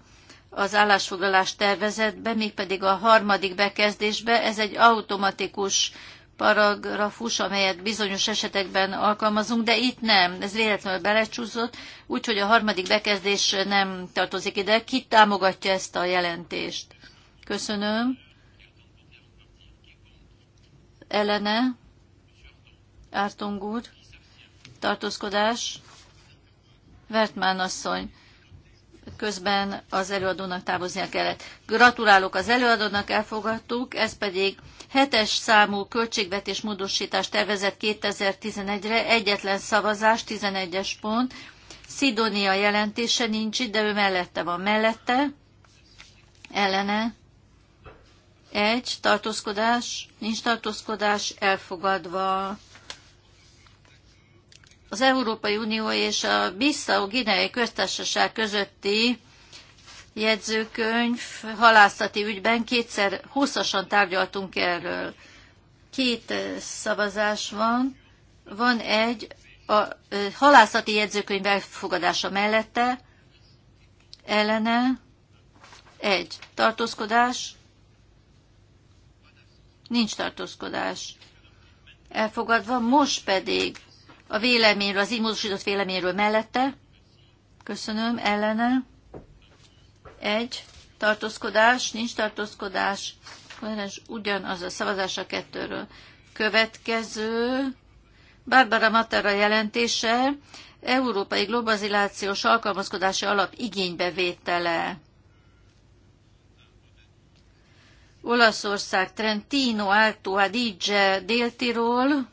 az állásfoglalás tervezetbe, mégpedig a harmadik bekezdésbe, ez egy automatikus paragrafus, amelyet bizonyos esetekben alkalmazunk, de itt nem. Ez véletlenül belecsúszott, úgyhogy a harmadik bekezdés nem tartozik ide. Ki támogatja ezt a jelentést? Köszönöm. Elene. Ártongúr, úr? Tartózkodás? Vertmán asszony közben az előadónak távoznia kellett. Gratulálok az előadónak, elfogadtuk, ez pedig Hetes számú költségvetés módosítás tervezett 2011-re, egyetlen szavazás, 11-es pont. Szidónia jelentése nincs itt, de ő mellette van. Mellette, ellene, egy, tartózkodás, nincs tartózkodás, elfogadva. Az Európai Unió és a bissau Ginei köztársaság közötti jegyzőkönyv halászati ügyben kétszer hosszasan tárgyaltunk erről. Két szavazás van. Van egy a halászati jegyzőkönyv elfogadása mellette, ellene, egy tartózkodás, nincs tartózkodás. Elfogadva, most pedig a véleményről, az immunosított véleményről mellette, köszönöm, ellene, egy, tartózkodás, nincs tartózkodás, koherens ugyanaz a szavazás a kettőről. Következő, Barbara Matera jelentése, Európai Globalizációs Alkalmazkodási Alap igénybevétele. Olaszország, Trentino, Alto Adige, Déltirol.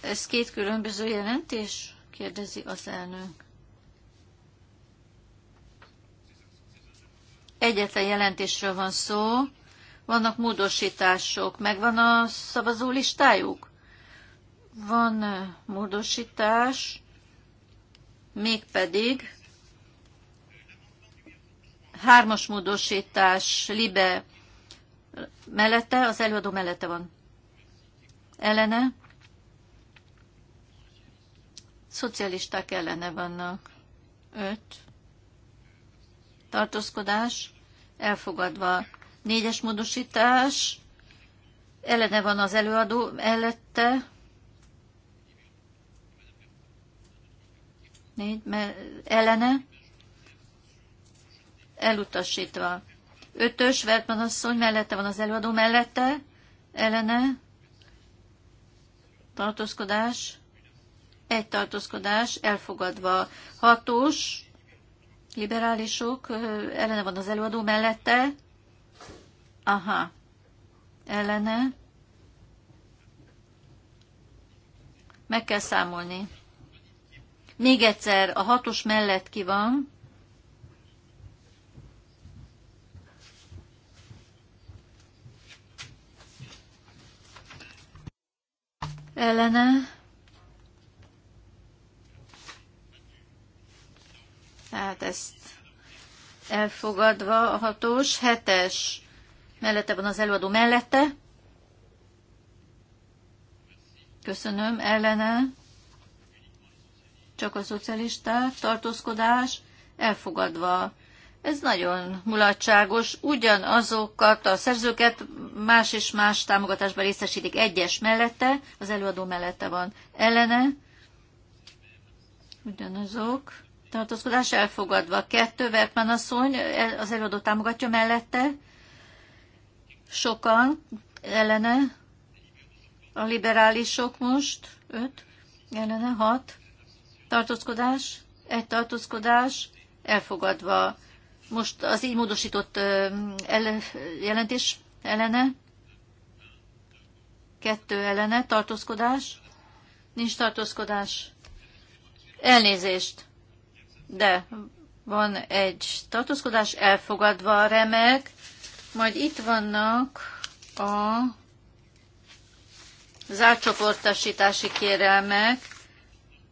Ez két különböző jelentés? kérdezi az elnök. Egyetlen jelentésről van szó, vannak módosítások, megvan a szavazó listájuk? Van módosítás, mégpedig hármas módosítás, libe mellette, az előadó mellette van. Ellene? Szocialisták ellene vannak. Öt. Tartózkodás? elfogadva. Négyes módosítás, ellene van az előadó mellette. Négy, me, ellene, elutasítva. Ötös, Vertman asszony, mellette van az előadó, mellette, ellene, tartózkodás, egy tartózkodás, elfogadva. Hatos, liberálisok, ellene van az előadó mellette. Aha, ellene. Meg kell számolni. Még egyszer, a hatos mellett ki van. Ellene. tehát ezt elfogadva a hatós, hetes mellette van az előadó mellette. Köszönöm, ellene. Csak a szocialista tartózkodás, elfogadva. Ez nagyon mulatságos. Ugyanazokat a szerzőket más és más támogatásban részesítik. Egyes mellette, az előadó mellette van ellene. Ugyanazok tartózkodás elfogadva. Kettő, Vertman asszony, az előadó támogatja mellette. Sokan ellene. A liberálisok most. Öt, ellene. Hat. Tartózkodás. Egy tartózkodás. Elfogadva. Most az így módosított ele, jelentés ellene. Kettő ellene. Tartózkodás. Nincs tartózkodás. Elnézést de van egy tartózkodás elfogadva, remek, majd itt vannak a zárcsoportosítási kérelmek,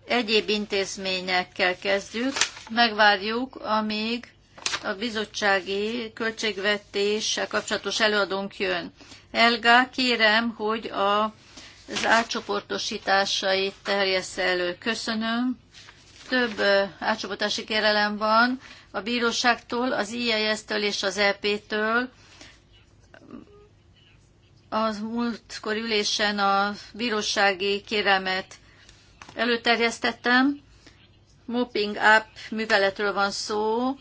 egyéb intézményekkel kezdjük, megvárjuk, amíg a bizottsági költségvetéssel kapcsolatos előadónk jön. Elgá, kérem, hogy a, az átcsoportosításait terjessze elő. Köszönöm több átcsoportási kérelem van a bíróságtól, az IIS-től e és az EP-től. Az múltkor ülésen a bírósági kérelmet előterjesztettem. Mopping up műveletről van szó.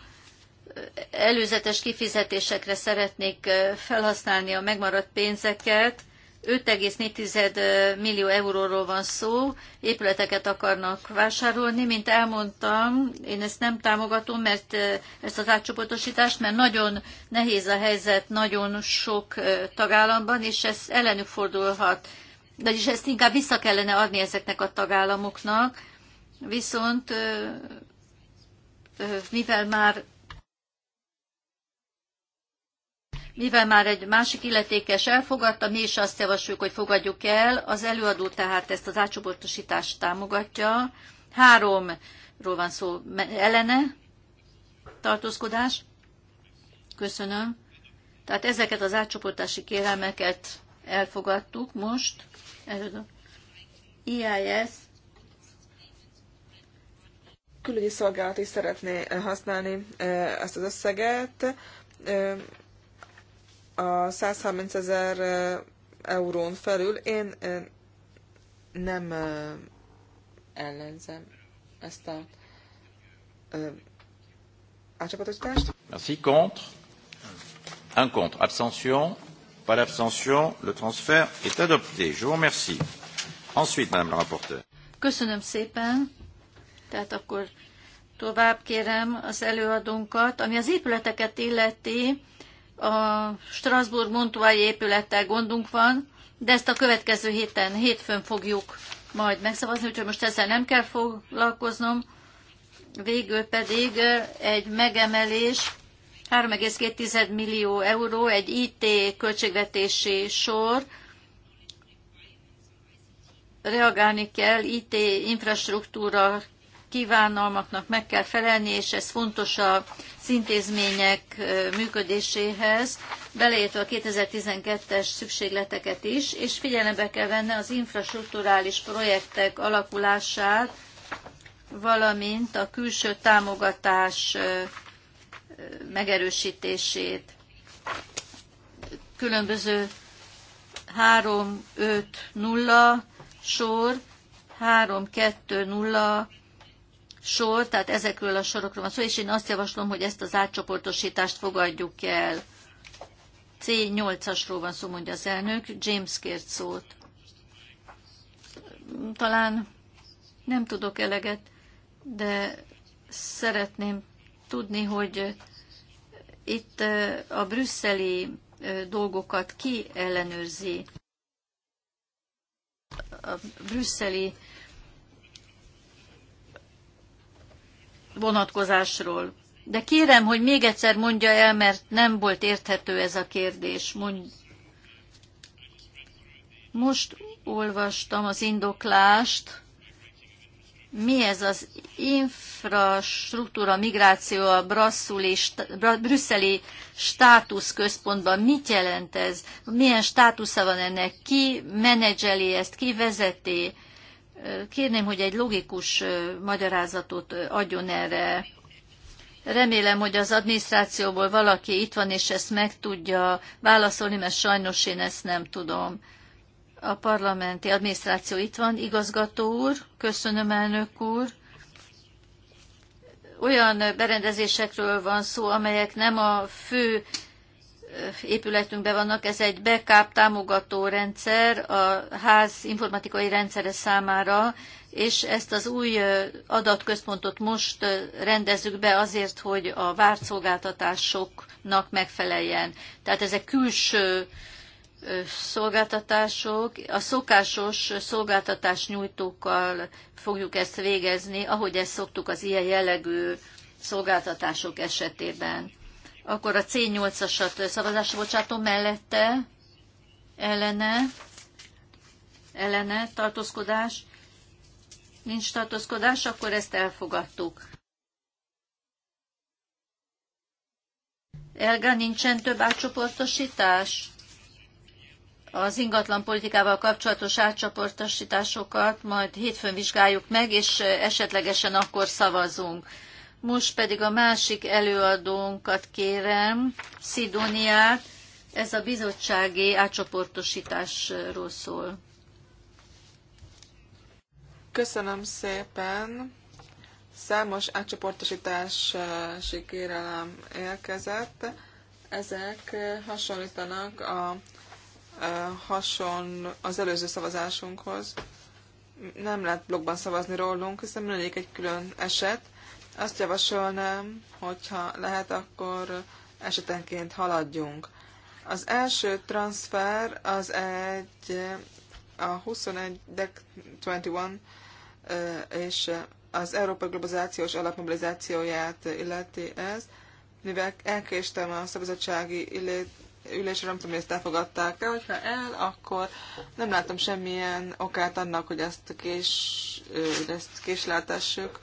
Előzetes kifizetésekre szeretnék felhasználni a megmaradt pénzeket 5,4 millió euróról van szó, épületeket akarnak vásárolni. Mint elmondtam, én ezt nem támogatom, mert ezt az átcsoportosítást, mert nagyon nehéz a helyzet nagyon sok tagállamban, és ez ellenük fordulhat. Vagyis ezt inkább vissza kellene adni ezeknek a tagállamoknak. Viszont mivel már mivel már egy másik illetékes elfogadta, mi is azt javasoljuk, hogy fogadjuk el. Az előadó tehát ezt az átcsoportosítást támogatja. Háromról van szó ellene tartózkodás. Köszönöm. Tehát ezeket az átcsoportási kérelmeket elfogadtuk most. E IIS. külügyi szolgálat is szeretné eh, használni eh, ezt az összeget. Eh, a 130 ezer eurón felül én nem ellenzem ezt a átcsapatot. Merci. Contre. Un contre. Abstention. Pas d'abstention. Le transfert est adopté. Je vous remercie. Ensuite, Madame la rapporteure. Köszönöm szépen. Tehát akkor tovább kérem az előadónkat, ami az épületeket illeti, a Strasbourg Montuai épülettel gondunk van, de ezt a következő héten, hétfőn fogjuk majd megszavazni, úgyhogy most ezzel nem kell foglalkoznom. Végül pedig eh, egy megemelés 3,2 millió euró, egy IT költségvetési sor, reagálni kell, IT infrastruktúra kívánalmaknak meg kell felelni, és ez fontos a intézmények működéséhez, beleértve a 2012-es szükségleteket is, és figyelembe kell venni az infrastruktúrális projektek alakulását, valamint a külső támogatás megerősítését. Különböző 3-5-0 sor, 3-2-0 sor, tehát ezekről a sorokról van szó, és én azt javaslom, hogy ezt az átcsoportosítást fogadjuk el. C8-asról van szó, mondja az elnök. James kért szót. Talán nem tudok eleget, de szeretném tudni, hogy itt a brüsszeli dolgokat ki ellenőrzi. A brüsszeli vonatkozásról. De kérem, hogy még egyszer mondja el, mert nem volt érthető ez a kérdés. Mondj. Most olvastam az indoklást. Mi ez az infrastruktúra migráció a brasszuli, brüsszeli státuszközpontban? Mit jelent ez? Milyen státusza van ennek? Ki menedzseli ezt? Ki vezeti? Kérném, hogy egy logikus magyarázatot adjon erre. Remélem, hogy az adminisztrációból valaki itt van, és ezt meg tudja válaszolni, mert sajnos én ezt nem tudom. A parlamenti adminisztráció itt van, igazgató úr, köszönöm elnök úr olyan berendezésekről van szó, amelyek nem a fő épületünkben vannak. Ez egy backup támogató rendszer a ház informatikai rendszere számára, és ezt az új adatközpontot most rendezzük be azért, hogy a várt szolgáltatásoknak megfeleljen. Tehát ezek külső szolgáltatások, a szokásos szolgáltatás nyújtókkal fogjuk ezt végezni, ahogy ezt szoktuk az ilyen jellegű szolgáltatások esetében. Akkor a C8-asat szavazásra bocsátom mellette, ellene, ellene tartózkodás, nincs tartózkodás, akkor ezt elfogadtuk. Elga, nincsen több átcsoportosítás? Az ingatlan politikával kapcsolatos átcsoportosításokat majd hétfőn vizsgáljuk meg, és esetlegesen akkor szavazunk. Most pedig a másik előadónkat kérem, Szidóniát, ez a bizottsági átcsoportosításról szól. Köszönöm szépen! Számos átcsoportosítási kérelem érkezett. Ezek hasonlítanak a, a hason, az előző szavazásunkhoz. Nem lehet blogban szavazni rólunk, hiszen mindegyik egy külön eset. Azt javasolnám, hogyha lehet, akkor esetenként haladjunk. Az első transfer az egy a 21 DEC 21 és az Európa Globalizációs Alapmobilizációját illeti ez, mivel elkéstem a szabadsági ülésre, nem tudom, hogy ezt elfogadták el, hogyha el, akkor nem látom semmilyen okát annak, hogy ezt, kés, ezt késleltessük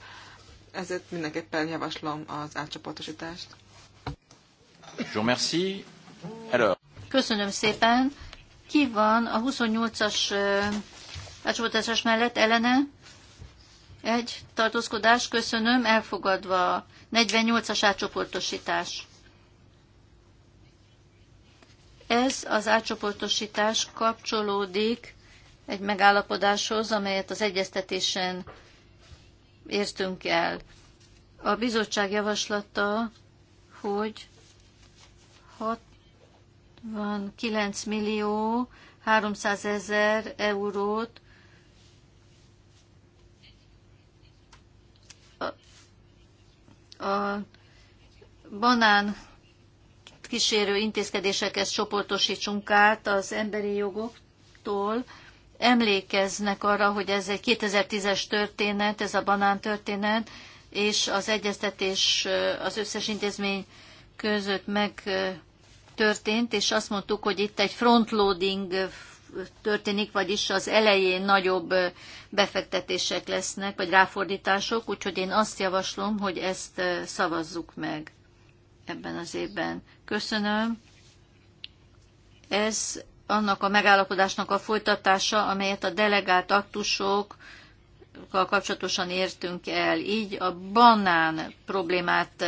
ezért mindenképpen javaslom az átcsoportosítást. Köszönöm szépen. Ki van a 28-as átcsoportosítás mellett ellene? Egy tartózkodás, köszönöm, elfogadva 48-as átcsoportosítás. Ez az átcsoportosítás kapcsolódik egy megállapodáshoz, amelyet az egyeztetésen értünk el. A bizottság javaslata, hogy 69 millió 300 ezer eurót a, a banán kísérő intézkedésekhez csoportosítsunk át az emberi jogoktól emlékeznek arra, hogy ez egy 2010-es történet, ez a banán történet, és az egyeztetés az összes intézmény között megtörtént, és azt mondtuk, hogy itt egy frontloading történik, vagyis az elején nagyobb befektetések lesznek, vagy ráfordítások, úgyhogy én azt javaslom, hogy ezt szavazzuk meg ebben az évben. Köszönöm. Ez annak a megállapodásnak a folytatása, amelyet a delegált aktusok kapcsolatosan értünk el. Így a banán problémát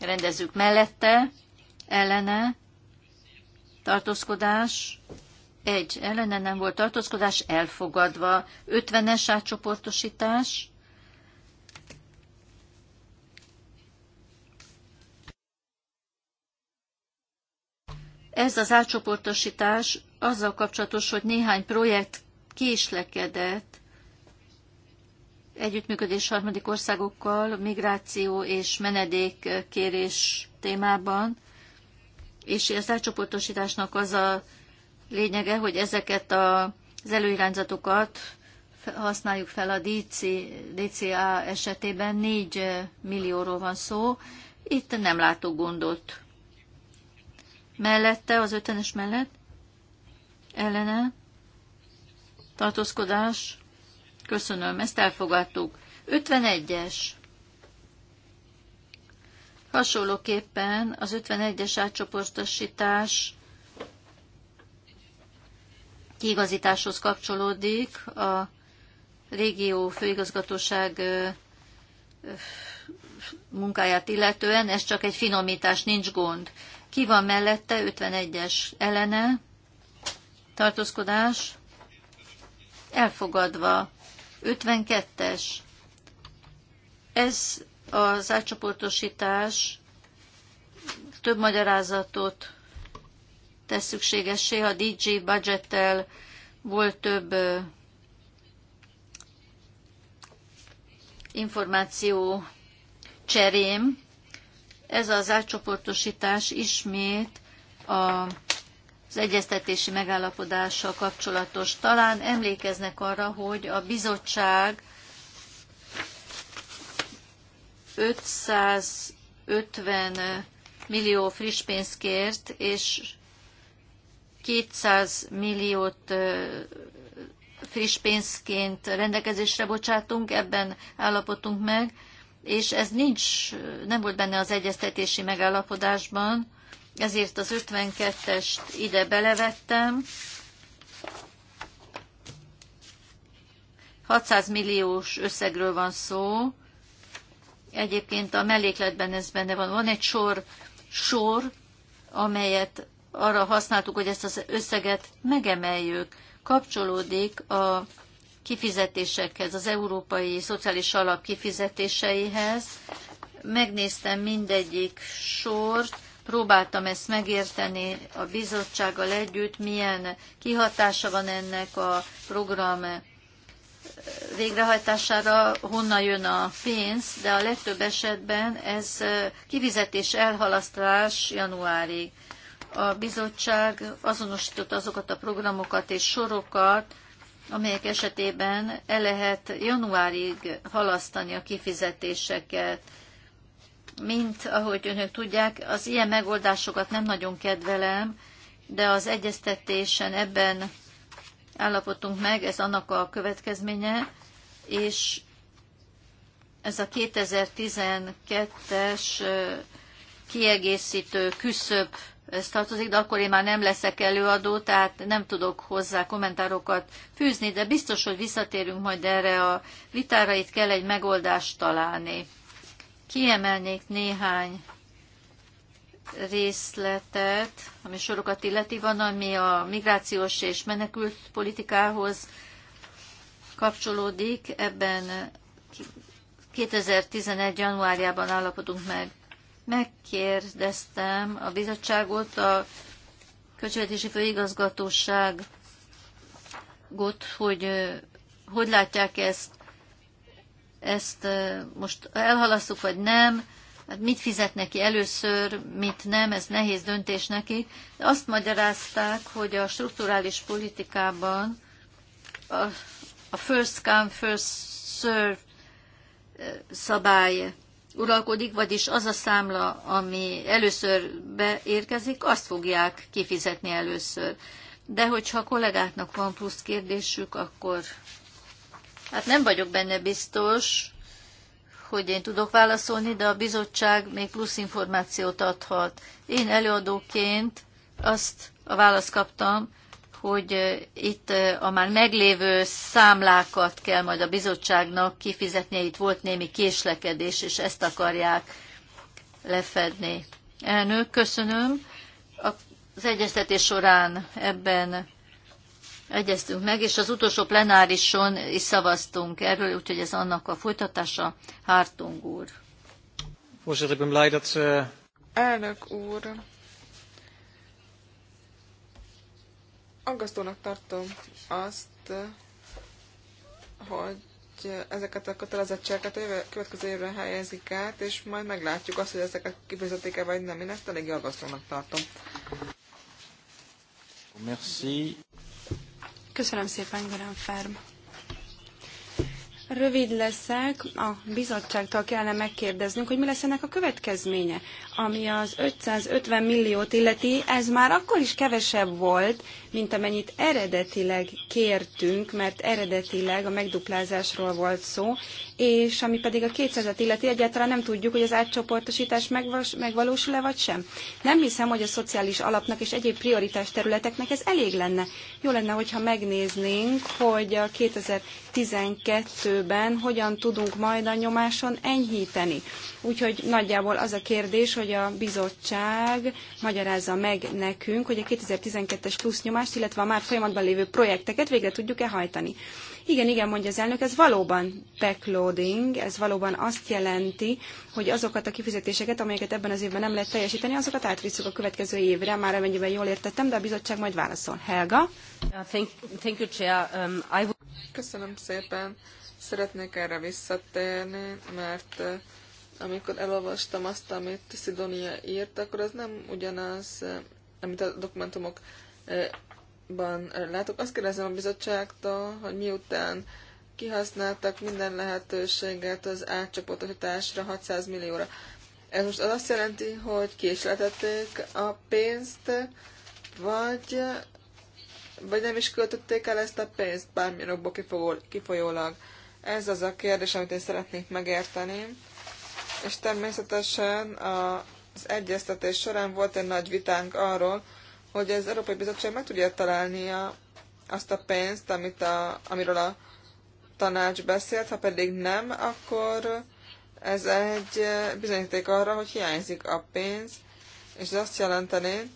rendezzük mellette, ellene, tartózkodás, egy ellene nem volt tartózkodás, elfogadva. 50-es átcsoportosítás, Ez az átcsoportosítás azzal kapcsolatos, hogy néhány projekt késlekedett együttműködés harmadik országokkal, migráció és menedékkérés témában, és az átcsoportosításnak az a lényege, hogy ezeket az előirányzatokat használjuk fel a DC, DCA esetében, 4 millióról van szó, itt nem látok gondot. Mellette, az ötvenes mellett ellene tartózkodás. Köszönöm, ezt elfogadtuk. 51-es. Hasonlóképpen az 51-es átcsoportosítás kiigazításhoz kapcsolódik a régió főigazgatóság munkáját illetően, ez csak egy finomítás, nincs gond. Ki van mellette, 51-es ellene, tartózkodás elfogadva. 52-es. Ez az átcsoportosítás több magyarázatot tesz szükségessé. A DJ budgettel volt több információ cserém. Ez az átcsoportosítás ismét a az egyeztetési megállapodással kapcsolatos. Talán emlékeznek arra, hogy a bizottság 550 millió friss pénzt kért, és 200 milliót friss pénzként rendelkezésre bocsátunk, ebben állapotunk meg, és ez nincs, nem volt benne az egyeztetési megállapodásban, ezért az 52-est ide belevettem. 600 milliós összegről van szó. Egyébként a mellékletben ez benne van. Van egy sor, sor, amelyet arra használtuk, hogy ezt az összeget megemeljük. Kapcsolódik a kifizetésekhez, az Európai Szociális Alap kifizetéseihez. Megnéztem mindegyik sort, próbáltam ezt megérteni a bizottsággal együtt, milyen kihatása van ennek a program végrehajtására, honnan jön a pénz, de a legtöbb esetben ez kivizetés elhalasztás januárig. A bizottság azonosította azokat a programokat és sorokat, amelyek esetében el lehet januárig halasztani a kifizetéseket mint ahogy önök tudják, az ilyen megoldásokat nem nagyon kedvelem, de az egyeztetésen ebben állapotunk meg, ez annak a következménye, és ez a 2012-es kiegészítő küszöb ez tartozik, de akkor én már nem leszek előadó, tehát nem tudok hozzá kommentárokat fűzni, de biztos, hogy visszatérünk majd erre a vitára, itt kell egy megoldást találni. Kiemelnék néhány részletet, ami sorokat illeti van, ami a migrációs és menekült politikához kapcsolódik. Ebben 2011. januárjában állapodunk meg. Megkérdeztem a bizottságot, a Költségvetési Főigazgatóságot, hogy hogy látják ezt ezt most elhalasztuk, vagy nem, hát mit fizet neki először, mit nem, ez nehéz döntés neki. De azt magyarázták, hogy a strukturális politikában a, a first come, first serve szabály uralkodik, vagyis az a számla, ami először beérkezik, azt fogják kifizetni először. De hogyha a kollégáknak van plusz kérdésük, akkor Hát nem vagyok benne biztos, hogy én tudok válaszolni, de a bizottság még plusz információt adhat. Én előadóként azt a választ kaptam, hogy eh, itt eh, a már meglévő számlákat kell majd a bizottságnak kifizetnie, itt volt némi késlekedés, és ezt akarják lefedni. Elnök, köszönöm. Az egyeztetés során ebben egyeztünk meg, és az utolsó plenárison is szavaztunk erről, úgyhogy ez annak a folytatása. Hártung úr. Eh, Elnök úr, aggasztónak tartom azt, hogy ezeket a kötelezettségeket a következő évre helyezik át, és majd meglátjuk azt, hogy ezeket kifizetik-e vagy nem. Én ezt eléggé aggasztónak tartom. Merci. Köszönöm szépen, Görán Ferm. Rövid leszek, a bizottságtól kellene megkérdeznünk, hogy mi lesz ennek a következménye. Ami az 550 milliót illeti, ez már akkor is kevesebb volt, mint amennyit eredetileg kértünk, mert eredetileg a megduplázásról volt szó, és ami pedig a 200-et illeti, egyáltalán nem tudjuk, hogy az átcsoportosítás megvalósul-e vagy sem. Nem hiszem, hogy a szociális alapnak és egyéb prioritás területeknek ez elég lenne. Jó lenne, hogyha megnéznénk, hogy a 2012-ben hogyan tudunk majd a nyomáson enyhíteni. Úgyhogy nagyjából az a kérdés, hogy a bizottság magyarázza meg nekünk, hogy a 2012-es plusz nyomás nyomást, illetve a már folyamatban lévő projekteket végre tudjuk-e hajtani. Igen, igen, mondja az elnök, ez valóban backloading, ez valóban azt jelenti, hogy azokat a kifizetéseket, amelyeket ebben az évben nem lehet teljesíteni, azokat átvisszük a következő évre, már amennyiben jól értettem, de a bizottság majd válaszol. Helga? Um, Köszönöm szépen. Szeretnék erre visszatérni, mert eh, amikor elolvastam azt, amit Sidonia írt, akkor az nem ugyanaz, eh, amit a dokumentumok eh, ban látok. Azt kérdezem a bizottságtól, hogy miután kihasználtak minden lehetőséget az átcsoportosításra 600 millióra. Ez most az azt jelenti, hogy késletették a pénzt, vagy, vagy nem is költötték el ezt a pénzt bármilyen okból kifolyólag. Ez az a kérdés, amit én szeretnék megérteni. És természetesen az egyeztetés során volt egy nagy vitánk arról, hogy az Európai Bizottság meg tudja találnia azt a pénzt, amit a, amiről a tanács beszélt, ha pedig nem, akkor ez egy bizonyíték arra, hogy hiányzik a pénz, és ez azt jelenteni,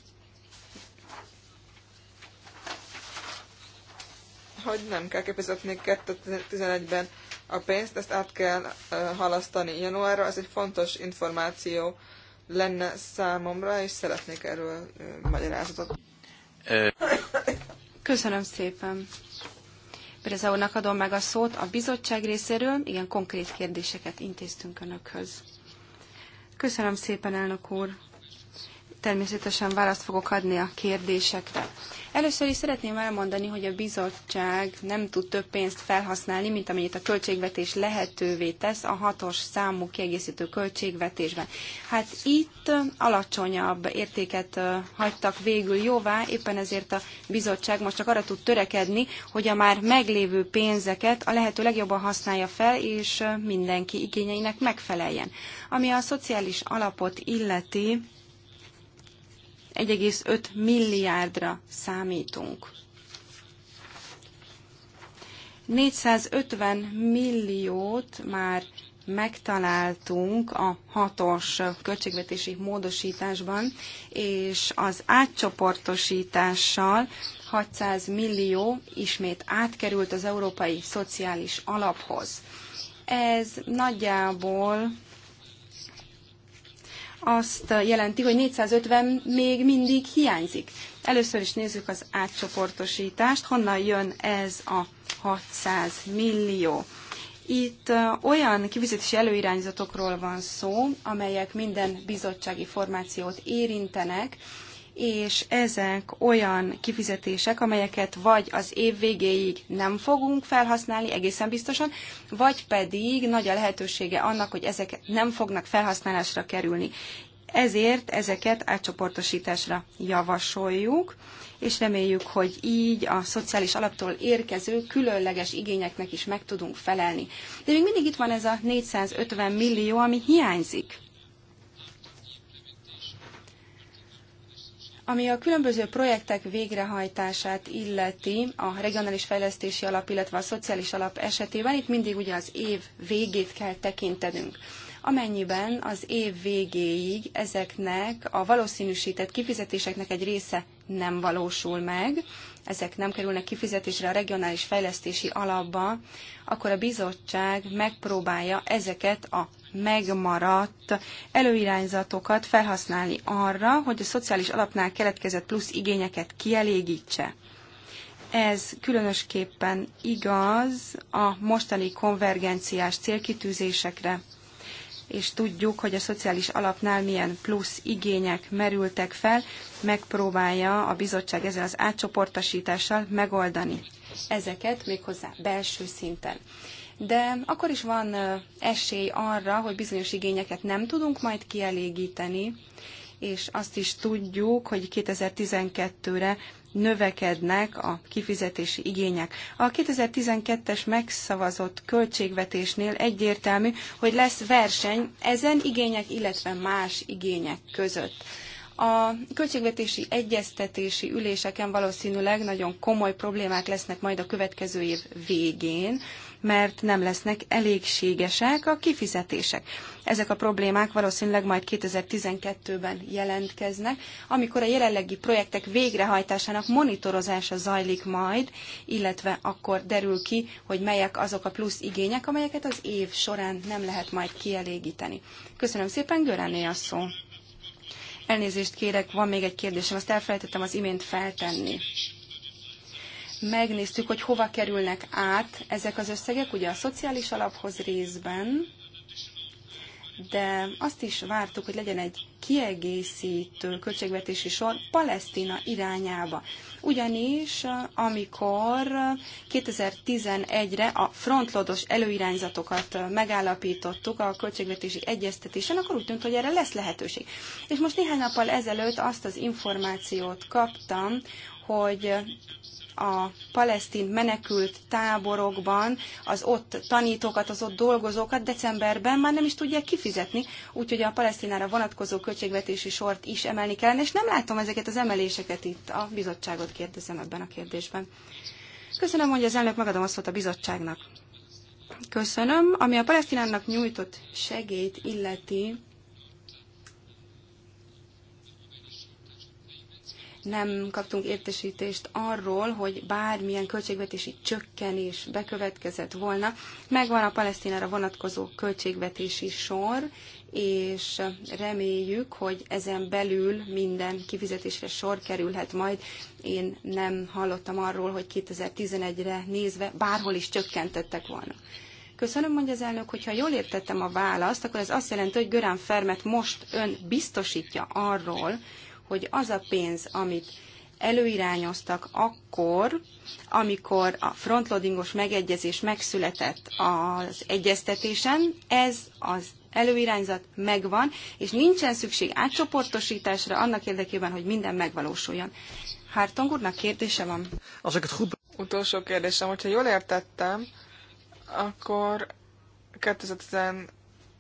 hogy nem kell kifizetni 2011-ben a pénzt, ezt át kell halasztani januárra, ez egy fontos információ lenne számomra, és szeretnék erről magyarázatot. Köszönöm szépen. Brezeónak adom meg a szót a bizottság részéről. Igen, konkrét kérdéseket intéztünk Önökhöz. Köszönöm szépen, elnök úr természetesen választ fogok adni a kérdésekre. Először is szeretném elmondani, hogy a bizottság nem tud több pénzt felhasználni, mint amennyit a költségvetés lehetővé tesz a hatos számú kiegészítő költségvetésben. Hát itt alacsonyabb értéket hagytak végül jóvá, éppen ezért a bizottság most csak arra tud törekedni, hogy a már meglévő pénzeket a lehető legjobban használja fel, és mindenki igényeinek megfeleljen. Ami a szociális alapot illeti, 1,5 milliárdra számítunk. 450 milliót már megtaláltunk a hatos költségvetési módosításban, és az átcsoportosítással 600 millió ismét átkerült az Európai Szociális Alaphoz. Ez nagyjából azt jelenti, hogy 450 még mindig hiányzik. Először is nézzük az átcsoportosítást, honnan jön ez a 600 millió. Itt olyan kivizetési előirányzatokról van szó, amelyek minden bizottsági formációt érintenek, és ezek olyan kifizetések, amelyeket vagy az év végéig nem fogunk felhasználni egészen biztosan, vagy pedig nagy a lehetősége annak, hogy ezek nem fognak felhasználásra kerülni. Ezért ezeket átcsoportosításra javasoljuk, és reméljük, hogy így a szociális alaptól érkező különleges igényeknek is meg tudunk felelni. De még mindig itt van ez a 450 millió, ami hiányzik. Ami a különböző projektek végrehajtását illeti a regionális fejlesztési alap, illetve a szociális alap esetében, itt mindig ugye az év végét kell tekintenünk amennyiben az év végéig ezeknek a valószínűsített kifizetéseknek egy része nem valósul meg, ezek nem kerülnek kifizetésre a regionális fejlesztési alapba, akkor a bizottság megpróbálja ezeket a megmaradt előirányzatokat felhasználni arra, hogy a szociális alapnál keletkezett plusz igényeket kielégítse. Ez különösképpen igaz a mostani konvergenciás célkitűzésekre, és tudjuk, hogy a szociális alapnál milyen plusz igények merültek fel, megpróbálja a bizottság ezzel az átcsoportosítással megoldani ezeket méghozzá belső szinten de akkor is van esély arra, hogy bizonyos igényeket nem tudunk majd kielégíteni, és azt is tudjuk, hogy 2012-re növekednek a kifizetési igények. A 2012-es megszavazott költségvetésnél egyértelmű, hogy lesz verseny ezen igények, illetve más igények között. A költségvetési egyeztetési üléseken valószínűleg nagyon komoly problémák lesznek majd a következő év végén, mert nem lesznek elégségesek a kifizetések. Ezek a problémák valószínűleg majd 2012-ben jelentkeznek, amikor a jelenlegi projektek végrehajtásának monitorozása zajlik majd, illetve akkor derül ki, hogy melyek azok a plusz igények, amelyeket az év során nem lehet majd kielégíteni. Köszönöm szépen, Görené a szó. Elnézést kérek, van még egy kérdésem, azt elfelejtettem az imént feltenni megnéztük, hogy hova kerülnek át ezek az összegek, ugye a szociális alaphoz részben, de azt is vártuk, hogy legyen egy kiegészítő költségvetési sor Palesztina irányába. Ugyanis, amikor 2011-re a frontlodos előirányzatokat megállapítottuk a költségvetési egyeztetésen, akkor úgy tűnt, hogy erre lesz lehetőség. És most néhány nappal ezelőtt azt az információt kaptam, hogy a palesztin menekült táborokban az ott tanítókat, az ott dolgozókat decemberben már nem is tudják kifizetni, úgyhogy a palesztinára vonatkozó költségvetési sort is emelni kellene, és nem látom ezeket az emeléseket itt. A bizottságot kérdezem ebben a kérdésben. Köszönöm, hogy az elnök megadom azt a bizottságnak. Köszönöm. Ami a palesztinának nyújtott segélyt illeti, nem kaptunk értesítést arról, hogy bármilyen költségvetési csökkenés bekövetkezett volna. Megvan a Palesztinára vonatkozó költségvetési sor, és reméljük, hogy ezen belül minden kifizetésre sor kerülhet majd. Én nem hallottam arról, hogy 2011-re nézve bárhol is csökkentettek volna. Köszönöm, mondja az elnök, hogyha jól értettem a választ, akkor ez azt jelenti, hogy Görán Fermet most ön biztosítja arról, hogy az a pénz, amit előirányoztak akkor, amikor a frontloadingos megegyezés megszületett az egyeztetésen, ez az előirányzat megvan, és nincsen szükség átcsoportosításra annak érdekében, hogy minden megvalósuljon. Hártong úrnak kérdése van. Azokat hub... Utolsó kérdésem, hogyha jól értettem, akkor 2010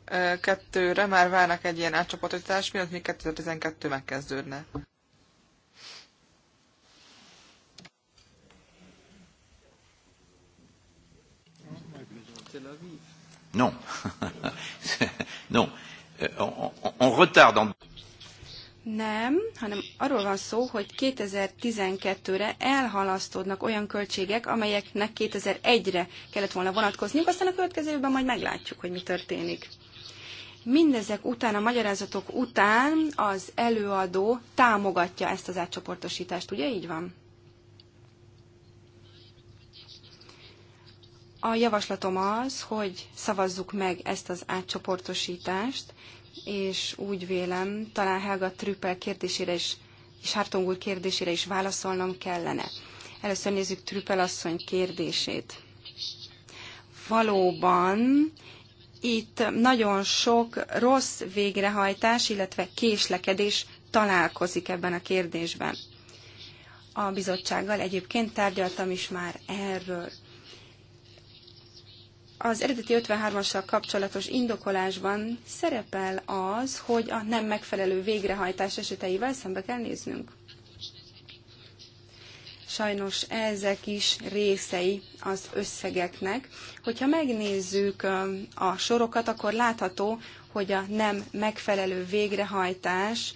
2022-re már várnak egy ilyen átcsoportosítás, miatt még 2012 megkezdődne. Non. non. Euh, on, on on Nem, hanem arról van szó, hogy 2012-re elhalasztódnak olyan költségek, amelyeknek 2001-re kellett volna vonatkozniuk, aztán a következő évben majd meglátjuk, hogy mi történik. Mindezek után, a magyarázatok után az előadó támogatja ezt az átcsoportosítást, ugye így van? A javaslatom az, hogy szavazzuk meg ezt az átcsoportosítást, és úgy vélem, talán Helga Trüppel kérdésére is, és Hartong úr kérdésére is válaszolnom kellene. Először nézzük Trüppel asszony kérdését. Valóban itt nagyon sok rossz végrehajtás, illetve késlekedés találkozik ebben a kérdésben. A bizottsággal egyébként tárgyaltam is már erről. Az eredeti 53-assal kapcsolatos indokolásban szerepel az, hogy a nem megfelelő végrehajtás eseteivel szembe kell néznünk sajnos ezek is részei az összegeknek. Hogyha megnézzük a sorokat, akkor látható, hogy a nem megfelelő végrehajtás,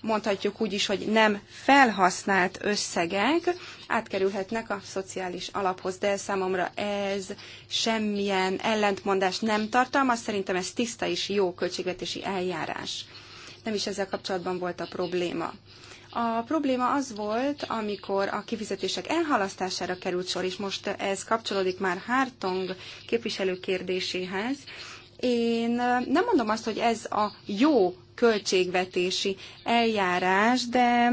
mondhatjuk úgy is, hogy nem felhasznált összegek átkerülhetnek a szociális alaphoz, de számomra ez semmilyen ellentmondást nem tartalmaz, szerintem ez tiszta és jó költségvetési eljárás. Nem is ezzel kapcsolatban volt a probléma. A probléma az volt, amikor a kifizetések elhalasztására került sor, és most ez kapcsolódik már Hártong képviselő kérdéséhez. Én nem mondom azt, hogy ez a jó költségvetési eljárás, de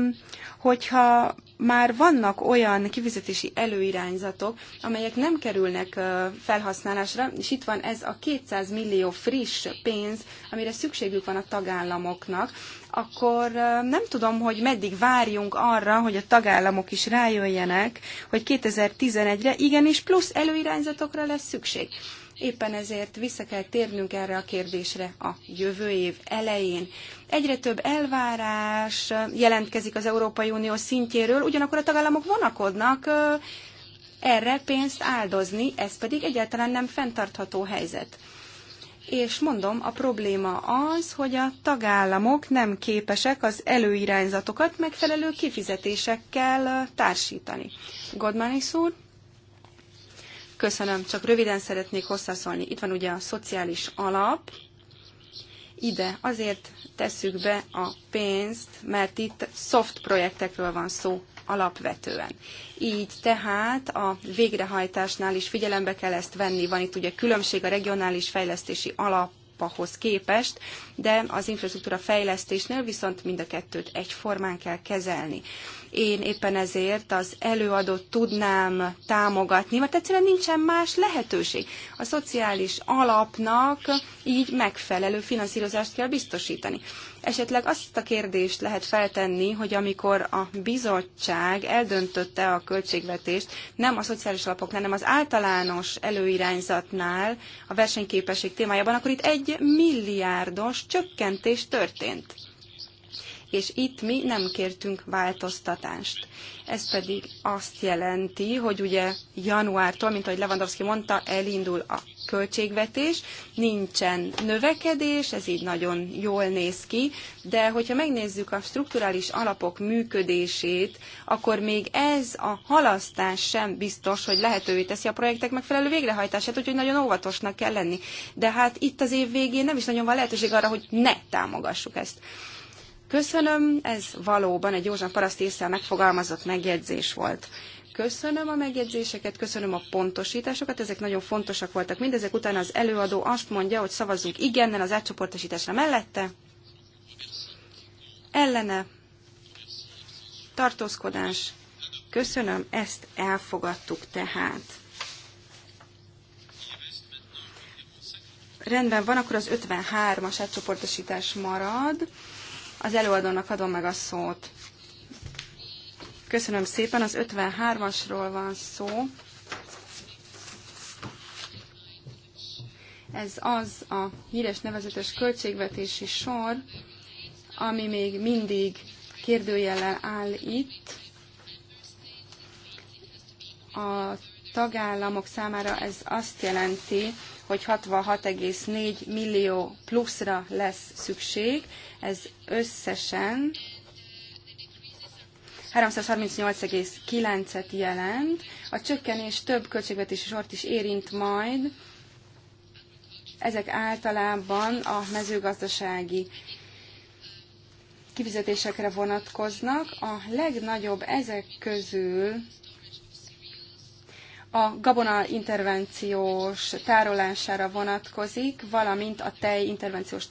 hogyha már vannak olyan kifizetési előirányzatok, amelyek nem kerülnek felhasználásra, és itt van ez a 200 millió friss pénz, amire szükségük van a tagállamoknak, akkor nem tudom, hogy meddig várjunk arra, hogy a tagállamok is rájöjjenek, hogy 2011-re igenis plusz előirányzatokra lesz szükség. Éppen ezért vissza kell térnünk erre a kérdésre a jövő év elején. Egyre több elvárás jelentkezik az Európai Unió szintjéről, ugyanakkor a tagállamok vonakodnak erre pénzt áldozni, ez pedig egyáltalán nem fenntartható helyzet. És mondom, a probléma az, hogy a tagállamok nem képesek az előirányzatokat megfelelő kifizetésekkel társítani. Godmanis úr? Köszönöm, csak röviden szeretnék hozzászólni. Itt van ugye a szociális alap. Ide azért tesszük be a pénzt, mert itt soft projektekről van szó alapvetően. Így tehát a végrehajtásnál is figyelembe kell ezt venni. Van itt ugye különbség a regionális fejlesztési alap képest, de az infrastruktúra fejlesztésnél viszont mind a kettőt egyformán kell kezelni. Én éppen ezért az előadót tudnám támogatni, mert egyszerűen nincsen más lehetőség. A szociális alapnak így megfelelő finanszírozást kell biztosítani. Esetleg azt a kérdést lehet feltenni, hogy amikor a bizottság eldöntötte a költségvetést, nem a szociális alapoknál, hanem az általános előirányzatnál a versenyképesség témájában, akkor itt egy milliárdos csökkentés történt és itt mi nem kértünk változtatást. Ez pedig azt jelenti, hogy ugye januártól, mint ahogy Lewandowski mondta, elindul a költségvetés, nincsen növekedés, ez így nagyon jól néz ki, de hogyha megnézzük a strukturális alapok működését, akkor még ez a halasztás sem biztos, hogy lehetővé teszi a projektek megfelelő végrehajtását, úgyhogy nagyon óvatosnak kell lenni. De hát itt az év végén nem is nagyon van lehetőség arra, hogy ne támogassuk ezt. Köszönöm, ez valóban egy józan paraszt észre megfogalmazott megjegyzés volt. Köszönöm a megjegyzéseket, köszönöm a pontosításokat, ezek nagyon fontosak voltak. Mindezek után az előadó azt mondja, hogy szavazzunk igennel az átcsoportosításra mellette. Ellene. Tartózkodás. Köszönöm, ezt elfogadtuk tehát. Rendben van, akkor az 53-as átcsoportosítás marad. Az előadónak adom meg a szót. Köszönöm szépen, az 53-asról van szó. Ez az a híres nevezetes költségvetési sor, ami még mindig kérdőjellel áll itt. A tagállamok számára ez azt jelenti, hogy 66,4 millió pluszra lesz szükség, ez összesen 338,9-et jelent. A csökkenés több költségvetési sort is érint majd, ezek általában a mezőgazdasági kifizetésekre vonatkoznak. A legnagyobb ezek közül a gabona intervenciós tárolására vonatkozik, valamint a tej intervenciós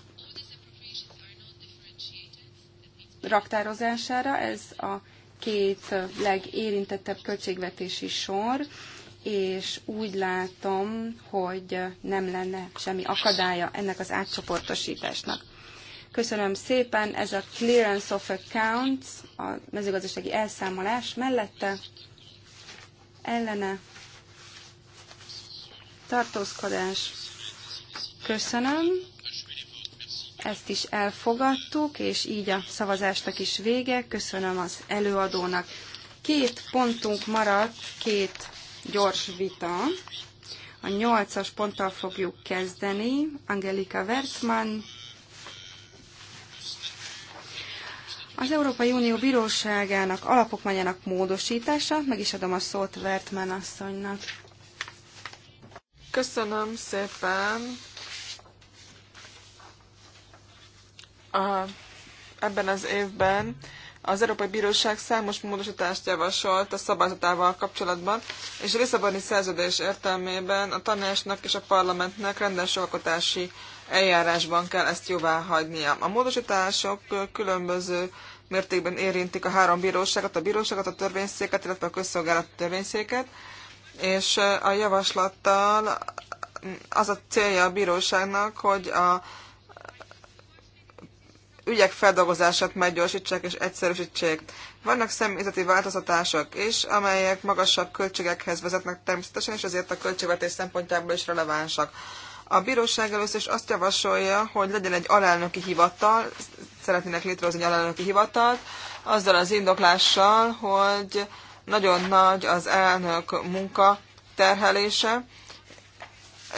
raktározására. Ez a két legérintettebb költségvetési sor, és úgy látom, hogy nem lenne semmi akadálya ennek az átcsoportosításnak. Köszönöm szépen, ez a Clearance of Accounts, a mezőgazdasági elszámolás mellette, ellene tartózkodás. Köszönöm. Ezt is elfogadtuk, és így a szavazástak is vége. Köszönöm az előadónak. Két pontunk maradt, két gyors vita. A nyolcas ponttal fogjuk kezdeni. Angelika Wertmann. Az Európai Unió Bíróságának alapokmányának módosítása. Meg is adom a szót Wertmann asszonynak. Köszönöm szépen. A, ebben az évben az Európai Bíróság számos módosítást javasolt a szabályzatával kapcsolatban, és a Lisszaboni szerződés értelmében a tanácsnak és a parlamentnek rendes alkotási eljárásban kell ezt jóvá hagynia. A módosítások különböző mértékben érintik a három bíróságot, a bíróságot, a törvényszéket, illetve a közszolgálat törvényszéket, és a javaslattal az a célja a bíróságnak, hogy a ügyek feldolgozását meggyorsítsák és egyszerűsítsék. Vannak személyzeti változtatások is, amelyek magasabb költségekhez vezetnek természetesen, és ezért a költségvetés szempontjából is relevánsak. A bíróság először is azt javasolja, hogy legyen egy alelnöki hivatal, szeretnének létrehozni egy alelnöki hivatalt, azzal az indoklással, hogy nagyon nagy az elnök munka terhelése.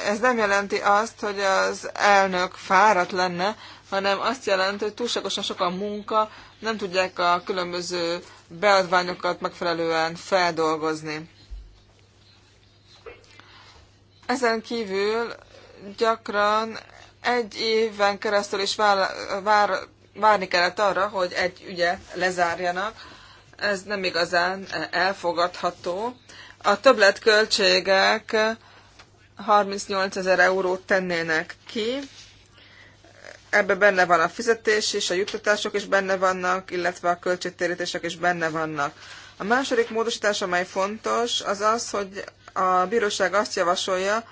Ez nem jelenti azt, hogy az elnök fáradt lenne, hanem azt jelenti, hogy túlságosan sok a munka, nem tudják a különböző beadványokat megfelelően feldolgozni. Ezen kívül gyakran egy éven keresztül is vár, vár, várni kellett arra, hogy egy ügyet lezárjanak, ez nem igazán eh, elfogadható. A többletköltségek 38 ezer eurót tennének ki, ebbe benne van a fizetés és a juttatások is benne vannak, illetve a költségtérítések is benne vannak. A második módosítás, amely fontos, az az, hogy a bíróság azt javasolja,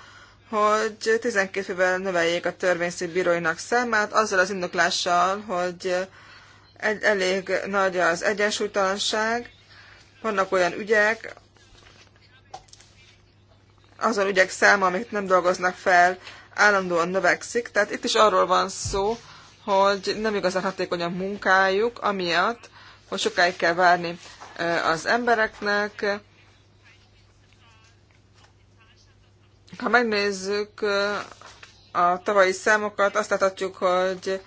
hogy 12 fővel növeljék a törvényszék bíróinak számát, azzal az indoklással, hogy egy, elég nagy az egyensúlytalanság, vannak olyan ügyek, azon ügyek száma, amit nem dolgoznak fel, állandóan növekszik. Tehát itt is arról van szó, hogy nem igazán hatékony a munkájuk, amiatt, hogy sokáig kell várni az embereknek. Ha megnézzük a tavalyi számokat, azt láthatjuk, hogy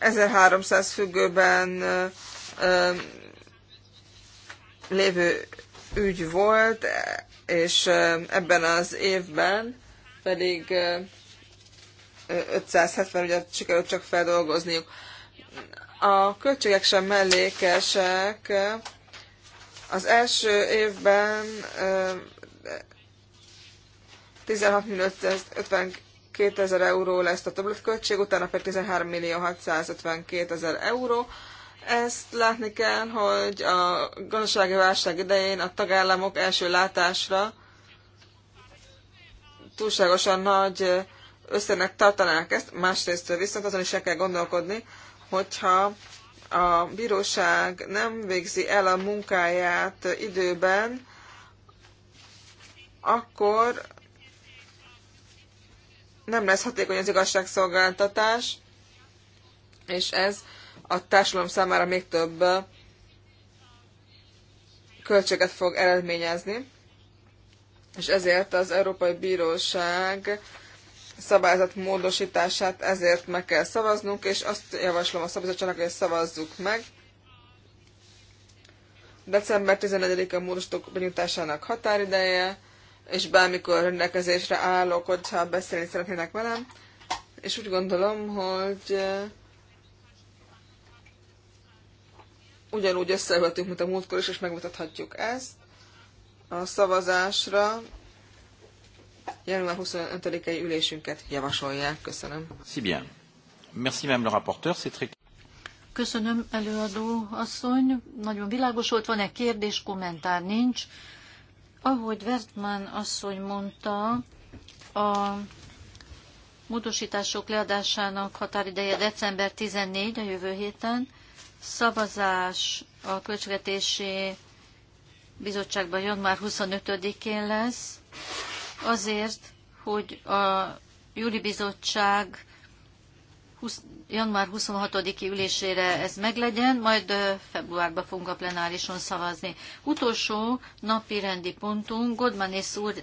1300 függőben lévő ügy volt, és ebben az évben pedig 570 ügyet sikerült csak feldolgozniuk. A költségek sem mellékesek. Az első évben 16.552 2000 euró lesz a többletköltség, utána pedig 13 millió 652 ezer euró. Ezt látni kell, hogy a gazdasági válság idején a tagállamok első látásra túlságosan nagy összenek tartanák ezt, másrészt viszont azon is el kell gondolkodni, hogyha a bíróság nem végzi el a munkáját időben, akkor nem lesz hatékony az igazságszolgáltatás, és ez a társadalom számára még több költséget fog eredményezni, és ezért az Európai Bíróság szabályzat módosítását ezért meg kell szavaznunk, és azt javaslom a szabályzatcsának, hogy szavazzuk meg. December 11-a módosítók benyújtásának határideje, és bármikor rendelkezésre állok, hogyha beszélni szeretnének velem. És úgy gondolom, hogy eh, ugyanúgy összeültünk, mint a múltkor is, és megmutathatjuk ezt. A szavazásra január 25-i ülésünket javasolják. Köszönöm. Si bien. Merci, même le rapporteur. C'est très... Köszönöm, előadó asszony. Nagyon világos volt. Van-e kérdés, kommentár? Nincs. Ahogy Vertman asszony mondta, a módosítások leadásának határideje december 14 a jövő héten, szavazás a költségvetési bizottságban január 25-én lesz, azért, hogy a júli bizottság 20, január 26-i ülésére ez meglegyen, majd februárban fogunk a plenárison szavazni. Utolsó napi rendi pontunk, Godmanis úr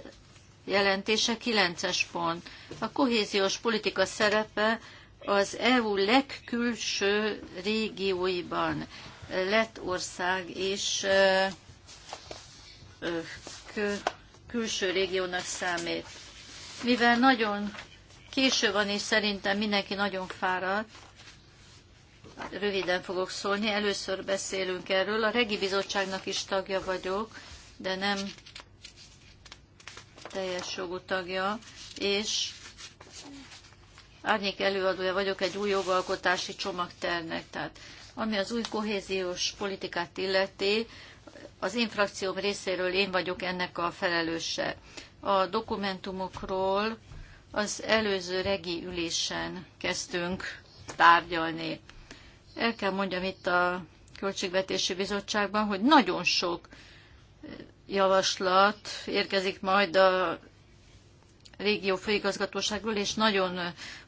jelentése 9-es pont. A kohéziós politika szerepe az EU legkülső régióiban. lett ország ö, ö, külső régiónak számít. Mivel nagyon Késő van, és szerintem mindenki nagyon fáradt. Röviden fogok szólni. Először beszélünk erről. A Regi Bizottságnak is tagja vagyok, de nem teljes jogú tagja, és árnyék előadója vagyok egy új jogalkotási csomagternek. Tehát ami az új kohéziós politikát illeti, az én frakcióm részéről én vagyok ennek a felelőse. A dokumentumokról az előző regi ülésen kezdtünk tárgyalni. El kell mondjam itt a Költségvetési Bizottságban, hogy nagyon sok javaslat érkezik majd a régió főigazgatóságról, és nagyon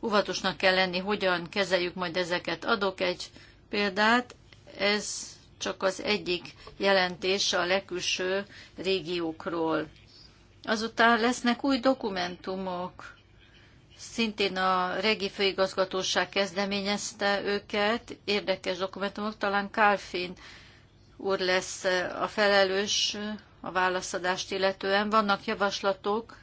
óvatosnak kell lenni, hogyan kezeljük majd ezeket. Adok egy példát, ez csak az egyik jelentés a legkülső régiókról. Azután lesznek új dokumentumok Szintén a régi főigazgatóság kezdeményezte őket, érdekes dokumentumok, talán Kálfin úr lesz eh, a felelős eh, a válaszadást illetően. Vannak javaslatok,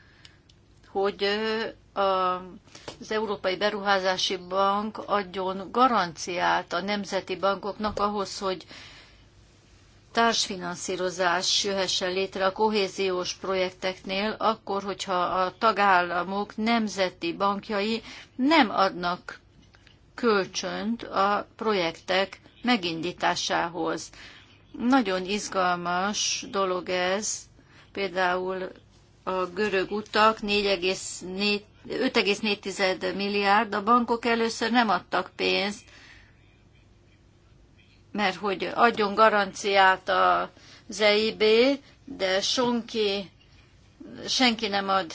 hogy eh, az Európai Beruházási Bank adjon garanciát a nemzeti bankoknak ahhoz, hogy társfinanszírozás jöhessen létre a kohéziós projekteknél, akkor, hogyha a tagállamok nemzeti bankjai nem adnak kölcsönt a projektek megindításához. Nagyon izgalmas dolog ez, például a görög utak 5,4 milliárd, a bankok először nem adtak pénzt, mert hogy adjon garanciát a EIB, de sonki, senki nem ad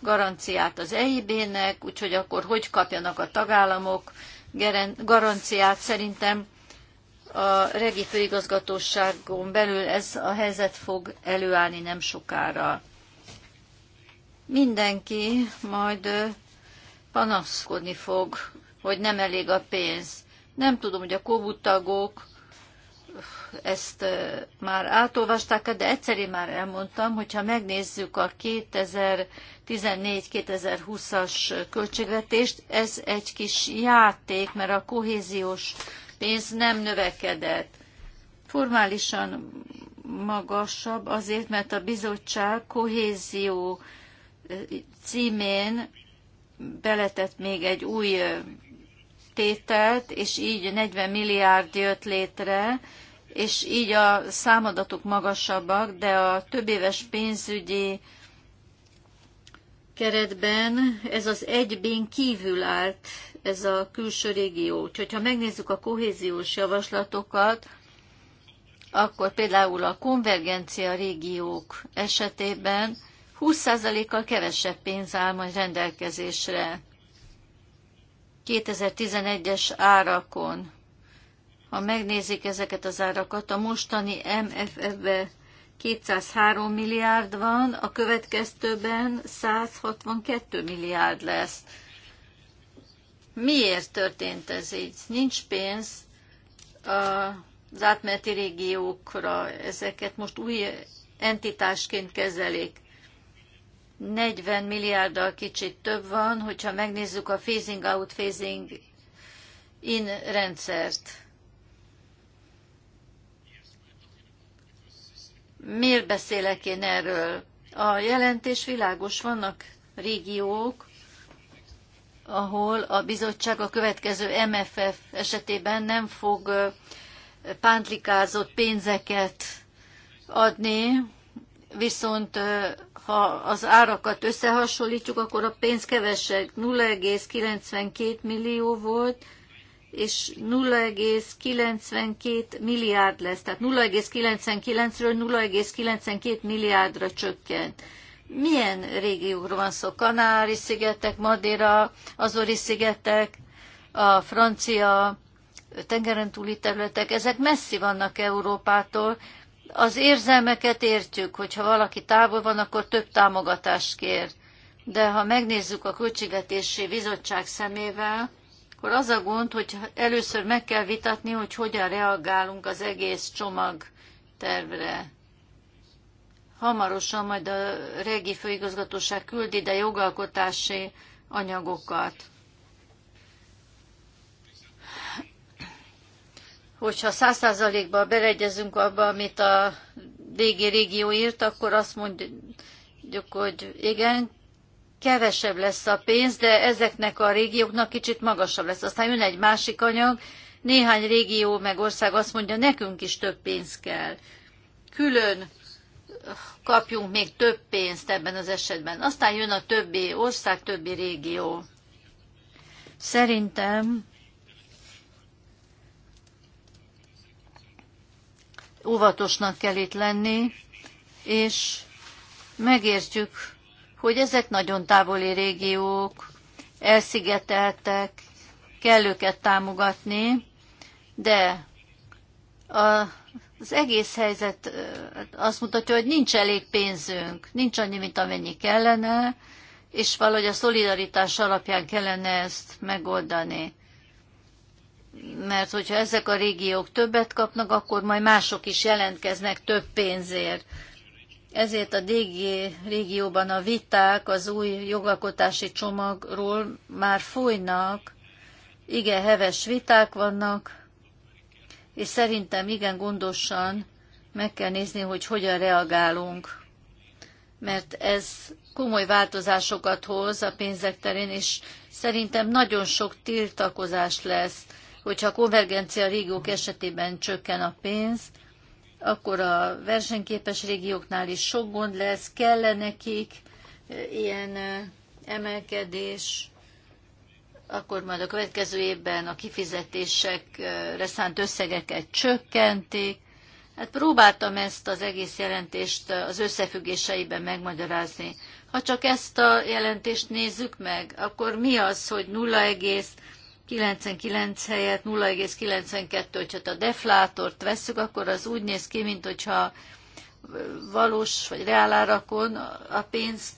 garanciát az EIB-nek, úgyhogy akkor hogy kapjanak a tagállamok garanciát? Szerintem a regi főigazgatóságon belül ez a helyzet fog előállni nem sokára. Mindenki majd panaszkodni fog, hogy nem elég a pénz. Nem tudom, hogy a kóbut tagok ezt már átolvasták, de egyszer én már elmondtam, hogyha megnézzük a 2014-2020-as költségvetést, ez egy kis játék, mert a kohéziós pénz nem növekedett. Formálisan magasabb azért, mert a bizottság kohézió címén beletett még egy új tételt, és így 40 milliárd jött létre, és így a számadatok magasabbak, de a többéves pénzügyi keretben ez az egybén kívül állt ez a külső régió. Úgyhogy ha megnézzük a kohéziós javaslatokat, akkor például a konvergencia régiók esetében 20%-kal kevesebb pénz áll majd rendelkezésre. 2011-es árakon. Ha megnézik ezeket az árakat, a mostani MFF-be 203 milliárd van, a következtőben 162 milliárd lesz. Miért történt ez így? Nincs pénz az átmeneti régiókra, ezeket most új entitásként kezelik. 40 milliárddal kicsit több van, hogyha megnézzük a phasing out, phasing in rendszert. Miért beszélek én erről? A jelentés világos, vannak régiók, ahol a bizottság a következő MFF esetében nem fog pántlikázott pénzeket adni, viszont ha az árakat összehasonlítjuk, akkor a pénz kevesebb. 0,92 millió volt, és 0,92 milliárd lesz. Tehát 0,99-ről 0,92 milliárdra csökkent. Milyen régiókról van szó? Kanári-szigetek, Madeira, Azori-szigetek, a francia tengeren túli területek, ezek messzi vannak Európától, az érzelmeket értjük, hogyha valaki távol van, akkor több támogatást kér. De ha megnézzük a Költségvetési Bizottság szemével, akkor az a gond, hogy először meg kell vitatni, hogy hogyan reagálunk az egész csomag tervre. Hamarosan majd a régi főigazgatóság küldi ide jogalkotási anyagokat. hogyha száz százalékban beleegyezünk abba, amit a régi régió írt, akkor azt mondjuk, hogy igen, kevesebb lesz a pénz, de ezeknek a régióknak kicsit magasabb lesz. Aztán jön egy másik anyag, néhány régió meg ország azt mondja, nekünk is több pénz kell. Külön kapjunk még több pénzt ebben az esetben. Aztán jön a többi ország, többi régió. Szerintem óvatosnak kell itt lenni, és megértjük, hogy ezek nagyon távoli régiók, elszigeteltek, kell őket támogatni, de a az egész helyzet azt mutatja, hogy nincs elég pénzünk, nincs annyi, mint amennyi kellene, és valahogy a szolidaritás alapján kellene ezt megoldani mert hogyha ezek a régiók többet kapnak, akkor majd mások is jelentkeznek több pénzért. Ezért a DG régióban a viták az új jogalkotási csomagról már folynak, igen heves viták vannak, és szerintem igen gondosan meg kell nézni, hogy hogyan reagálunk, mert ez komoly változásokat hoz a pénzek terén, és szerintem nagyon sok tiltakozás lesz hogyha a konvergencia régiók esetében csökken a pénz, akkor a versenyképes régióknál is sok gond lesz, kell nekik e, ilyen e, emelkedés, akkor majd a következő évben a kifizetésekre szánt összegeket csökkentik. Hát próbáltam ezt az egész jelentést az összefüggéseiben megmagyarázni. Ha csak ezt a jelentést nézzük meg, akkor mi az, hogy 0, 99 helyett 0,92, hogyha a deflátort veszük, akkor az úgy néz ki, mint hogyha valós vagy reál árakon a pénz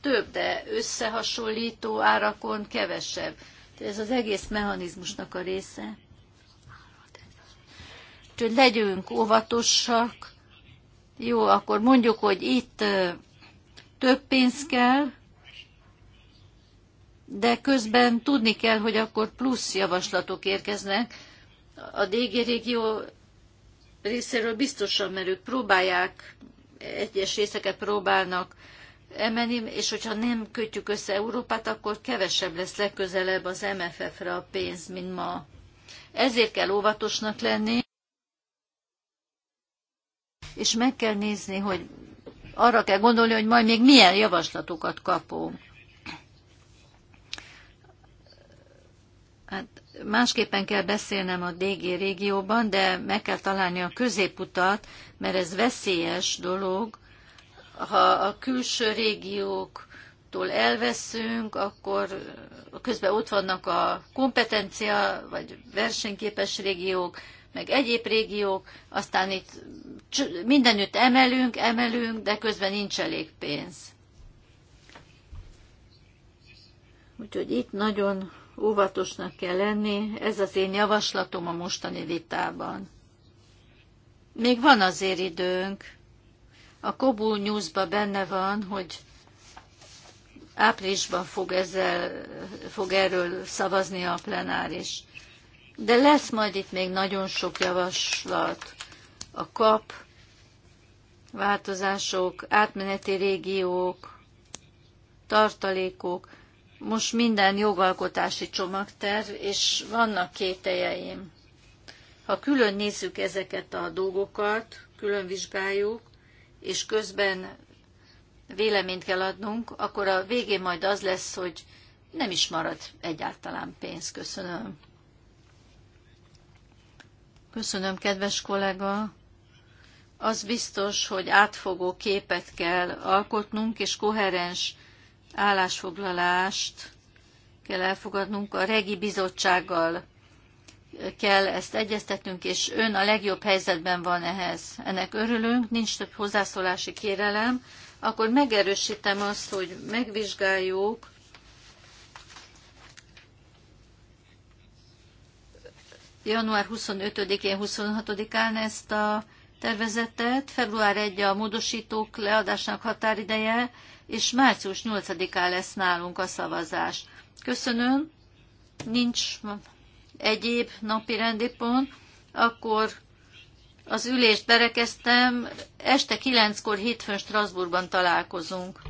több, de összehasonlító árakon kevesebb. Ez az egész mechanizmusnak a része. Úgyhogy legyünk óvatosak. Jó, akkor mondjuk, hogy itt több pénz kell, de közben tudni kell, hogy akkor plusz javaslatok érkeznek. A DG régió részéről biztosan, mert ők próbálják, egyes részeket próbálnak emelni, és hogyha nem kötjük össze Európát, akkor kevesebb lesz legközelebb az MFF-re a pénz, mint ma. Ezért kell óvatosnak lenni, és meg kell nézni, hogy arra kell gondolni, hogy majd még milyen javaslatokat kapunk Hát másképpen kell beszélnem a DG régióban, de meg kell találni a középutat, mert ez veszélyes dolog. Ha a külső régióktól elveszünk, akkor közben ott vannak a kompetencia vagy versenyképes régiók, meg egyéb régiók, aztán itt mindenütt emelünk, emelünk, de közben nincs elég pénz. Úgyhogy itt nagyon óvatosnak kell lenni, ez az én javaslatom a mostani vitában. Még van azért időnk. A Kobú Newsban benne van, hogy áprilisban fog, ezzel, fog erről szavazni a plenáris. De lesz majd itt még nagyon sok javaslat. A kap, változások, átmeneti régiók, tartalékok, most minden jogalkotási csomagterv, és vannak kételjeim. Ha külön nézzük ezeket a dolgokat, külön vizsgáljuk, és közben véleményt kell adnunk, akkor a végén majd az lesz, hogy nem is marad egyáltalán pénz. Köszönöm. Köszönöm, kedves kollega. Az biztos, hogy átfogó képet kell alkotnunk, és koherens állásfoglalást kell elfogadnunk, a regi bizottsággal kell ezt egyeztetnünk, és ön a legjobb helyzetben van ehhez. Ennek örülünk, nincs több hozzászólási kérelem. Akkor megerősítem azt, hogy megvizsgáljuk január 25-én, 26-án ezt a tervezetet, február 1 a módosítók leadásának határideje, és március 8-án lesz nálunk a szavazás. Köszönöm, nincs egyéb napi rendi pont, akkor az ülést berekeztem, este 9-kor hétfőn Strasbourgban találkozunk.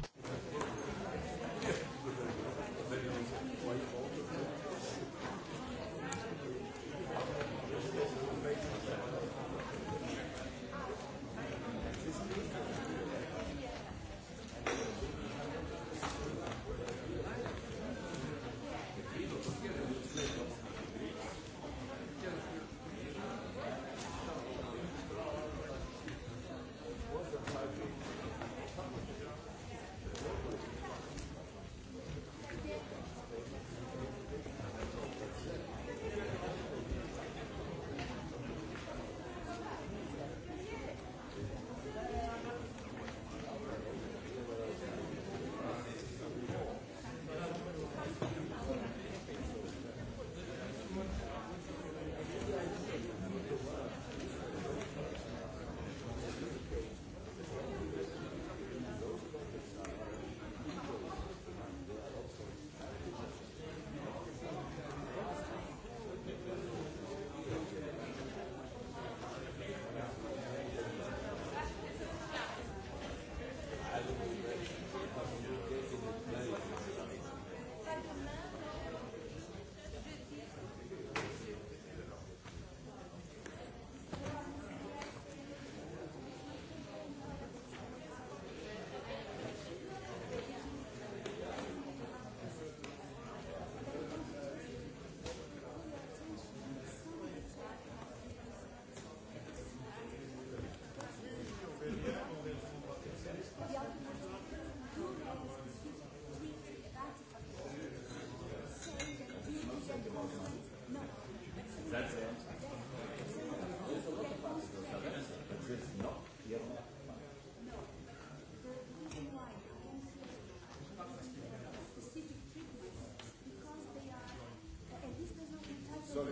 Sorry.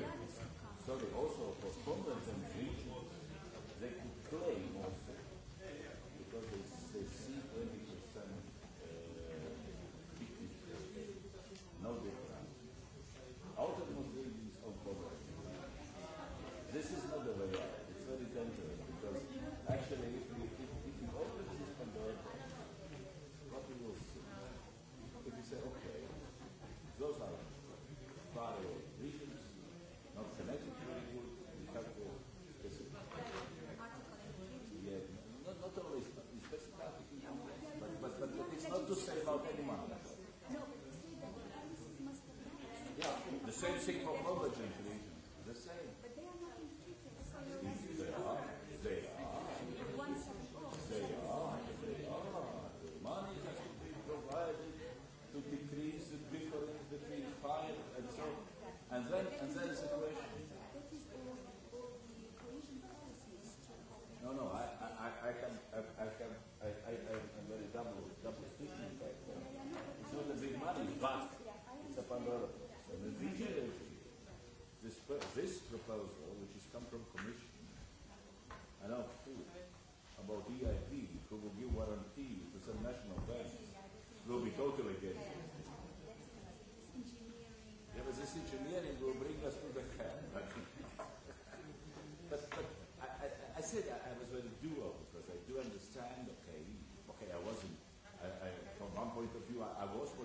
Sorry. Also people religion the same. But they are not in They are. They are. They are. They are. money has to be provided to decrease the difference between five and so And then, and then the No, no, I, I, I can, I, I can, I, I, I'm very double, double thinking back It's not a big money, but it's a Pandora this proposal, which has come from Commission, and now food, about EIP, who will give warranty to some national banks, will be totally against it. Yeah, but this engineering will bring us to the hell. but, but I, I, I said I, I was very dual because I do understand, okay, okay, I wasn't, I, I, from one point of view, I, I was